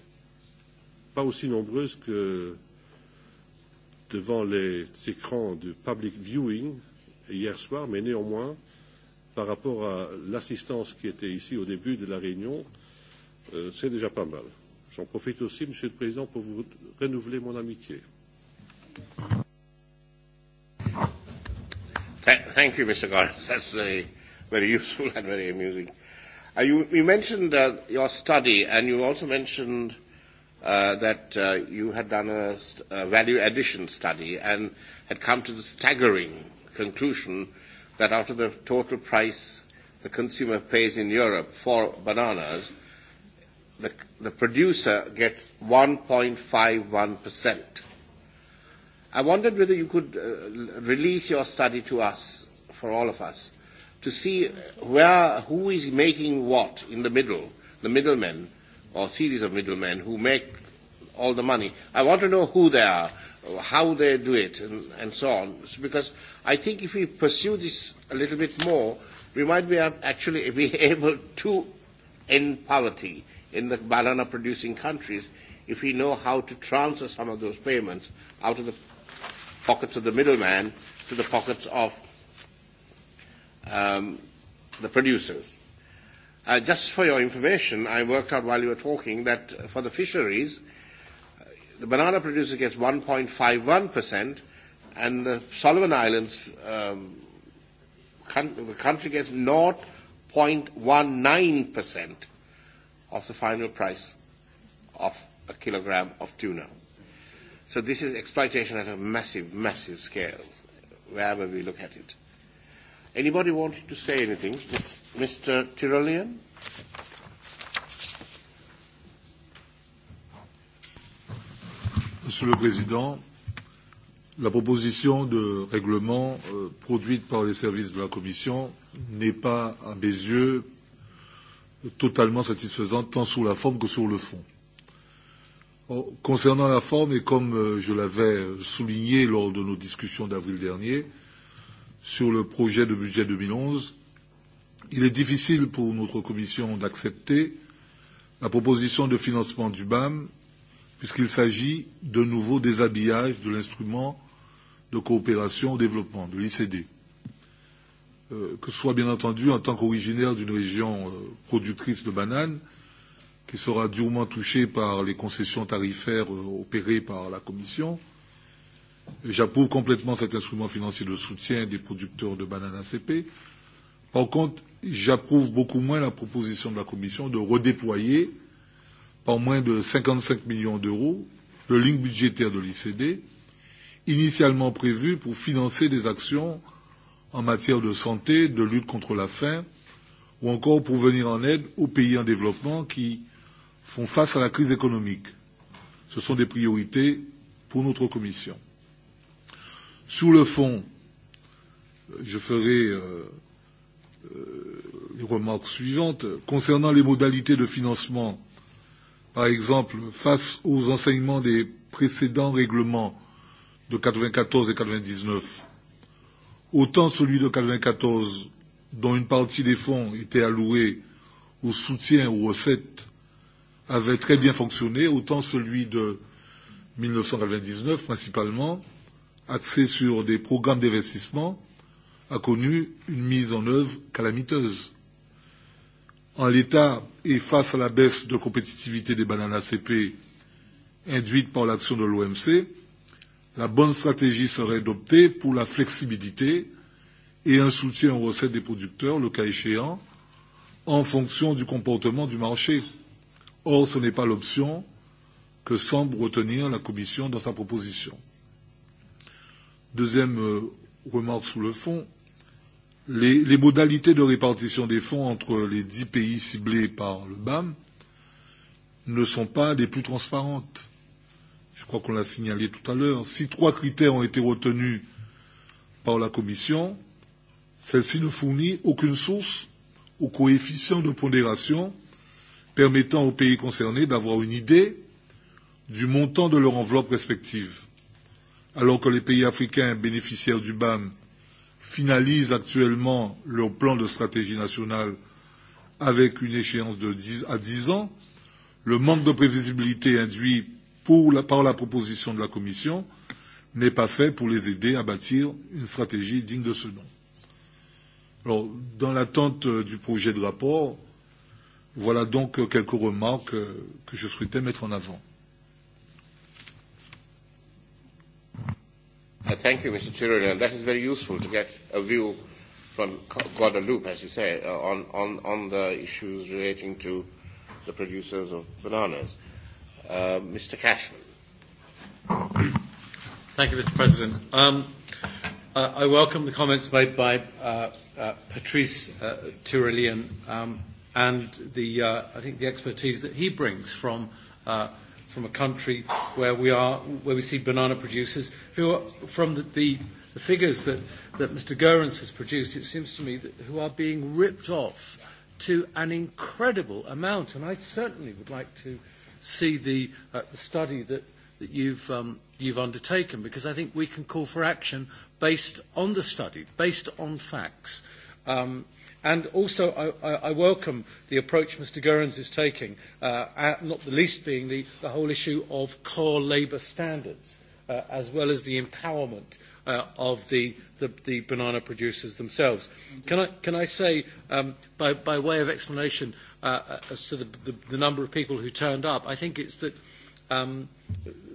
Speaker 2: Pas aussi nombreuse que devant les écrans du public viewing hier soir, mais néanmoins, par rapport à l'assistance qui était ici au début de la réunion, euh, c'est déjà pas mal. J'en profite aussi, Monsieur le Président, pour vous renouveler mon amitié.
Speaker 1: thank you, Mr. Gorans. <laughs> That's very, very useful and very amusing. Uh, you, you mentioned uh, your study, and you also mentioned uh, that uh, you had done a, st- a value addition study and had come to the staggering conclusion that out of the total price the consumer pays in Europe for bananas, the the producer gets 1.51%. I wondered whether you could uh, release your study to us, for all of us, to see where, who is making what in the middle, the middlemen, or series of middlemen who make all the money. I want to know who they are, how they do it, and, and so on. Because I think if we pursue this a little bit more, we might be actually be <laughs> able to end poverty in the banana producing countries if we know how to transfer some of those payments out of the pockets of the middleman to the pockets of um, the producers. Uh, just for your information, I worked out while you were talking that for the fisheries, uh, the banana producer gets 1.51%, and the Solomon Islands, um, the country gets 0.19% of the final price of a kilogram of tuna. So this is exploitation at a massive, massive scale, wherever we look at it. Anybody wanting to say anything? Ms. Mr. Tyrolean?
Speaker 10: Monsieur le Président, la proposition de règlement euh, produite par les services de la Commission n'est pas, à mes yeux, totalement satisfaisante, tant sur la forme que sur le fond. concernant la forme, et comme euh, je l'avais euh, souligné lors de nos discussions d'avril dernier sur le projet de budget 2011, il est difficile pour notre commission d'accepter la proposition de financement du BAM, puisqu'il s'agit de nouveau des habillages de l'instrument de coopération au développement, de l'ICD. Euh, Euh, que ce soit bien entendu en tant qu'originaire d'une région euh, productrice de bananes, qui sera durement touchée par les concessions tarifaires euh, opérées par la Commission. J'approuve complètement cet instrument financier de soutien des producteurs de bananes ACP. Par contre, j'approuve beaucoup moins la proposition de la Commission de redéployer, par moins de 55 millions d'euros, le ligne budgétaire de l'ICD, initialement prévue pour financer des actions en matière de santé, de lutte contre la faim, ou encore pour venir en aide aux pays en développement qui font face à la crise économique. Ce sont des priorités pour notre Commission. Sur le fond, je ferai euh, euh, les remarques suivantes. Concernant les modalités de financement, par exemple, face aux enseignements des précédents règlements de 94 et 99, Autant celui de 1994, dont une partie des fonds était allouée au soutien aux recettes, avait très bien fonctionné, autant celui de 1999 principalement, axé sur des programmes d'investissement, a connu une mise en œuvre calamiteuse. En l'état et face à la baisse de compétitivité des bananes ACP induite par l'action de l'OMC, la bonne stratégie serait d'opter pour la flexibilité et un soutien aux recettes des producteurs, le cas échéant, en fonction du comportement du marché. Or, ce n'est pas l'option que semble retenir la Commission dans sa proposition. Deuxième euh, remarque sous le fond, les, les modalités de répartition des fonds entre les dix pays ciblés par le BAM ne sont pas des plus transparentes crois qu'on l'a signalé tout à l'heure, si trois critères ont été retenus par la Commission, celle-ci ne fournit aucune source ou coefficient de pondération permettant aux pays concernés d'avoir une idée du montant de leur enveloppe respective, alors que les pays africains bénéficiaires du BAM finalisent actuellement leur plan de stratégie nationale avec une échéance de 10 à 10 ans, le manque de prévisibilité induit pour la, par la proposition de la Commission n'est pas fait pour les aider à bâtir une stratégie digne de ce nom. Alors, dans l'attente euh, du projet de rapport, voilà donc euh, quelques remarques euh, que je souhaitais mettre en avant.
Speaker 1: Uh, thank you, Mr. Chirurian. That is very useful to get a view from Guadeloupe, as you say, uh, on, on, on the issues relating to
Speaker 11: the producers of bananas. Uh, Mr. Cashman. Thank you, Mr. President. Um, uh, I welcome the comments made by uh, uh, Patrice uh, Tyrillian um, and the, uh, I think the expertise that he brings from, uh, from a country where we, are, where we see banana producers who are from the, the, the figures that, that Mr. Goerens has produced, it seems to me, that, who are being ripped off to an incredible amount. And I certainly would like to see the, uh, the study that, that you've, um, you've undertaken, because I think we can call for action based on the study, based on facts. Um, and also, I, I, I welcome the approach Mr. Goerens is taking, uh, at, not the least being the, the whole issue of core labour standards, uh, as well as the empowerment uh, of the, the, the banana producers themselves. Can I, can I say, um, by, by way of explanation, Uh, uh, as to the, the, the number of people who turned up. I think it's that um,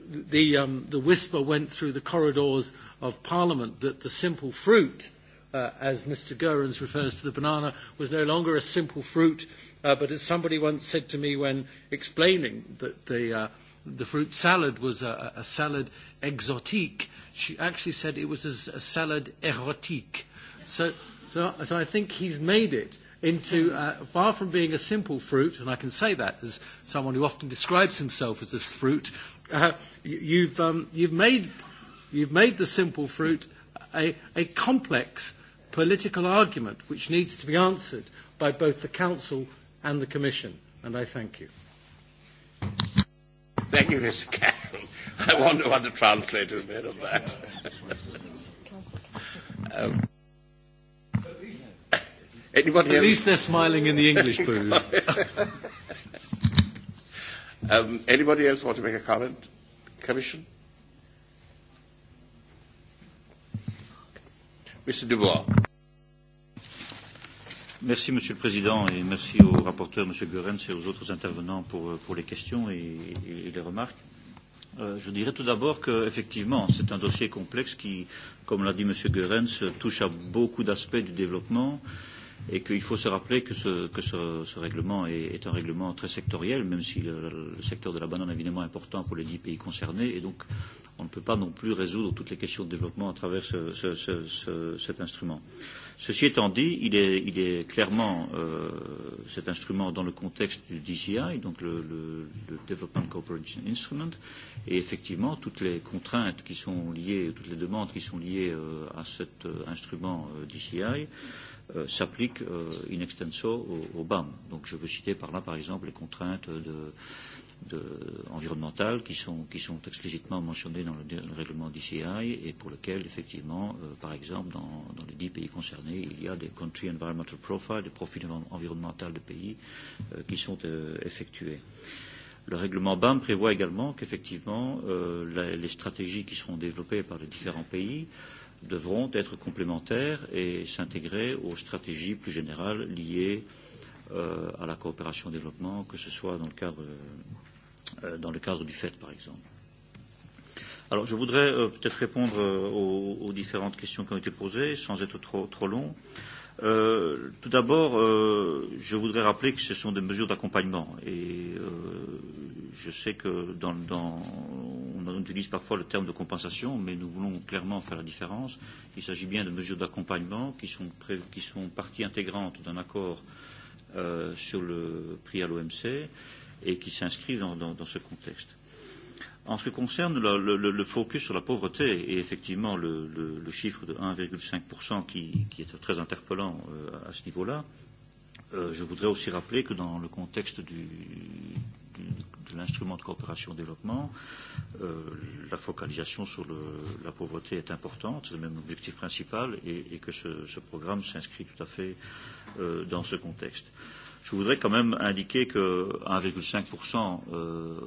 Speaker 11: the, um, the whisper went through the corridors of Parliament that the simple fruit, uh, as Mr. Goerens refers to the banana, was no longer a simple fruit, uh, but as somebody once said to me when explaining that the, uh, the fruit salad was a, a salad exotique, she actually said it was a, a salad erotique. So, so, so I think he's made it into uh, far from being a simple fruit, and I can say that as someone who often describes himself as this fruit, uh, you've, um, you've, made, you've made the simple fruit a, a complex political argument which needs to be answered by both the Council and the Commission, and I thank you.
Speaker 1: Thank you, Mr. Carroll. I wonder what the translators made of that.
Speaker 12: <laughs>
Speaker 1: um,
Speaker 11: Anybody At have... least they're smiling in the English booth. <laughs>
Speaker 1: um, anybody else want to make a comment? Commission?
Speaker 13: Mr. Dubois. Merci, Monsieur le Président, et merci au rapporteur, Monsieur Goerens, et aux autres intervenants pour, euh, pour les questions et, et, et les remarques. Euh, je dirais tout d'abord qu'effectivement, c'est un dossier complexe qui, comme l'a dit Monsieur Goerens, touche à beaucoup d'aspects du développement. Euh, et qu'il faut se rappeler que ce, que ce, ce règlement est, est un règlement très sectoriel, même si le, le secteur de la banane est évidemment important pour les dix pays concernés, et donc on ne peut pas non plus résoudre toutes les questions de développement à travers ce, ce, ce, ce, cet instrument. Ceci étant dit, il est, il est clairement euh, cet instrument dans le contexte du DCI, donc le, le, le Development Cooperation Instrument, et effectivement toutes les contraintes qui sont liées, toutes les demandes qui sont liées euh, à cet euh, instrument euh, DCI, euh, euh, s'applique euh, in extenso aux BAM. Donc je veux citer par là, par exemple, les contraintes de, de, environnementales qui sont, qui sont explicitement mentionnées dans le, le règlement DCI et pour lesquelles, effectivement, euh, par exemple, dans, dans les dix pays concernés, il y a des country environmental profiles, des profils environnementaux de pays euh, qui sont euh, effectués. Le règlement BAM prévoit également qu'effectivement, euh, les stratégies qui seront développées par les différents pays euh, devront être complémentaires et s'intégrer aux stratégies plus générales liées euh, à la coopération au développement, que ce soit dans le cadre, euh, dans le cadre du FED, par exemple. Alors, je voudrais euh, peut-être répondre euh, aux, aux différentes questions qui ont été posées, sans être trop, trop long. Euh, tout d'abord, euh, je voudrais rappeler que ce sont des mesures d'accompagnement. Et euh, je sais que dans, dans, on utilise parfois le terme de compensation, mais nous voulons clairement faire la différence. Il s'agit bien de mesures d'accompagnement qui, qui sont partie intégrante d'un accord euh, sur le prix à l'OMC et qui s'inscrivent dans, dans, dans ce contexte. En ce qui concerne la, le, le focus sur la pauvreté et effectivement le, le, le chiffre de 1,5% qui, qui est très interpellant euh, à ce niveau-là, euh, je voudrais aussi rappeler que dans le contexte du, de l'instrument de coopération au développement, euh, la focalisation sur le, la pauvreté est importante, c'est le même objectif principal, et, et que ce, ce programme s'inscrit tout à fait euh, dans ce contexte. Euh, Je voudrais quand même indiquer que 1,5% euh,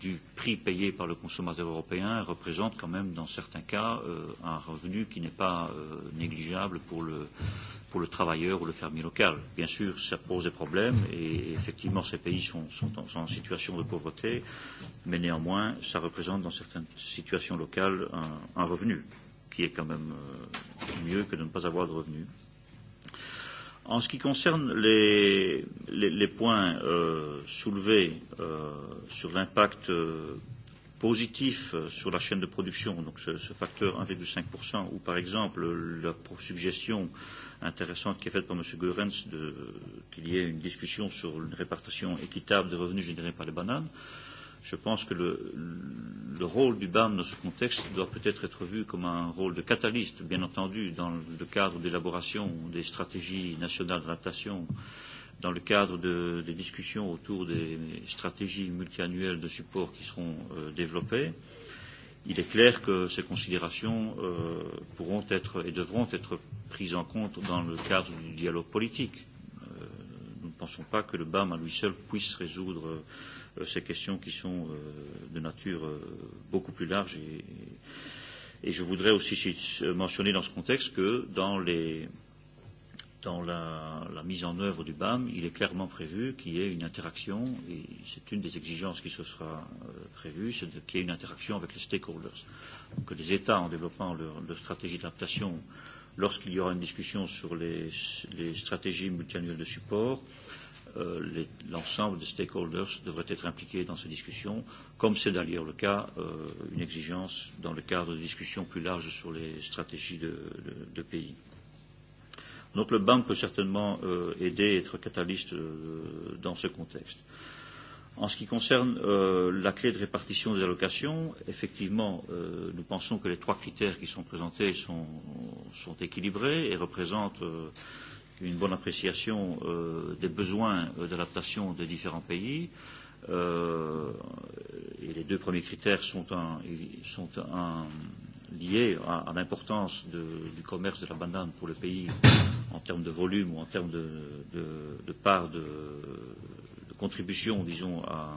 Speaker 13: du prix payé par le consommateur européen représente quand même, dans certains cas, euh, un revenu qui n'est pas euh, négligeable pour le, pour le travailleur ou le fermier local. Bien sûr, ça pose des problèmes et effectivement, ces pays sont, sont, en, sont en situation de pauvreté, mais néanmoins, ça représente dans certaines situations locales un, un revenu qui est quand même mieux que de ne pas avoir de revenus. En ce qui concerne les, les, les points euh, soulevés euh, sur l'impact euh, positif euh, sur la chaîne de production, donc ce, ce facteur 1,5%, ou par exemple la suggestion intéressante qui est faite par M. Goerens qu'il y ait une discussion sur une répartition équitable des revenus générés par les bananes, euh, Je pense que le, le rôle du BAM dans ce contexte doit peut-être être vu comme un rôle de catalyste, bien entendu, dans le cadre d'élaboration des stratégies nationales d'adaptation, dans le cadre de, des discussions autour des stratégies multiannuelles de support qui seront euh, développées. Il est clair que ces considérations euh, pourront être et devront être prises en compte dans le cadre du dialogue politique. Euh, nous ne pensons pas que le BAM à lui seul puisse résoudre euh, Euh, ces questions qui sont euh, de nature euh, beaucoup plus large. Et, et je voudrais aussi mentionner dans ce contexte que dans, les, dans la, la mise en œuvre du BAM, il est clairement prévu qu'il y ait une interaction, et c'est une des exigences qui se sera prévue, c'est qu'il y ait une interaction avec les stakeholders. Donc que les États, en développant leur, leur stratégie d'adaptation, lorsqu'il y aura une discussion sur les, les stratégies multiannuelles de support, euh, euh, l'ensemble des stakeholders devraient être impliqués dans ces discussions, comme c'est d'ailleurs le cas, euh, une exigence dans le cadre de discussions plus larges sur les stratégies de, de, de pays. Donc le BAM peut certainement euh, aider, être catalyste euh, dans ce contexte. En ce qui concerne euh, la clé de répartition des allocations, effectivement, euh, nous pensons que les trois critères qui sont présentés sont, sont équilibrés et représentent euh, une bonne appréciation euh, des besoins euh, d'adaptation des différents pays. Euh, et les deux premiers critères sont, un, sont un, liés à, à l'importance du commerce de la banane pour le pays en termes de volume ou en termes de, de, de part de, de contribution, disons, à,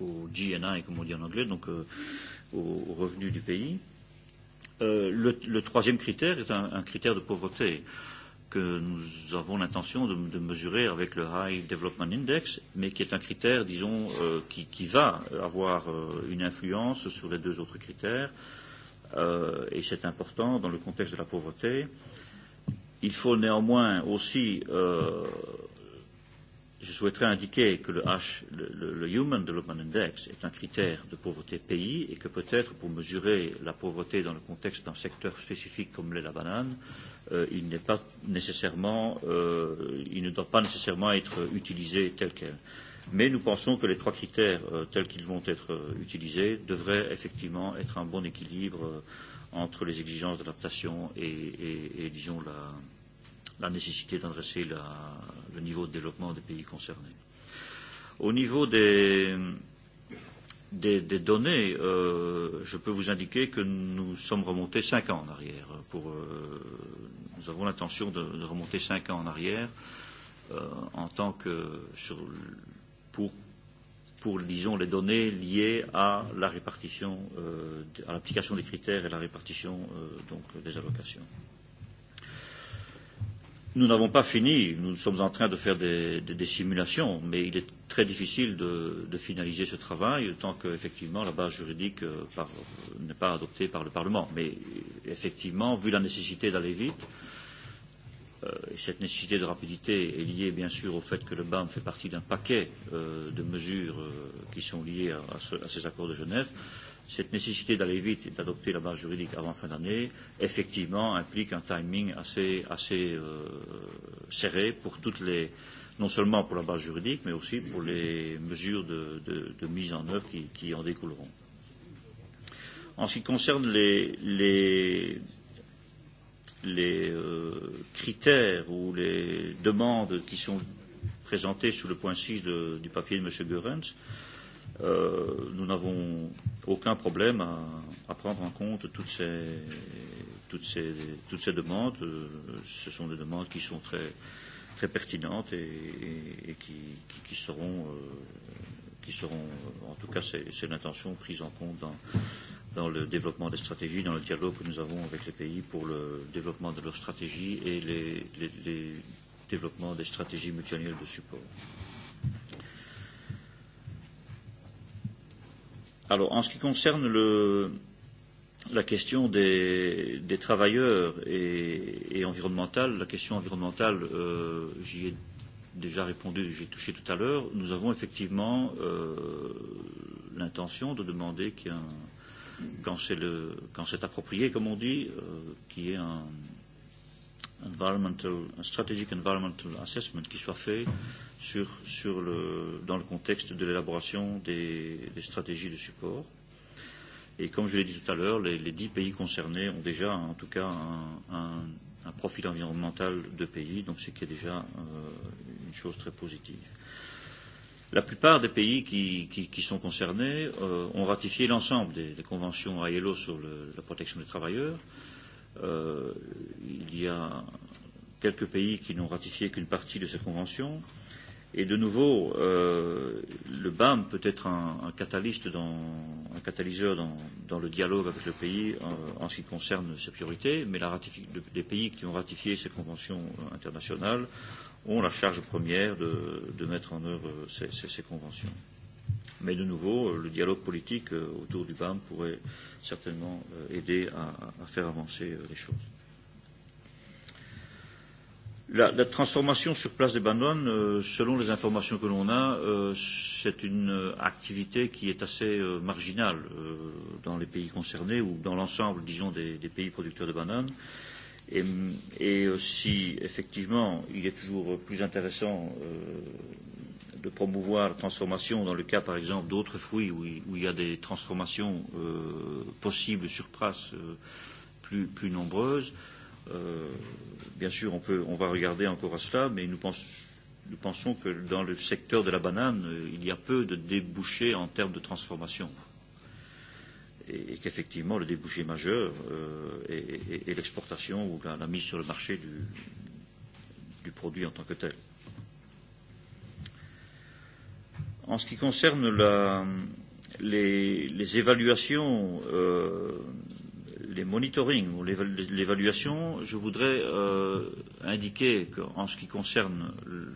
Speaker 13: au GNI, comme on dit en anglais, donc euh, aux, aux revenus du pays. Euh, le, le troisième critère est un, un critère de pauvreté. Euh, que nous avons l'intention de, de mesurer avec le High Development Index, mais qui est un critère, disons, euh, qui, qui va avoir euh, une influence sur les deux autres critères, euh, et c'est important dans le contexte de la pauvreté. Il faut néanmoins aussi, euh, je souhaiterais indiquer que le H, le, le Human Development Index, est un critère de pauvreté pays, et que peut-être pour mesurer la pauvreté dans le contexte d'un secteur spécifique comme l'est la banane, euh, euh, il n'est pas nécessairement, euh, il ne doit pas nécessairement être utilisé tel quel. Mais nous pensons que les trois critères euh, tels qu'ils vont être euh, utilisés devraient effectivement être un bon équilibre euh, entre les exigences d'adaptation et, et, et, disons, la, la nécessité d'adresser le niveau de développement des pays concernés. Au niveau des, des, des données, euh, je peux vous indiquer que nous sommes remontés cinq ans en arrière. Pour, euh, nous avons l'intention de, de remonter cinq ans en arrière euh, en tant que sur, pour, pour disons les données liées à la répartition, euh, à l'application des critères et la répartition euh, donc des allocations nous n'avons pas fini. Nous sommes en train de faire des, des, des simulations, mais il est très difficile de, de finaliser ce travail tant qu'effectivement la base juridique euh, euh, n'est pas adoptée par le Parlement. Mais effectivement, vu la nécessité d'aller vite, euh, et cette nécessité de rapidité est liée bien sûr au fait que le BAM fait partie d'un paquet euh, de mesures euh, qui sont liées à, à, ce, à ces accords de Genève, euh, Cette nécessité d'aller vite et d'adopter la base juridique avant fin d'année, effectivement, implique un timing assez, assez euh, serré pour toutes les, non seulement pour la base juridique, mais aussi pour les mesures de, de, de mise en œuvre qui, qui en découleront. En ce qui concerne les, les, les euh, critères ou les demandes qui sont présentées sous le point 6 de, du papier de M. Goerens, euh, Euh, nous n'avons aucun problème à, à prendre en compte toutes ces, toutes ces, toutes ces demandes. Euh, ce sont des demandes qui sont très, très pertinentes et, et, et qui, qui, qui seront, euh, qui seront, euh, en tout cas, c'est l'intention prise en compte dans, dans le développement des stratégies, dans le dialogue que nous avons avec les pays pour le développement de leurs stratégies et les, les, les développements des stratégies mutuelles de support. Euh, Alors, en ce qui concerne le, la question des, des travailleurs et, et environnementale, la question environnementale, euh, j'y ai déjà répondu, j'ai touché tout à l'heure. Nous avons effectivement euh, l'intention de demander qu'un quand c'est approprié, comme on dit, euh, qu'il y ait un, environmental, un strategic environmental assessment qui soit fait sur, sur le, dans le contexte de l'élaboration des, des stratégies de support. Et comme je l'ai dit tout à l'heure, les, les dix pays concernés ont déjà en tout cas un, un, un profil environnemental de pays, donc ce qui est déjà euh, une chose très positive. La plupart des pays qui, qui, qui sont concernés euh, ont ratifié l'ensemble des, des conventions ILO sur le, la protection des travailleurs. Euh, euh, il y a quelques pays qui n'ont ratifié qu'une partie de cette convention. Et de nouveau, euh, le BAM peut être un, un, catalyste dans, un catalyseur dans, dans le dialogue avec le pays euh, en ce qui concerne ses priorités, mais la ratifi... les pays qui ont ratifié ces conventions internationales ont la charge première de, de mettre en œuvre ces, ces, ces conventions. Mais de nouveau, le dialogue politique euh, autour du BAM pourrait euh, certainement euh, aider à, à faire avancer euh, les choses. La, la transformation sur place des Bandones, euh, selon les informations que l'on a, euh, c'est une euh, activité qui est assez euh, marginale euh, dans les pays concernés ou dans l'ensemble, disons, des, des pays producteurs de bananes. Et, et euh, si effectivement il est toujours plus intéressant euh, de promouvoir la transformation dans le cas, par exemple, d'autres fruits où, où il y a des transformations euh, possibles sur place euh, plus, plus nombreuses. Euh, bien sûr, on, peut, on va regarder encore à cela, mais nous, pense, nous pensons que dans le secteur de la banane, euh, il y a peu de débouchés en termes de transformation. Et, et qu'effectivement, le débouché majeur euh, est, est, est l'exportation ou la, la mise sur le marché du, du produit en tant que tel. En ce qui concerne la, les, les évaluations, euh, les monitoring ou l'évaluation, je voudrais euh, indiquer qu'en ce qui concerne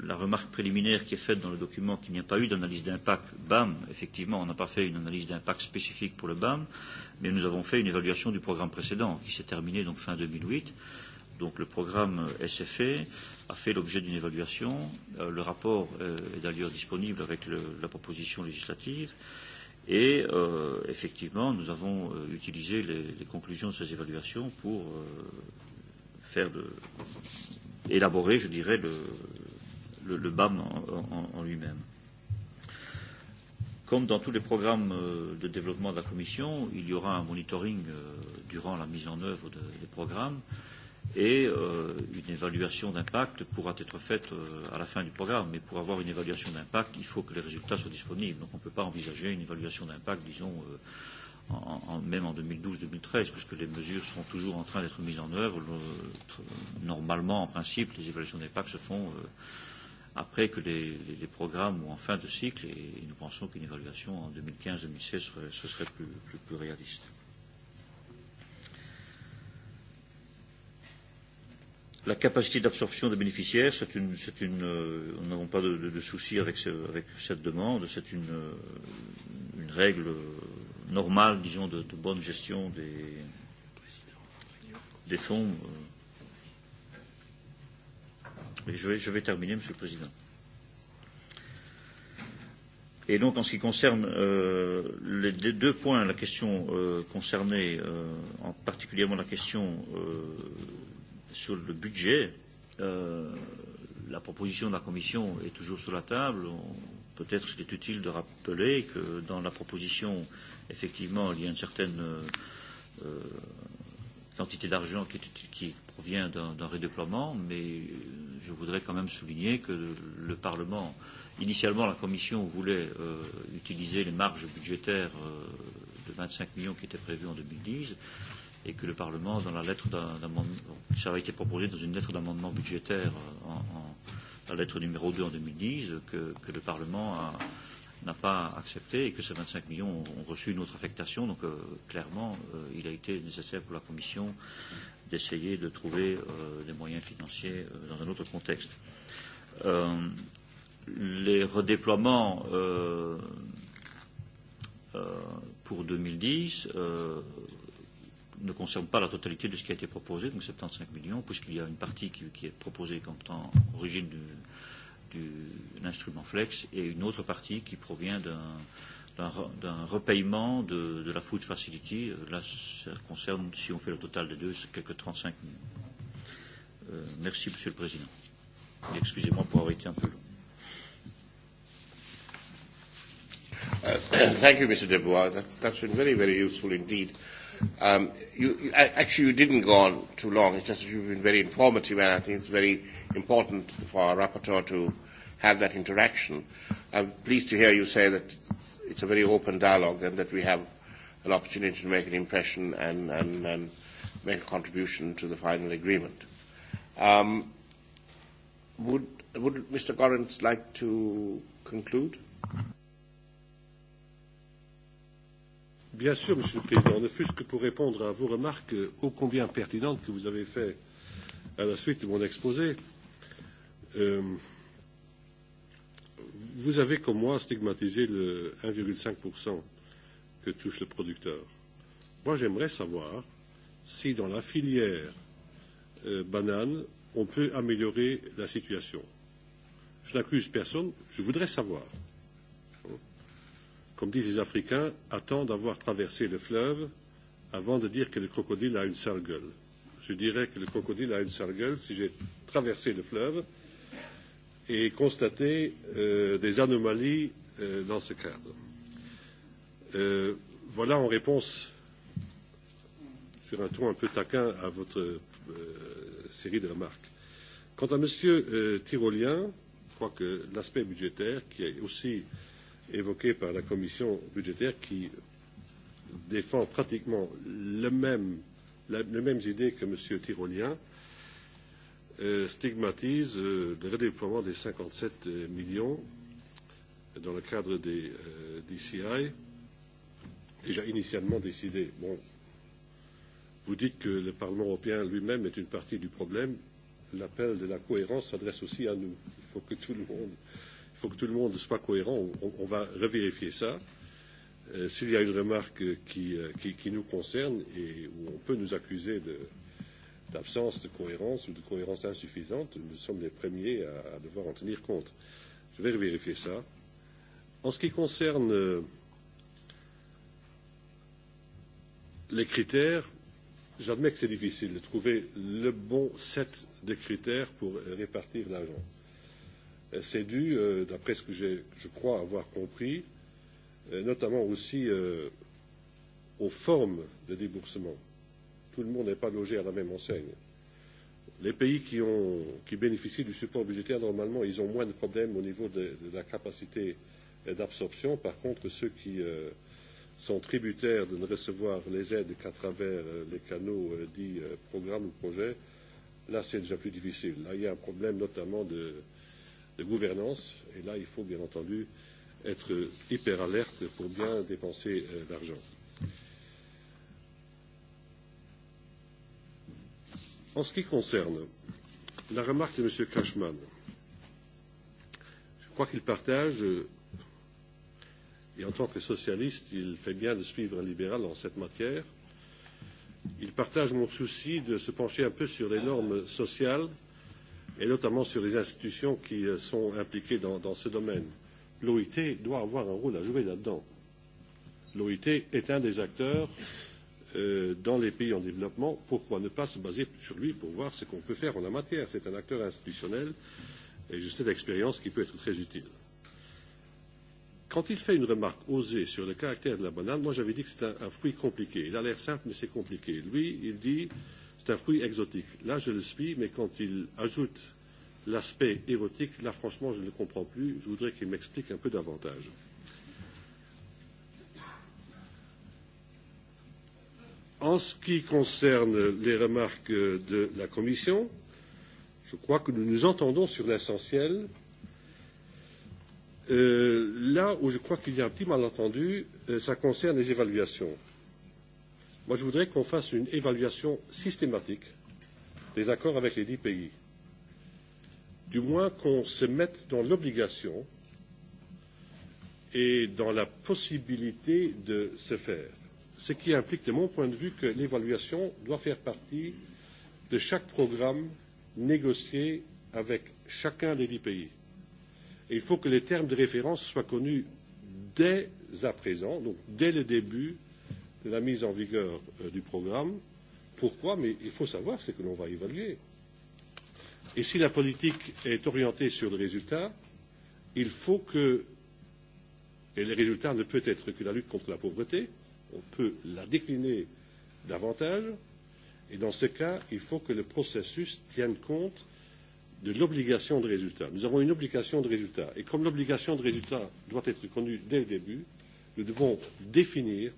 Speaker 13: la remarque préliminaire qui est faite dans le document qu'il n'y a pas eu d'analyse d'impact BAM, effectivement, on n'a pas fait une analyse d'impact spécifique pour le BAM, mais nous avons fait une évaluation du programme précédent qui s'est terminé donc fin 2008 Donc le programme euh, SFE a fait l'objet d'une évaluation. Euh, le rapport euh, est d'ailleurs disponible avec le, la proposition législative. Et euh, effectivement, nous avons euh, utilisé les, les conclusions de ces évaluations pour euh, faire le, élaborer, je dirais, le, le, le BAM en, en, en lui-même. Comme dans tous les programmes euh, de développement de la Commission, il y aura un monitoring euh, durant la mise en œuvre de, des programmes. Euh, et euh, une évaluation d'impact pourra être faite euh, à la fin du programme. Mais pour avoir une évaluation d'impact, il faut que les résultats soient disponibles. Donc on ne peut pas envisager une évaluation d'impact, disons, euh, en, en, même en 2012-2013, puisque les mesures sont toujours en train d'être mises en œuvre. Le, euh, normalement, en principe, les évaluations d'impact se font euh, après que les, les, les programmes ou en fin de cycle, et, et nous pensons qu'une évaluation en 2015-2016 ce serait, serait plus, plus, plus réaliste. La capacité d'absorption des bénéficiaires, c'est une, c'est une, euh, nous n'avons pas de, de, de souci avec, ce, avec cette demande. C'est une, euh, une règle euh, normale, disons, de, de bonne gestion des, des fonds. Euh. Et je, vais, je vais terminer, Monsieur le Président. Et donc, en ce qui concerne euh, les deux points, la question euh, concernée, euh, en particulièrement la question euh, sur le budget, euh, la proposition de la Commission est toujours sur la table. Peut-être qu'il est utile de rappeler que dans la proposition, effectivement, il y a une certaine euh, euh quantité d'argent qui, qui provient d'un redéploiement, mais je voudrais quand même souligner que le Parlement, initialement la Commission voulait euh, utiliser les marges budgétaires euh, de 25 millions qui étaient prévues en 2010 et que le Parlement, dans la lettre d'amendement, ça avait été proposé dans une lettre d'amendement budgétaire, euh, en, en, la lettre numéro 2 en 2010, que, que le Parlement a, n'a pas accepté et que ces 25 millions ont reçu une autre affectation. Donc euh, clairement, euh, il a été nécessaire pour la Commission d'essayer de trouver euh, des moyens financiers euh, dans un autre contexte. Euh, les redéploiements euh, euh, pour 2010 euh, ne concerne pas la totalité de ce qui a été proposé, donc 75 millions, puisqu'il y a une partie qui, qui est proposée comme étant origine du, du, l'instrument Flex et une autre partie qui provient d'un d'un repayement de, de la Food Facility. Là, ça concerne, si on fait le total des deux, c'est quelques 35 millions. Euh, merci, Monsieur le Président. excusez-moi pour avoir été un peu long.
Speaker 1: Uh, <coughs> thank you, Mr. Dubois. That's, that's been very, very useful indeed. Um, you, you, actually, you didn't go on too long. It's just that you've been very informative, and I think it's very important for our rapporteur to have that interaction. I'm pleased to hear you say that it's a very open dialogue and that we have an opportunity to make an impression and, and, and make a contribution to the final agreement. Um, would, would Mr. Gorens like to conclude?
Speaker 2: Bien sûr, Monsieur le Président, ne fût-ce que pour répondre à vos remarques ô combien pertinentes que vous avez faites à la suite de mon exposé. Euh, vous avez, comme moi, stigmatisé le 1,5% que touche le producteur. Moi, j'aimerais savoir si dans la filière euh, banane, on peut améliorer la situation. Je n'accuse personne, je voudrais savoir. Comme disent les Africains, attend d'avoir traversé le fleuve avant de dire que le crocodile a une sale gueule. Je dirais que le crocodile a une sale gueule si j'ai traversé le fleuve et constaté euh, des anomalies euh, dans ce cadre. Euh, voilà en réponse sur un ton un peu taquin à votre euh, série de remarques. Quant à M. Euh, Tyrolien, je crois que l'aspect budgétaire, qui est aussi euh, évoquée par la commission budgétaire qui défend pratiquement le même, la, les mêmes idées que M. Tirolien euh, stigmatise euh, le redéploiement des 57 euh, millions dans le cadre des euh, DCI, déjà initialement décidé. Bon, vous dites que le Parlement européen lui-même est une partie du problème. L'appel de la cohérence s'adresse aussi à nous. Il faut que tout le monde faut que tout le monde soit cohérent. On, on va revérifier ça. Euh, S'il y a une remarque qui, euh, qui, qui nous concerne et où on peut nous accuser de, d'absence de cohérence ou de cohérence insuffisante, nous sommes les premiers à, à devoir en tenir compte. Je vais vérifier ça. En ce qui concerne euh, les critères, j'admets que c'est difficile de trouver le bon set de critères pour répartir l'argent. Euh, c'est dû, euh, d'après ce que je crois avoir compris, euh, notamment aussi euh, aux formes de déboursement. Tout le monde n'est pas logé à la même enseigne. Les pays qui, ont, qui bénéficient du support budgétaire, normalement, ils ont moins de problèmes au niveau de, de la capacité euh, d'absorption. Par contre, ceux qui euh, sont tributaires de ne recevoir les aides qu'à travers euh, les canaux euh, dits euh, programmes ou projets, là, c'est déjà plus difficile. Là, il y a un problème notamment de, euh, de gouvernance. Et là, il faut bien entendu être hyper alerte pour bien dépenser euh, l'argent. En ce qui concerne la remarque de M. Cashman, je crois qu'il partage, et en tant que socialiste, il fait bien de suivre un libéral en cette matière, il partage mon souci de se pencher un peu sur les normes sociales et notamment sur les institutions qui euh, sont impliquées dans, dans ce domaine. L'OIT doit avoir un rôle à jouer là-dedans. L'OIT est un des acteurs euh, dans les pays en développement. Pourquoi ne pas se baser sur lui pour voir ce qu'on peut faire en la matière C'est un acteur institutionnel et je sais d'expérience qui peut être très utile. Quand il fait une remarque osée sur le caractère de la banane, moi j'avais dit que c'est un, un fruit compliqué. Il a l'air simple, mais c'est compliqué. Lui, il dit euh, c'est un fruit exotique. Là, je le suis, mais quand il ajoute l'aspect érotique, là, franchement, je ne le comprends plus. Je voudrais qu'il m'explique un peu davantage. En ce qui concerne les remarques de la Commission, je crois que nous nous entendons sur l'essentiel. Euh, là où je crois qu'il y a un petit malentendu, euh, ça concerne les évaluations. Moi, je voudrais qu'on fasse une évaluation systématique des accords avec les dix pays. Du moins qu'on se mette dans l'obligation et dans la possibilité de se faire. Ce qui implique, de mon point de vue, que l'évaluation doit faire partie de chaque programme négocié avec chacun des dix pays. Et il faut que les termes de référence soient connus dès à présent, donc dès le début, de la mise en vigueur euh, du programme. Pourquoi Mais il faut savoir ce que l'on va évaluer. Et si la politique est orientée sur le résultat, il faut que, et le résultat ne peut être que la lutte contre la pauvreté, on peut la décliner davantage, et dans ce cas, il faut que le processus tienne compte de l'obligation de résultat. Nous avons une obligation de résultat, et comme l'obligation de résultat doit être connue dès le début, nous devons définir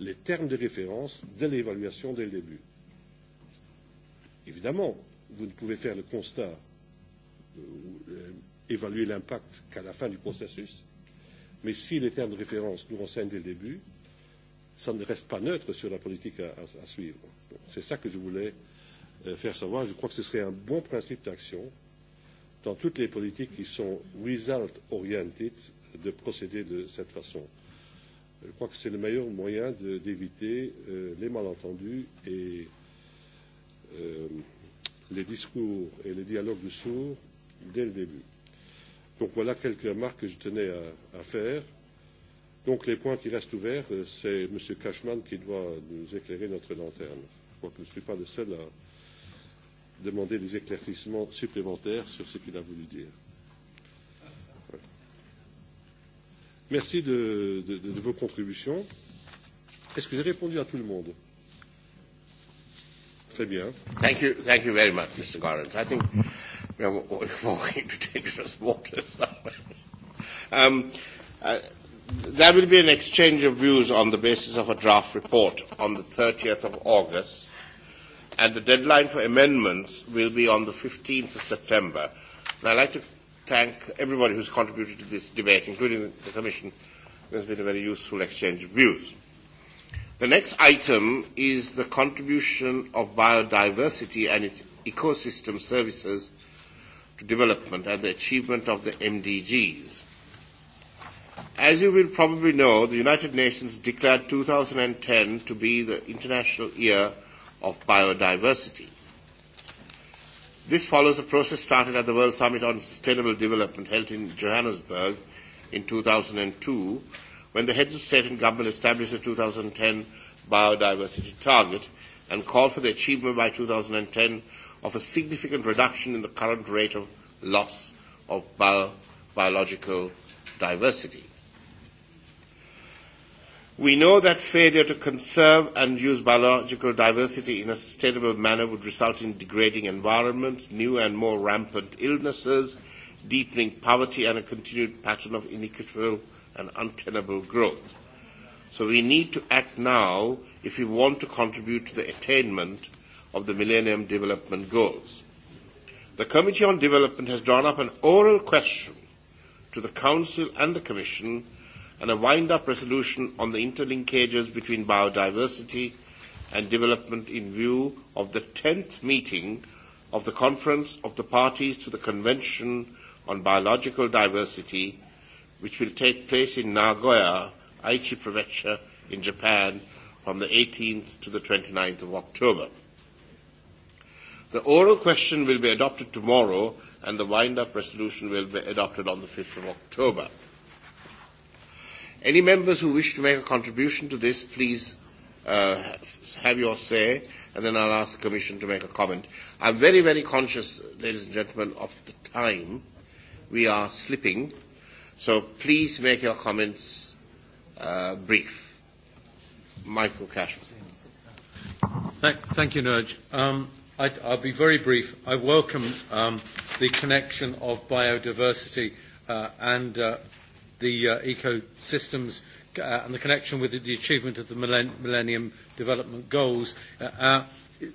Speaker 2: les termes de référence de l'évaluation dès le début. Évidemment, vous ne pouvez faire le constat ou euh, euh, évaluer l'impact qu'à la fin du processus, mais si les termes de référence nous renseignent dès le début, ça ne reste pas neutre sur la politique à, à, à suivre. C'est ça que je voulais euh, faire savoir. Je crois que ce serait un bon principe d'action dans toutes les politiques qui sont result oriented de procéder de cette façon. Je crois que c'est le meilleur moyen d'éviter euh, les malentendus et euh, les discours et les dialogues de sourds dès le début. Donc voilà quelques remarques que je tenais à, à faire. Donc les points qui restent ouverts, euh, c'est M. Cashman qui doit nous éclairer notre lanterne. Je crois que je ne suis pas le seul à demander des éclaircissements supplémentaires sur ce qu'il a voulu dire. Merci de, de, de vos contributions. Est-ce que j'ai répondu à tout le monde Très bien. Thank
Speaker 1: you, thank you very much, Mr. Gorans. I think we are walking <laughs> to dangerous waters. um, uh, there will be an exchange of views on the basis of a draft report on the 30th of August, and the deadline for amendments will be on the 15th of September. And I'd like to thank everybody who's contributed to this debate, including the Commission. There's been a very useful exchange of views. The next item is the contribution of biodiversity and its ecosystem services to development and the achievement of the MDGs. As you will probably know, the United Nations declared 2010 to be the International Year of Biodiversity. This follows a process started at the World Summit on Sustainable Development held in Johannesburg in 2002 when the heads of state and government established the 2010 biodiversity target and called for the achievement by 2010 of a significant reduction in the current rate of loss of bio- biological diversity. We know that failure to conserve and use biological diversity in a sustainable manner would result in degrading environments, new and more rampant illnesses, deepening poverty, and a continued pattern of inequitable and untenable growth. So we need to act now if we want to contribute to the attainment of the Millennium Development Goals. The Committee on Development has drawn up an oral question to the Council and the Commission and a wind-up resolution on the interlinkages between biodiversity and development in view of the 10th meeting of the Conference of the Parties to the Convention on Biological Diversity, which will take place in Nagoya, Aichi Prefecture in Japan from the 18th to the 29th of October. The oral question will be adopted tomorrow and the wind-up resolution will be adopted on the 5th of October. Any members who wish to make a contribution to this, please uh, have your say, and then I'll ask the Commission to make a comment. I'm very, very conscious, ladies and gentlemen, of the time. We are slipping, so please make your
Speaker 11: comments uh, brief. Michael Cash. Thank, thank you, Nurj. Um, I, I'll be very brief. I welcome um, the connection of biodiversity uh, and uh, the uh, ecosystems uh, and the connection with the, the achievement of the Millennium Development Goals. Uh, uh,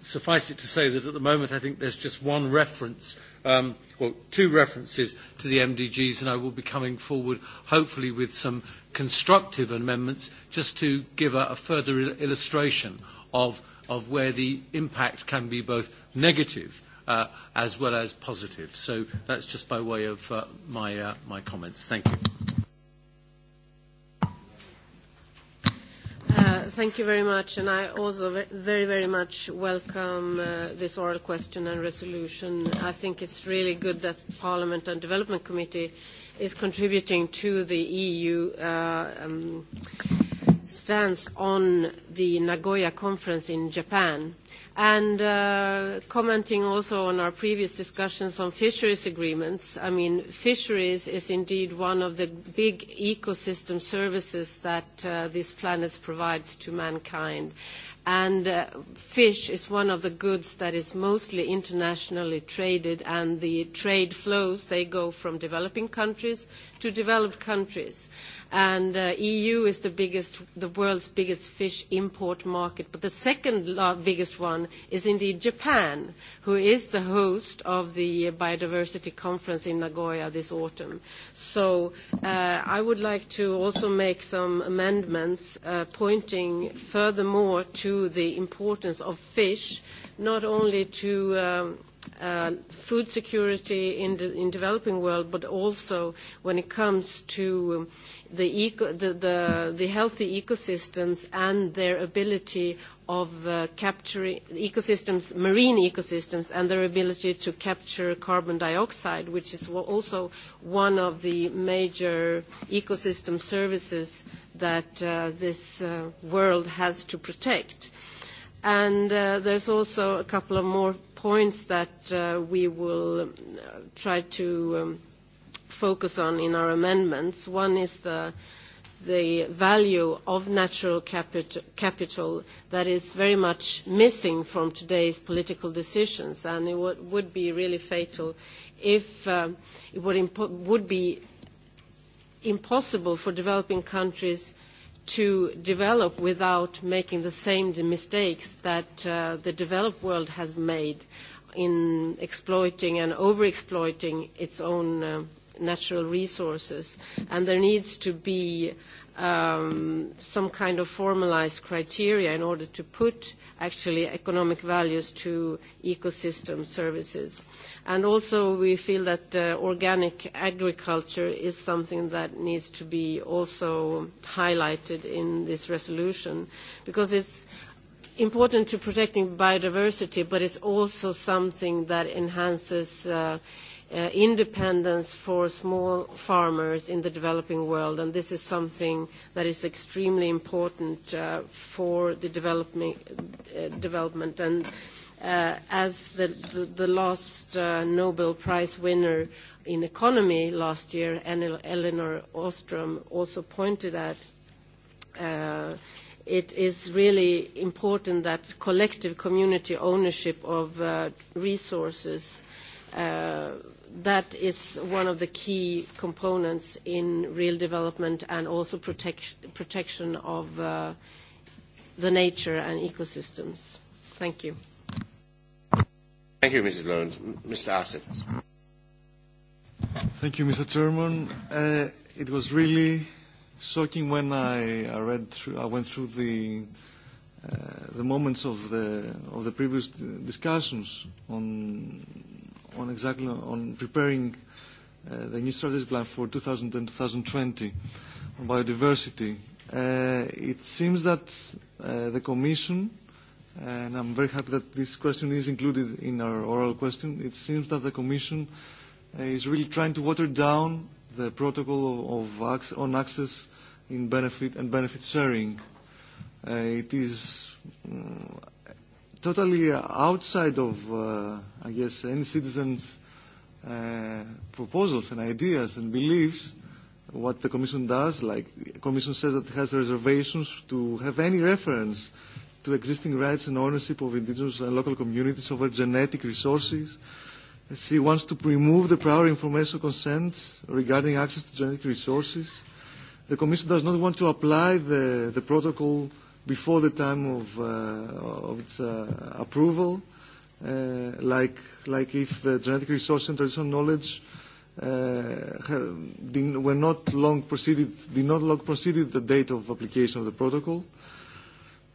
Speaker 11: suffice it to say that at the moment I think there's just one reference, um, well, two references to the MDGs, and I will be coming forward hopefully with some constructive amendments just to give a, a further il illustration of, of where the impact can be both negative uh, as well as positive. So that's just by way of uh, my, uh, my comments. Thank you.
Speaker 8: Uh, thank you very much. And I also very, very much welcome uh, this oral question and resolution. I think it's really good that Parliament and Development Committee is contributing to the EU uh, um, stance on the Nagoya conference in Japan. And uh, commenting also on our previous discussions on fisheries agreements, I mean, fisheries is indeed one of the big ecosystem services that uh, this planet provides to mankind. And uh, fish is one of the goods that is mostly internationally traded, and the trade flows, they go from developing countries to developed countries. And uh, EU is the biggest, the world's biggest fish import market. But the second biggest one is indeed Japan, who is the host of the biodiversity conference in Nagoya this autumn. So uh, I would like to also make some amendments uh, pointing furthermore to the importance of fish, not only to um, Uh, food security in the in developing world, but also when it comes to um, the, eco, the, the, the healthy ecosystems and their ability of uh, capturing ecosystems, marine ecosystems, and their ability to capture carbon dioxide, which is also one of the major ecosystem services that uh, this uh, world has to protect. And uh, there's also a couple of more points that uh, we will uh, try to um, focus on in our amendments. One is the, value of natural capital that is very much missing from today's political decisions, and it would be really fatal if uh, it would, be impossible for developing countries to develop without making the same mistakes that the developed world has made in exploiting and over-exploiting its own uh, natural resources. And there needs to be um, some kind of formalized criteria in order to put actually economic values to ecosystem services. And also we feel that uh, organic agriculture is something that needs to be also highlighted in this resolution because it's important to protecting biodiversity, but it's also something that enhances uh, uh, independence for small farmers in the developing world, and this is something that is extremely important uh, for the development. Uh, development. And uh, as the, the, the last uh, Nobel Prize winner in economy last year, Eleanor Ostrom, also pointed at, it is really important that collective community ownership of uh, resources uh, that is one of the key components in real development and also protect, protection of uh, the nature and ecosystems. Thank you.
Speaker 1: Thank you, Mrs. Lawrence. Mr. Asif.
Speaker 14: Thank you, Mr. Chairman. Uh, it was really shocking when I, I read through, I went through the uh, the moments of the of the previous discussions on on exactly on preparing uh, the new strategy plan for 2000 and 2020 on biodiversity. Uh, it seems that uh, the Commission, and I'm very happy that this question is included in our oral question, it seems that the Commission uh, is really trying to water down the protocol of, of, on access in benefit and benefit sharing. Uh, it is um, totally outside of, uh, I guess, any citizen's uh, proposals and ideas and beliefs what the Commission does. Like, the Commission says that it has reservations to have any reference to existing rights and ownership of indigenous and local communities over genetic resources. She wants to remove the prior information consent regarding access to genetic resources the Commission does not want to apply the, the protocol before the time of, uh, of its uh, approval, uh, like, like if the genetic resources and traditional knowledge uh, did, were not long preceded, did not long preceded the date of application of the protocol.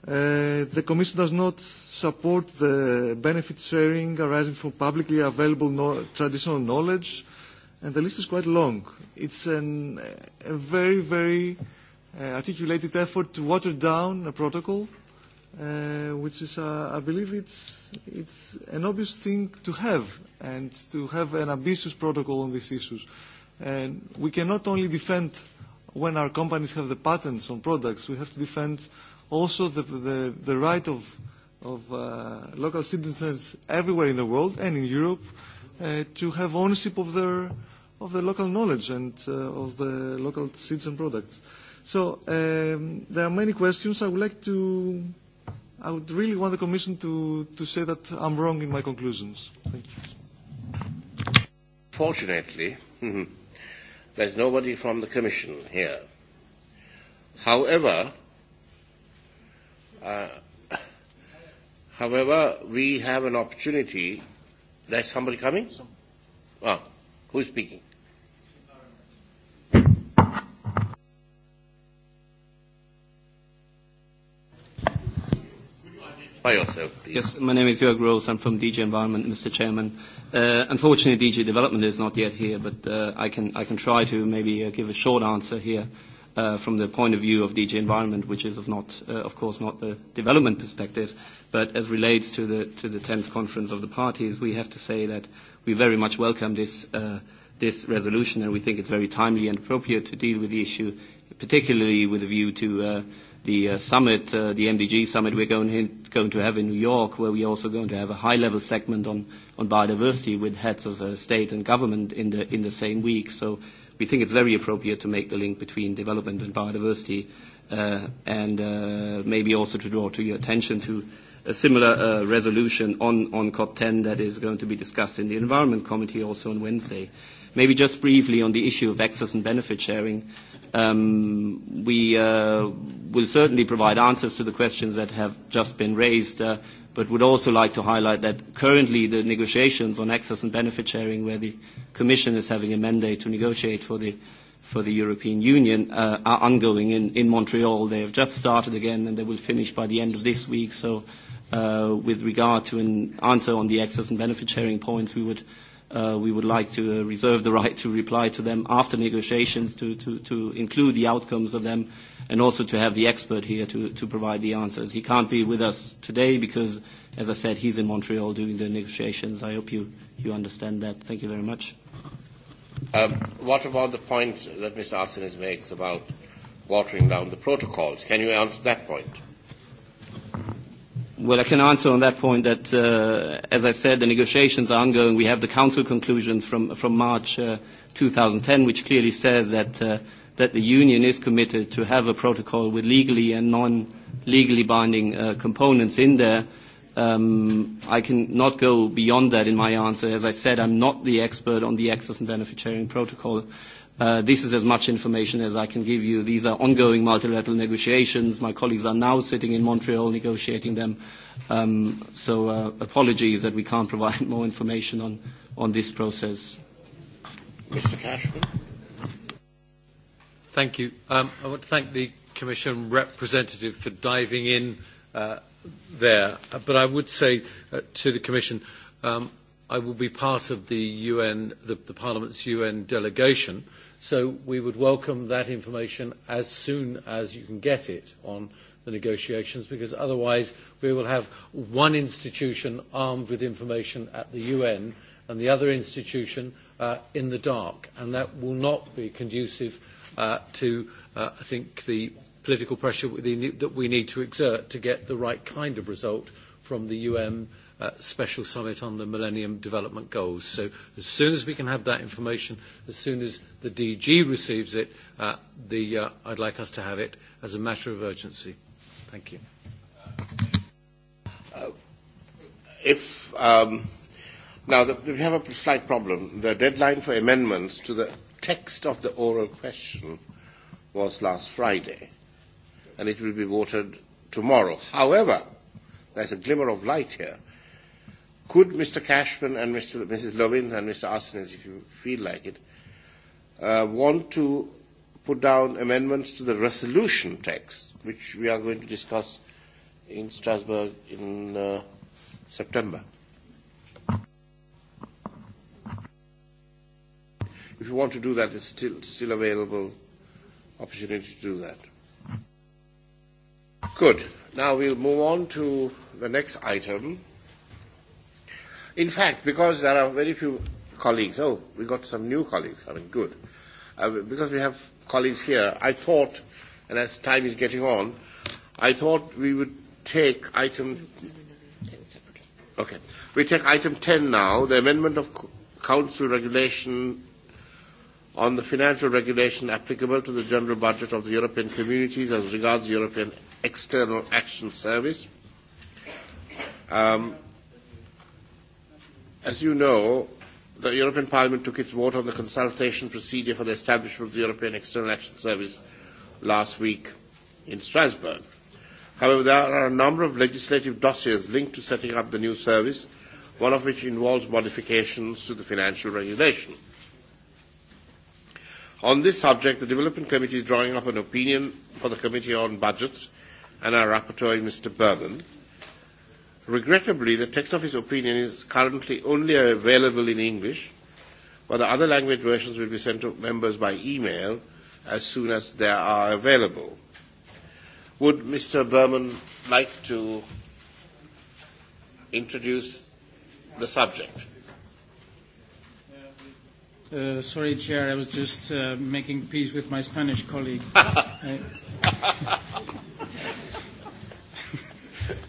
Speaker 14: Uh, the Commission does not support the benefit sharing arising from publicly available no traditional knowledge uh, and the list is quite long. It's an, a very, very uh, articulated effort to water down a protocol, uh, which is, uh, I believe, it's, it's an obvious thing to have, and to have an ambitious protocol on these issues. And we cannot only defend when our companies have the patents on products, we have to defend also the, the, the right of, of uh, local citizens everywhere in the world and in Europe uh, to have ownership of their of the local knowledge and uh, of the local seeds and products. So um, there are many questions. I would like to, I would really want the Commission to, to say that I'm wrong in my conclusions. Thank you.
Speaker 1: Fortunately, hmm, there's nobody from the Commission here. However, uh, however, we have an opportunity. There's somebody coming? Ah, who's speaking?
Speaker 12: Identify yourself, please. Yes, my name is Jörg Rose. I'm from DG Environment, Mr. Chairman. Uh, unfortunately, DG Development is not yet here, but uh, I, can, I can try to maybe uh, give a short answer here uh, from the point of view of DG Environment, which is of, not, uh, of course not the development perspective, but as relates to the, to the 10th Conference of the Parties, we have to say that we very much welcome this, uh, this resolution, and we think it's very timely and appropriate to deal with the issue, particularly with a view to uh, – the uh, summit, uh, the MDG summit we're going, in, going to have in New York, where we're also going to have a high-level segment on, on biodiversity with heads of uh, state and government in the, in the same week. So we think it's very appropriate to make the link between development and biodiversity, uh, and uh, maybe also to draw to your attention to a similar uh, resolution on, on COP10 that is going to be discussed in the Environment Committee also on Wednesday. Maybe just briefly on the issue of access and benefit sharing. Um, we uh, will certainly provide answers to the questions that have just been raised, uh, but would also like to highlight that currently the negotiations on access and benefit sharing, where the Commission is having a mandate to negotiate for the, for the European Union, uh, are ongoing in, in Montreal. They have just started again, and they will finish by the end of this week. So uh, with regard to an answer on the access and benefit sharing points, we would – Uh, we would like to uh, reserve the right to reply to them after negotiations to, to, to include the outcomes of them and also to have the expert here to, to provide the answers. He can't be with us today because, as I said, he's in Montreal doing the negotiations. I hope you, you understand that. Thank you very much.
Speaker 1: Um, what about the point that Mr. Arsenis makes about watering down the protocols? Can you answer that point?
Speaker 12: Well, I can answer on that point that, uh, as I said, the negotiations are ongoing. We have the council conclusions from, from March uh, 2010, which clearly says that, uh, that the union is committed to have a protocol with legally and non-legally binding uh, components in there. Um, I can not go beyond that in my answer. As I said, I'm not the expert on the access and benefit sharing protocol. Uh, this is as much information as I can give you. These are ongoing multilateral negotiations. My colleagues are now sitting in Montreal negotiating them. Um, so uh, apologies that we can't <laughs> provide more information on, on this process.
Speaker 11: Mr. Cashman.
Speaker 12: Thank you. Um, I want to
Speaker 11: thank the Commission representative for diving in uh, there. Uh, but I would say uh, to the Commission, um, I will be part of the UN, the, the Parliament's UN delegation So we would welcome that information as soon as you can get it on the negotiations, because otherwise we will have one institution armed with information at the UN and the other institution uh, in the dark, and that will not be conducive uh, to, uh, I think, the political pressure that we need to exert to get the right kind of result from the UN. Um, Uh, special summit on the Millennium Development Goals. So as soon as we can have that information, as soon as the DG receives it, uh, the, uh, I'd like us to have it as a matter of urgency. Thank you.
Speaker 1: Uh, if um, now the, we have a slight problem. The deadline for amendments to the text of the oral question was last Friday, and it will be voted tomorrow. However, there's a glimmer of light here Could Mr. Cashman and Mr. Mrs. Lovin and Mr. Arsenis, if you feel like it, uh, want to put down amendments to the resolution text, which we are going to discuss in Strasbourg in uh, September? If you want to do that, it's still, still available opportunity to do that. Good. Now we'll move on to the next item In fact, because there are very few colleagues, oh, we got some new colleagues, I mean, good. Uh, because we have colleagues here, I thought, and as time is getting on, I thought we would take item. Okay. We take item 10 now, the amendment of Council regulation on the financial regulation applicable to the general budget of the European communities as regards the European External Action Service. Um, As you know, the European Parliament took its vote on the consultation procedure for the establishment of the European External Action Service last week in Strasbourg. However, there are a number of legislative dossiers linked to setting up the new service, one of which involves modifications to the financial regulation. On this subject, the Development Committee is drawing up an opinion for the Committee on Budgets and our rapporteur, Mr. Berman. Regrettably, the text of his opinion is currently only available in English, but the other language versions will be sent to members by email as soon as they are available. Would Mr. Berman like to introduce the subject?
Speaker 15: Uh, sorry, Chair, I was just uh, making peace with my Spanish colleague. <laughs> I...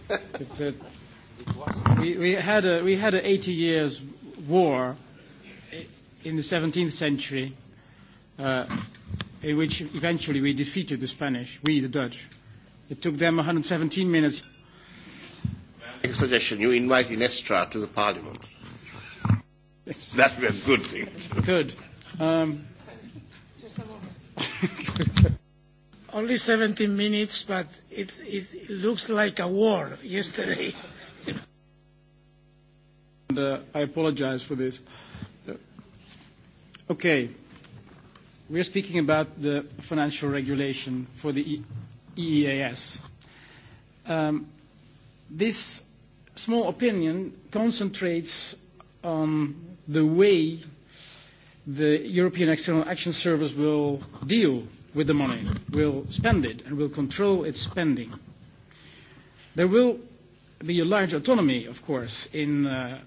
Speaker 15: but, <laughs> uh, We, we, had a, we had an 80 years war in the 17th century uh, in which eventually we defeated the Spanish, we the Dutch. It took them 117 minutes.
Speaker 1: I make a suggestion. You invite Inestra to the parliament. Yes. That would be a good thing.
Speaker 15: Good. Um, Just a moment. Only 17 minutes, but it, it looks like a war yesterday uh, I apologize for this. Uh, okay. We are speaking about the financial regulation for the EEAS. E um, this small opinion concentrates on the way the European External Action Service will deal with the money, will spend it, and will control its spending. There will be a large autonomy, of course, in uh,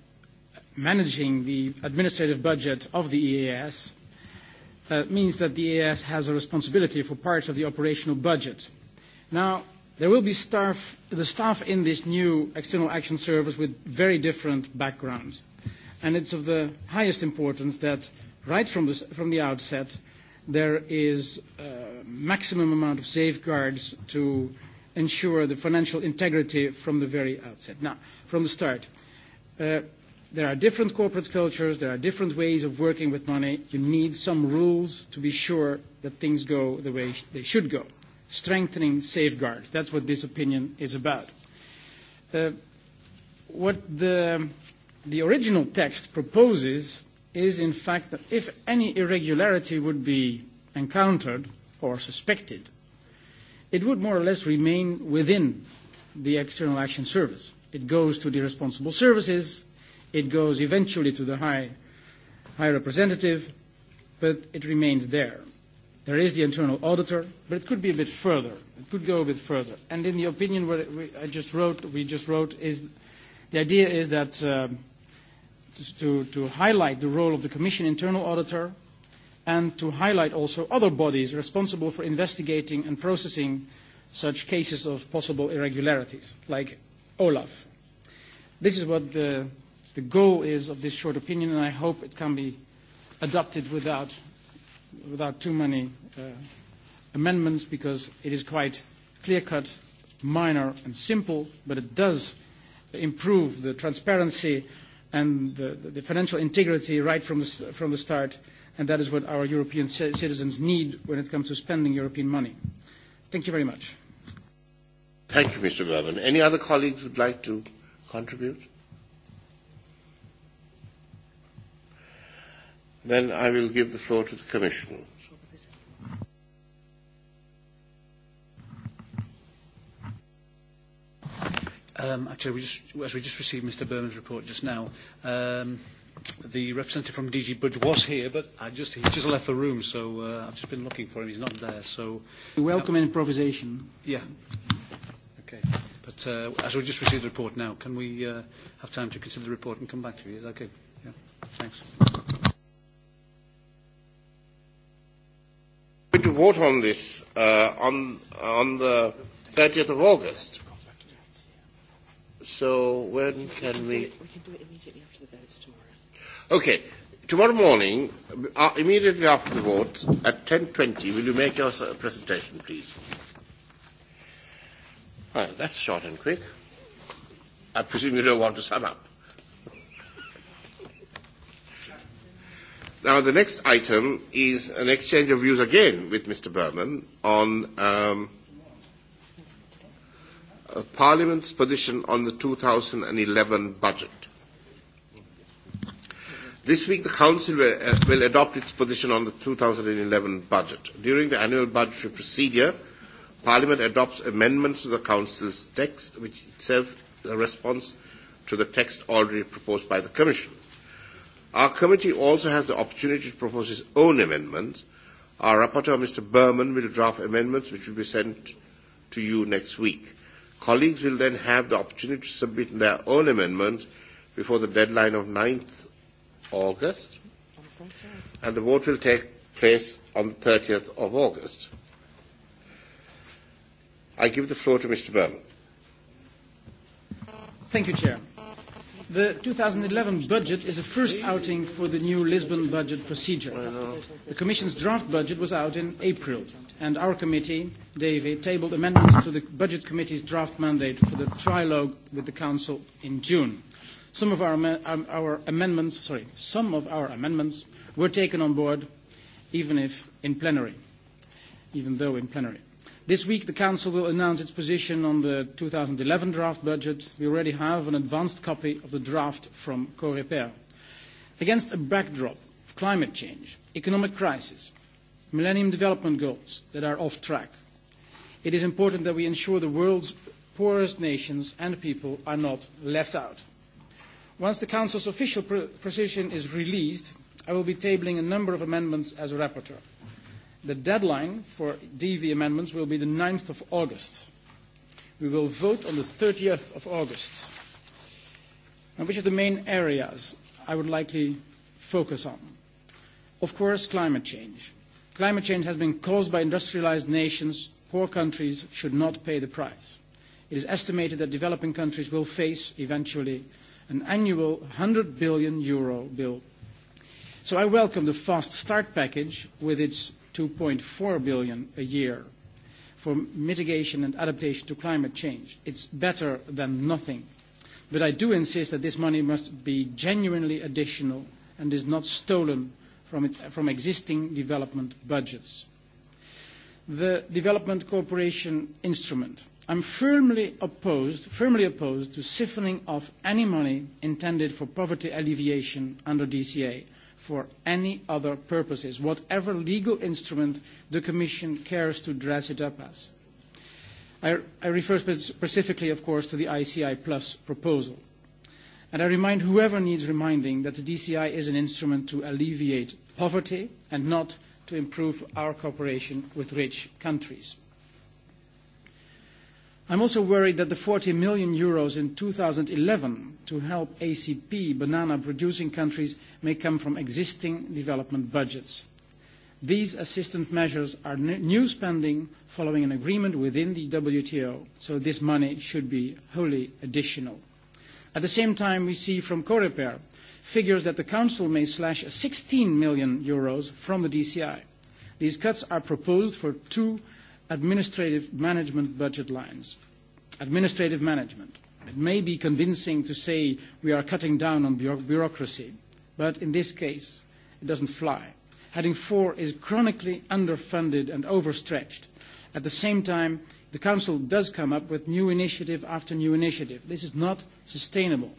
Speaker 15: managing the administrative budget of the EAS uh, means that the EAS has a responsibility for parts of the operational budget. Now, there will be staff, the staff in this new External Action Service with very different backgrounds. And it's of the highest importance that right from the, from the outset, there is a uh, maximum amount of safeguards to ensure the financial integrity from the very outset. Now, from the start, uh, There are different corporate cultures, there are different ways of working with money. You need some rules to be sure that things go the way they should go. Strengthening safeguards. That's what this opinion is about. Uh, what the, the original text proposes is, in fact, that if any irregularity would be encountered or suspected, it would more or less remain within the External Action Service. It goes to the responsible services, It goes eventually to the high, high representative, but it remains there. There is the internal auditor, but it could be a bit further. It could go a bit further. And in the opinion where we, I just wrote, we just wrote, is the idea is that uh, to, to highlight the role of the Commission internal auditor and to highlight also other bodies responsible for investigating and processing such cases of possible irregularities, like Olaf. This is what the the goal is of this short opinion, and I hope it can be adopted without, without too many uh, amendments, because it is quite clear-cut, minor, and simple, but it does improve the transparency and the, the financial integrity right from the, from the start, and that is what our European citizens need when it comes to spending European money. Thank you very much.
Speaker 1: Thank you, Mr. Berman. Any other colleagues would like to contribute? Then I will give the floor to the Commission.
Speaker 11: Um, actually, we just, as we just received Mr. Berman's report just now, um, the representative from DG Budge was here, but I just, he's just left the room, so uh, I've just been looking for him. He's not there, so...
Speaker 15: We welcome yeah. Uh, improvisation.
Speaker 11: Yeah. Okay. But uh, as we just received the report now, can we uh, have time to consider the report and come back to you? Is that okay? Yeah. Thanks.
Speaker 1: going to vote on this uh, on, on the 30th of August. So when can we?
Speaker 11: We can do it immediately after the votes tomorrow.
Speaker 1: Okay, tomorrow morning, uh, immediately after the vote at 10:20, will you make your presentation, please? All right, that's short and quick. I presume you don't want to sum up. Now, the next item is an exchange of views again with Mr. Berman on um, uh, Parliament's position on the 2011 budget. This week, the Council will, uh, will adopt its position on the 2011 budget. During the annual budgetary procedure, Parliament adopts amendments to the Council's text, which itself is uh, a response to the text already proposed by the Commission. Our committee also has the opportunity to propose its own amendments. Our rapporteur, Mr. Berman, will draft amendments which will be sent to you next week. Colleagues will then have the opportunity to submit their own amendments before the deadline of 9th August, and the vote will take place on the 30th of August. I give the floor to Mr. Berman.
Speaker 15: Thank you, Chair. The 2011 budget is a first outing for the new Lisbon budget procedure. The Commission's draft budget was out in April, and our committee, David, tabled amendments to the Budget Committee's draft mandate for the trilogue with the Council in June. Some of our, um, our amendments, sorry, some of our amendments were taken on board, even if in plenary, even though in plenary. This week, the Council will announce its position on the 2011 draft budget. We already have an advanced copy of the draft from COREPER. Against a backdrop of climate change, economic crisis, Millennium Development Goals that are off track, it is important that we ensure the world's poorest nations and people are not left out. Once the Council's official position is released, I will be tabling a number of amendments as a rapporteur. The deadline for DV amendments will be the 9th of August. We will vote on the 30th of August. Now, which are the main areas I would likely focus on? Of course, climate change. Climate change has been caused by industrialized nations. Poor countries should not pay the price. It is estimated that developing countries will face, eventually, an annual 100 billion euro bill. So I welcome the Fast Start package with its 2.4 billion a year for mitigation and adaptation to climate change. It's better than nothing. But I do insist that this money must be genuinely additional and is not stolen from, it, from existing development budgets. The Development Cooperation Instrument. I'm firmly opposed, firmly opposed to siphoning off any money intended for poverty alleviation under DCA for any other purposes, whatever legal instrument the Commission cares to dress it up as. I, I refer specifically, of course, to the ICI Plus proposal. And I remind whoever needs reminding that the DCI is an instrument to alleviate poverty and not to improve our cooperation with rich countries. I'm also worried that the 40 million euros in 2011 to help ACP banana producing countries may come from existing development budgets. These assistance measures are new spending following an agreement within the WTO, so this money should be wholly additional. At the same time, we see from Coreper figures that the Council may slash 16 million euros from the DCI. These cuts are proposed for two administrative management budget lines. Administrative management. It may be convincing to say we are cutting down on bureaucracy, but in this case, it doesn't fly. Heading 4 is chronically underfunded and overstretched. At the same time, the Council does come up with new initiative after new initiative. This is not sustainable.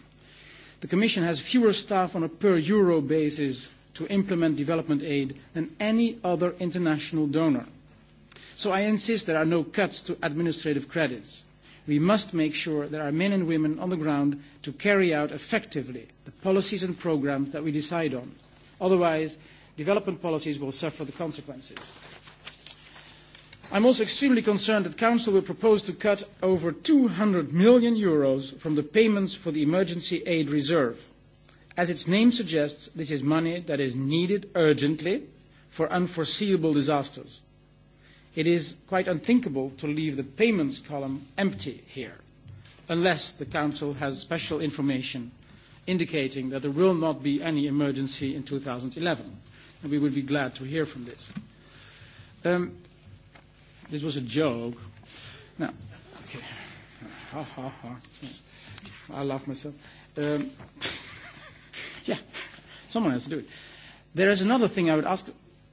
Speaker 15: The Commission has fewer staff on a per euro basis to implement development aid than any other international donor. So I insist there are no cuts to administrative credits we must make sure that our men and women on the ground to carry out effectively the policies and programmes that we decide on. Otherwise, development policies will suffer the consequences. I am also extremely concerned that Council will propose to cut over 200 million euros from the payments for the emergency aid reserve. As its name suggests, this is money that is needed urgently for unforeseeable disasters it is quite unthinkable to leave the payments column empty here, unless the Council has special information indicating that there will not be any emergency in 2011. And we would be glad to hear from this. Um, this was a joke. No. Okay. Ha, ha, ha. I laugh myself. Um, <laughs> yeah. Someone has to do it. There is another thing I would ask.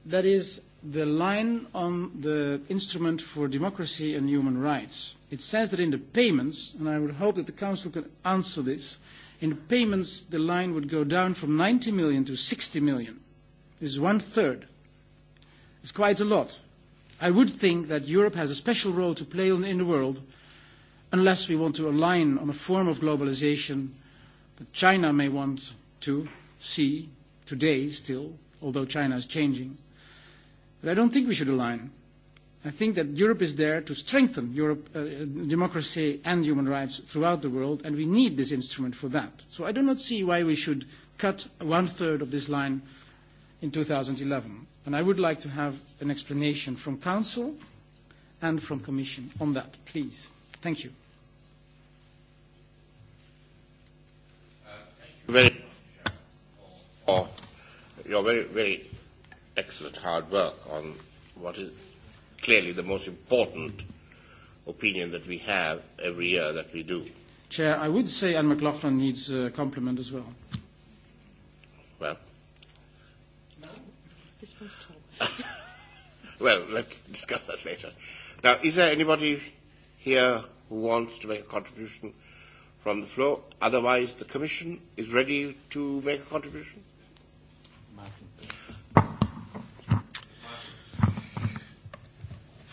Speaker 15: That is, the line on the instrument for democracy and human rights. It says that in the payments, and I would hope that the Council could answer this, in the payments the line would go down from 90 million to 60 million. This is one third. It's quite a lot. I would think that Europe has a special role to play in the world unless we want to align on a form of globalization that China may want to see today still, although China is changing But I don't think we should align. I think that Europe is there to strengthen Europe, uh, democracy and human rights throughout the world, and we need this instrument for that. So I do not see why we should cut one third of this line in 2011. And I would like to have an explanation from Council and from Commission on that, please. Thank you.
Speaker 1: Uh, thank you very much for your very, very excellent hard work on what is clearly the most important opinion that we have every year that we do.
Speaker 15: Chair, I would say Anne McLaughlin needs a compliment as well.
Speaker 1: Well.
Speaker 8: No.
Speaker 1: <laughs> well, let's discuss that later. Now, is there anybody here who wants to make a contribution from the floor? Otherwise, the Commission is ready to make a contribution.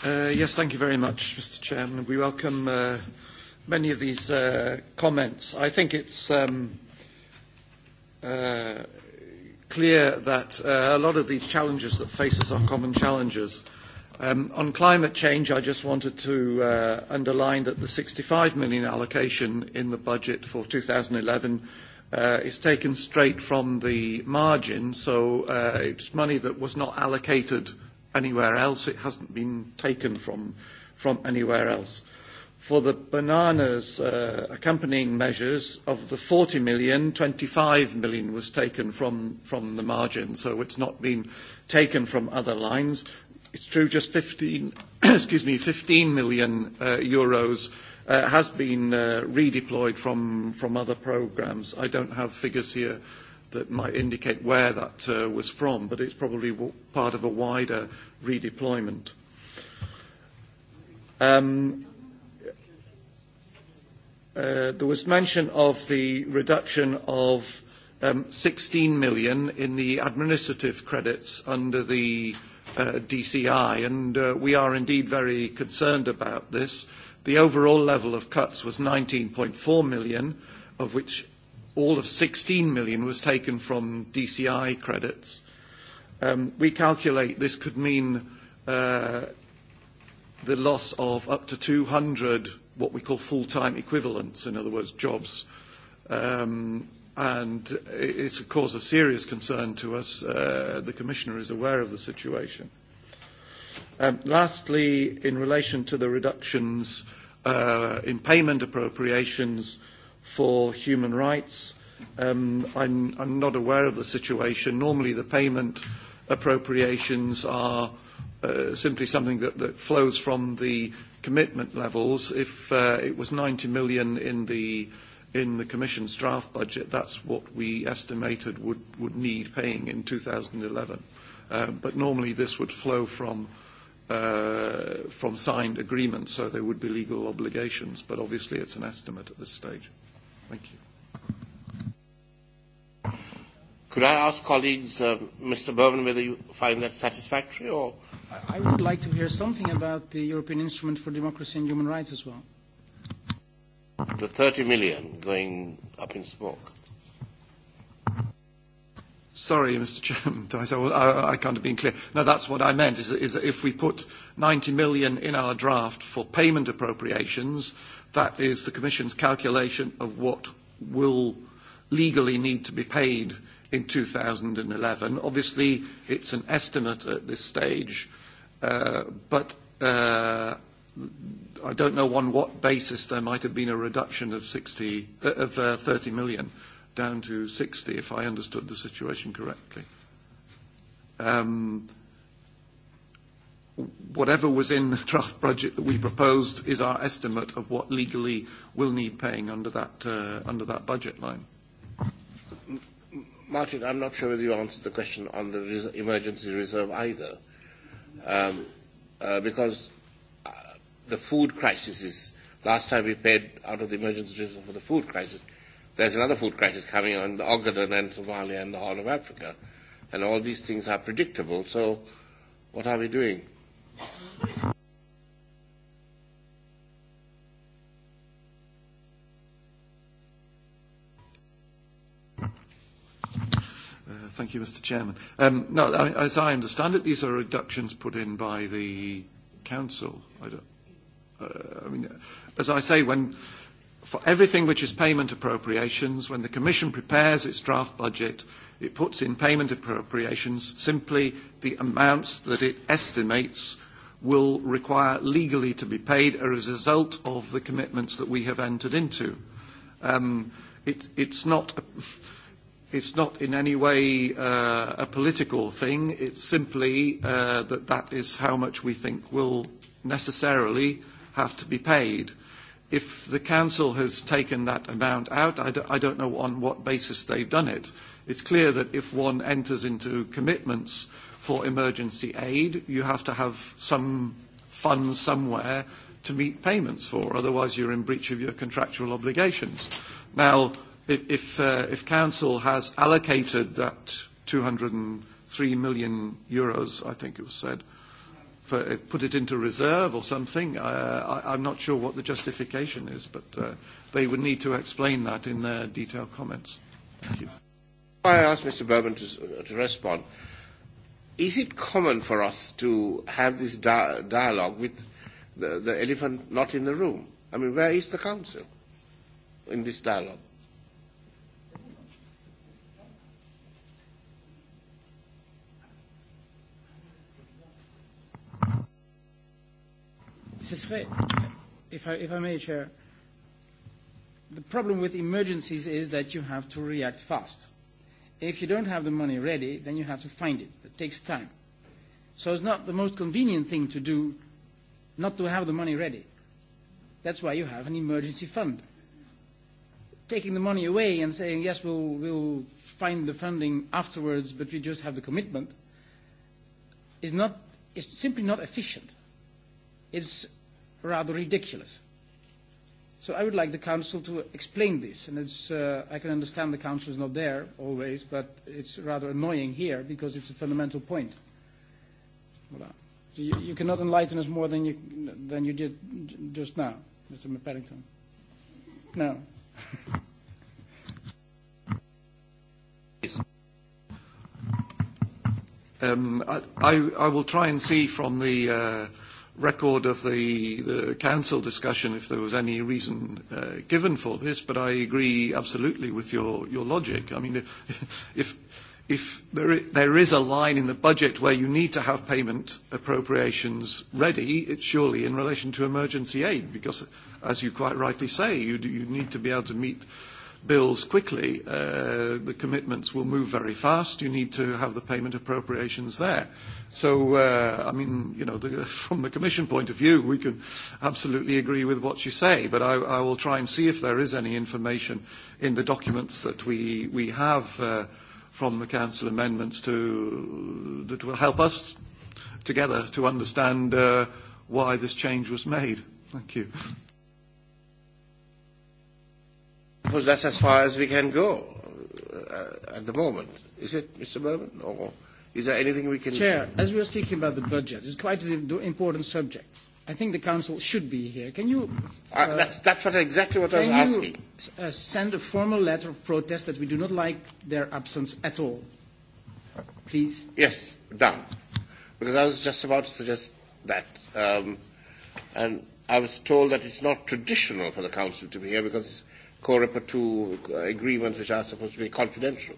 Speaker 6: Uh, yes, thank you very much, Mr. Chairman. We welcome uh, many of these uh, comments. I think it's um, uh, clear that uh, a lot of these challenges that face us are common challenges. Um, on climate change, I just wanted to uh, underline that the 65 million allocation in the budget for 2011 uh, is taken straight from the margin, so uh, it's money that was not allocated uh, anywhere else. It hasn't been taken from, from anywhere else. For the bananas uh, accompanying measures, of the 40 million, 25 million was taken from, from the margin, so it's not been taken from other lines. It's true, just 15, <coughs> excuse me, 15 million uh, euros uh, has been uh, redeployed from, from other programs. I don't have figures here uh, that might indicate where that uh, was from, but it's probably part of a wider redeployment. Um, uh, there was mention of the reduction of um, 16 million in the administrative credits under the uh, DCI, and uh, we are indeed very concerned about this. The overall level of cuts was 19.4 million, of which all of 16 million was taken from DCI credits. Um, we calculate this could mean uh, the loss of up to 200 what we call full-time equivalents, in other words, jobs. Um, and it's a cause of serious concern to us. Uh, the Commissioner is aware of the situation. Um, lastly, in relation to the reductions uh, in payment appropriations, for human rights. Um, I'm, I'm not aware of the situation. Normally, the payment appropriations are uh, simply something that, that flows from the commitment levels. If uh, it was 90 million in the in the Commission's draft budget, that's what we estimated would, would need paying in 2011. Uh, um, but normally this would flow from uh, from signed agreements, so there would be legal obligations. But obviously, it's an estimate at this stage. Thank you.
Speaker 1: Could I ask colleagues, uh, Mr. Bourbon, whether you find that satisfactory or?
Speaker 15: I would like to hear something about the European Instrument for Democracy and Human Rights as well.
Speaker 1: The 30 million going up in
Speaker 6: smoke. Sorry, Mr. <laughs> Chairman, I, say, well, I, I can't have been clear. No, that's what I meant, is, is that if we put 90 million in our draft for payment appropriations, That is the Commission's calculation of what will legally need to be paid in 2011. Obviously, it's an estimate at this stage, uh, but uh, I don't know on what basis there might have been a reduction of, 60, uh, of uh, 30 million down to 60, if I understood the situation correctly. Um, whatever was in the draft budget that we proposed is our estimate of what legally we'll need paying under that, uh, under that budget line.
Speaker 1: Martin, I'm not sure whether you answered the question on the res- emergency reserve either, um, uh, because uh, the food crisis is. Last time we paid out of the emergency reserve for the food crisis, there's another food crisis coming on the Ogaden and Somalia and the Horn of Africa, and all these things are predictable. So, what are we doing? Uh,
Speaker 6: thank you, Mr. Chairman. Um, no, I, as I understand it, these are reductions put in by the council. I, don't, uh, I mean, as I say, when for everything which is payment appropriations, when the Commission prepares its draft budget, it puts in payment appropriations simply the amounts that it estimates will require legally to be paid as a result of the commitments that we have entered into. Um, it, <laughs> it's not... in any way uh, a political thing. It's simply uh, that that is how much we think will necessarily have to be paid. If the council has taken that amount out, I don't know on what basis they've done it. It's clear that if one enters into commitments for emergency aid, you have to have some funds somewhere to meet payments for, otherwise you're in breach of your contractual obligations. Now, if, if, uh, if Council has allocated that 203 million euros, I think it was said, for, put it into reserve or something, uh, I, I'm not sure what the justification is, but uh, they would need to explain that in their detailed comments. Thank you.
Speaker 1: I ask Mr. Berman to, uh, to respond is it common for us to have this di- dialogue with the, the elephant not in the room? I mean, where is the council in this dialogue?
Speaker 15: if I, if I may, Chair, the problem with emergencies is that you have to react fast if you don't have the money ready, then you have to find it. It takes time. So it's not the most convenient thing to do not to have the money ready. That's why you have an emergency fund. Taking the money away and saying, yes, we'll, we'll find the funding afterwards, but we just have the commitment, is, not, is simply not efficient. It's rather ridiculous. So I would like the Council to explain this. And it's, uh, I can understand the Council is not there always, but it's rather annoying here because it's a fundamental point. Voilà. You, you cannot enlighten us more than you, than you did just now, Mr. Paddington. No.
Speaker 6: <laughs> um, I, I, I will try and see from the uh, record of the, the council discussion if there was any reason uh, given for this, but I agree absolutely with your, your logic. I mean, if, <laughs> if there, is, there is a line in the budget where you need to have payment appropriations ready, it's surely in relation to emergency aid, because as you quite rightly say, you, you need to be able to meet uh, bills quickly, uh, the commitments will move very fast. You need to have the payment appropriations there. So, uh, I mean, you know, the, <laughs> from the Commission point of view, we can absolutely agree with what you say, but I, I will try and see if there is any information in the documents that we, we have uh, from the Council amendments to, that will help us together to understand uh, why this change was made. Thank you.
Speaker 1: Because that's as far as we can go uh, at the moment. Is it, Mr. Berman? Or is there anything we can... Chair,
Speaker 15: as we are speaking about the budget, it's quite an important subject. I think the council should be here.
Speaker 1: Can you? Uh, uh, that's that's what exactly what I was asking. Can
Speaker 15: you uh, send a formal letter of protest that we do not like their absence at all,
Speaker 1: please? Yes, done. Because I was just about to suggest that, um, and I was told that it's not traditional for the council to be here because Coreper 2 agreement, which are supposed to be confidential.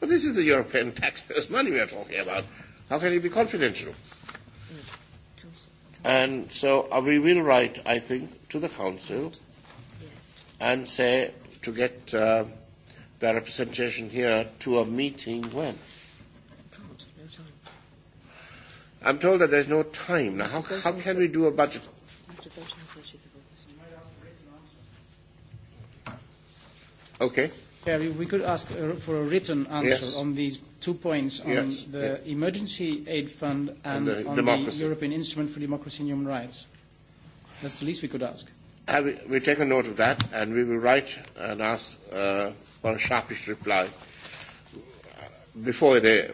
Speaker 1: But this is the European taxpayers' money we are talking about. How can it be confidential? And so uh, we will write, I think, to the Council and say to get uh, their representation here to a meeting when? I'm told that there's no time. Now, how, how can we do a budget Okay. Yeah,
Speaker 15: we could ask uh, for a written answer yes. on these two points on yes. the yeah. Emergency Aid Fund and, and the on democracy. the European Instrument for Democracy and Human Rights. That's the least we
Speaker 1: could ask. Uh, we, we take a note of that and we will write and ask uh, for a sharpish reply before they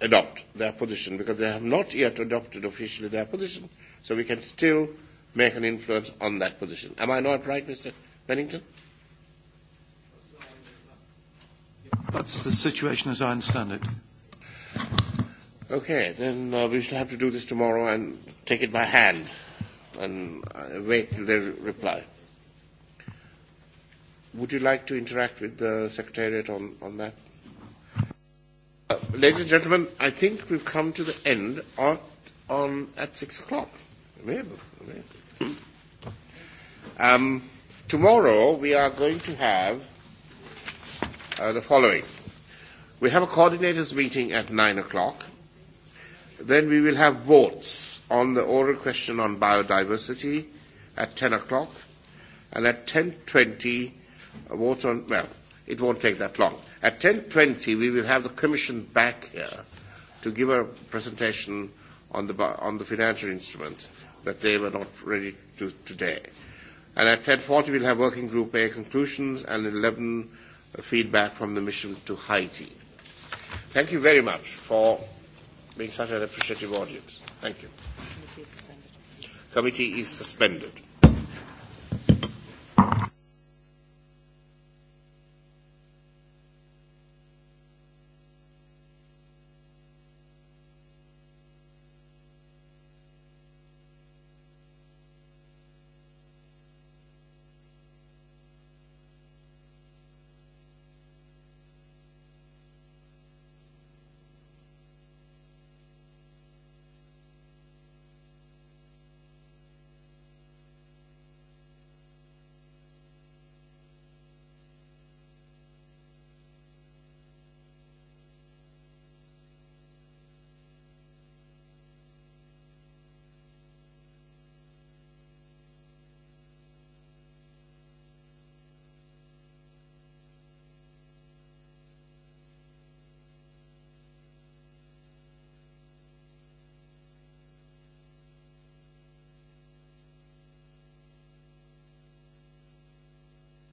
Speaker 1: adopt their position because they have not yet adopted officially their position, so we can still make an influence on that position. Am I not right, Mr. Bennington? That's the
Speaker 6: situation as I understand it.
Speaker 1: Okay, then uh, we shall have to do this tomorrow and take it by hand and uh, wait till they reply. Would you like to interact with the Secretariat on, on that? Uh, ladies and gentlemen, I think we've come to the end on, on at 6 o'clock. Available, available. Hmm. um, tomorrow we are going to have uh, the following. We have a coordinators meeting at 9 o'clock. Then we will have votes on the oral question on biodiversity at 10 o'clock. And at 10.20, a vote on, well, it won't take that long. At 10.20, we will have the Commission back here to give a presentation on the, on the financial instruments that they were not ready to today. And at 10.40, we'll have working group A conclusions, and 11, feedback from the mission to Haiti. Thank you very much for being such an appreciative audience. Thank you. Committee is suspended. Committee is suspended.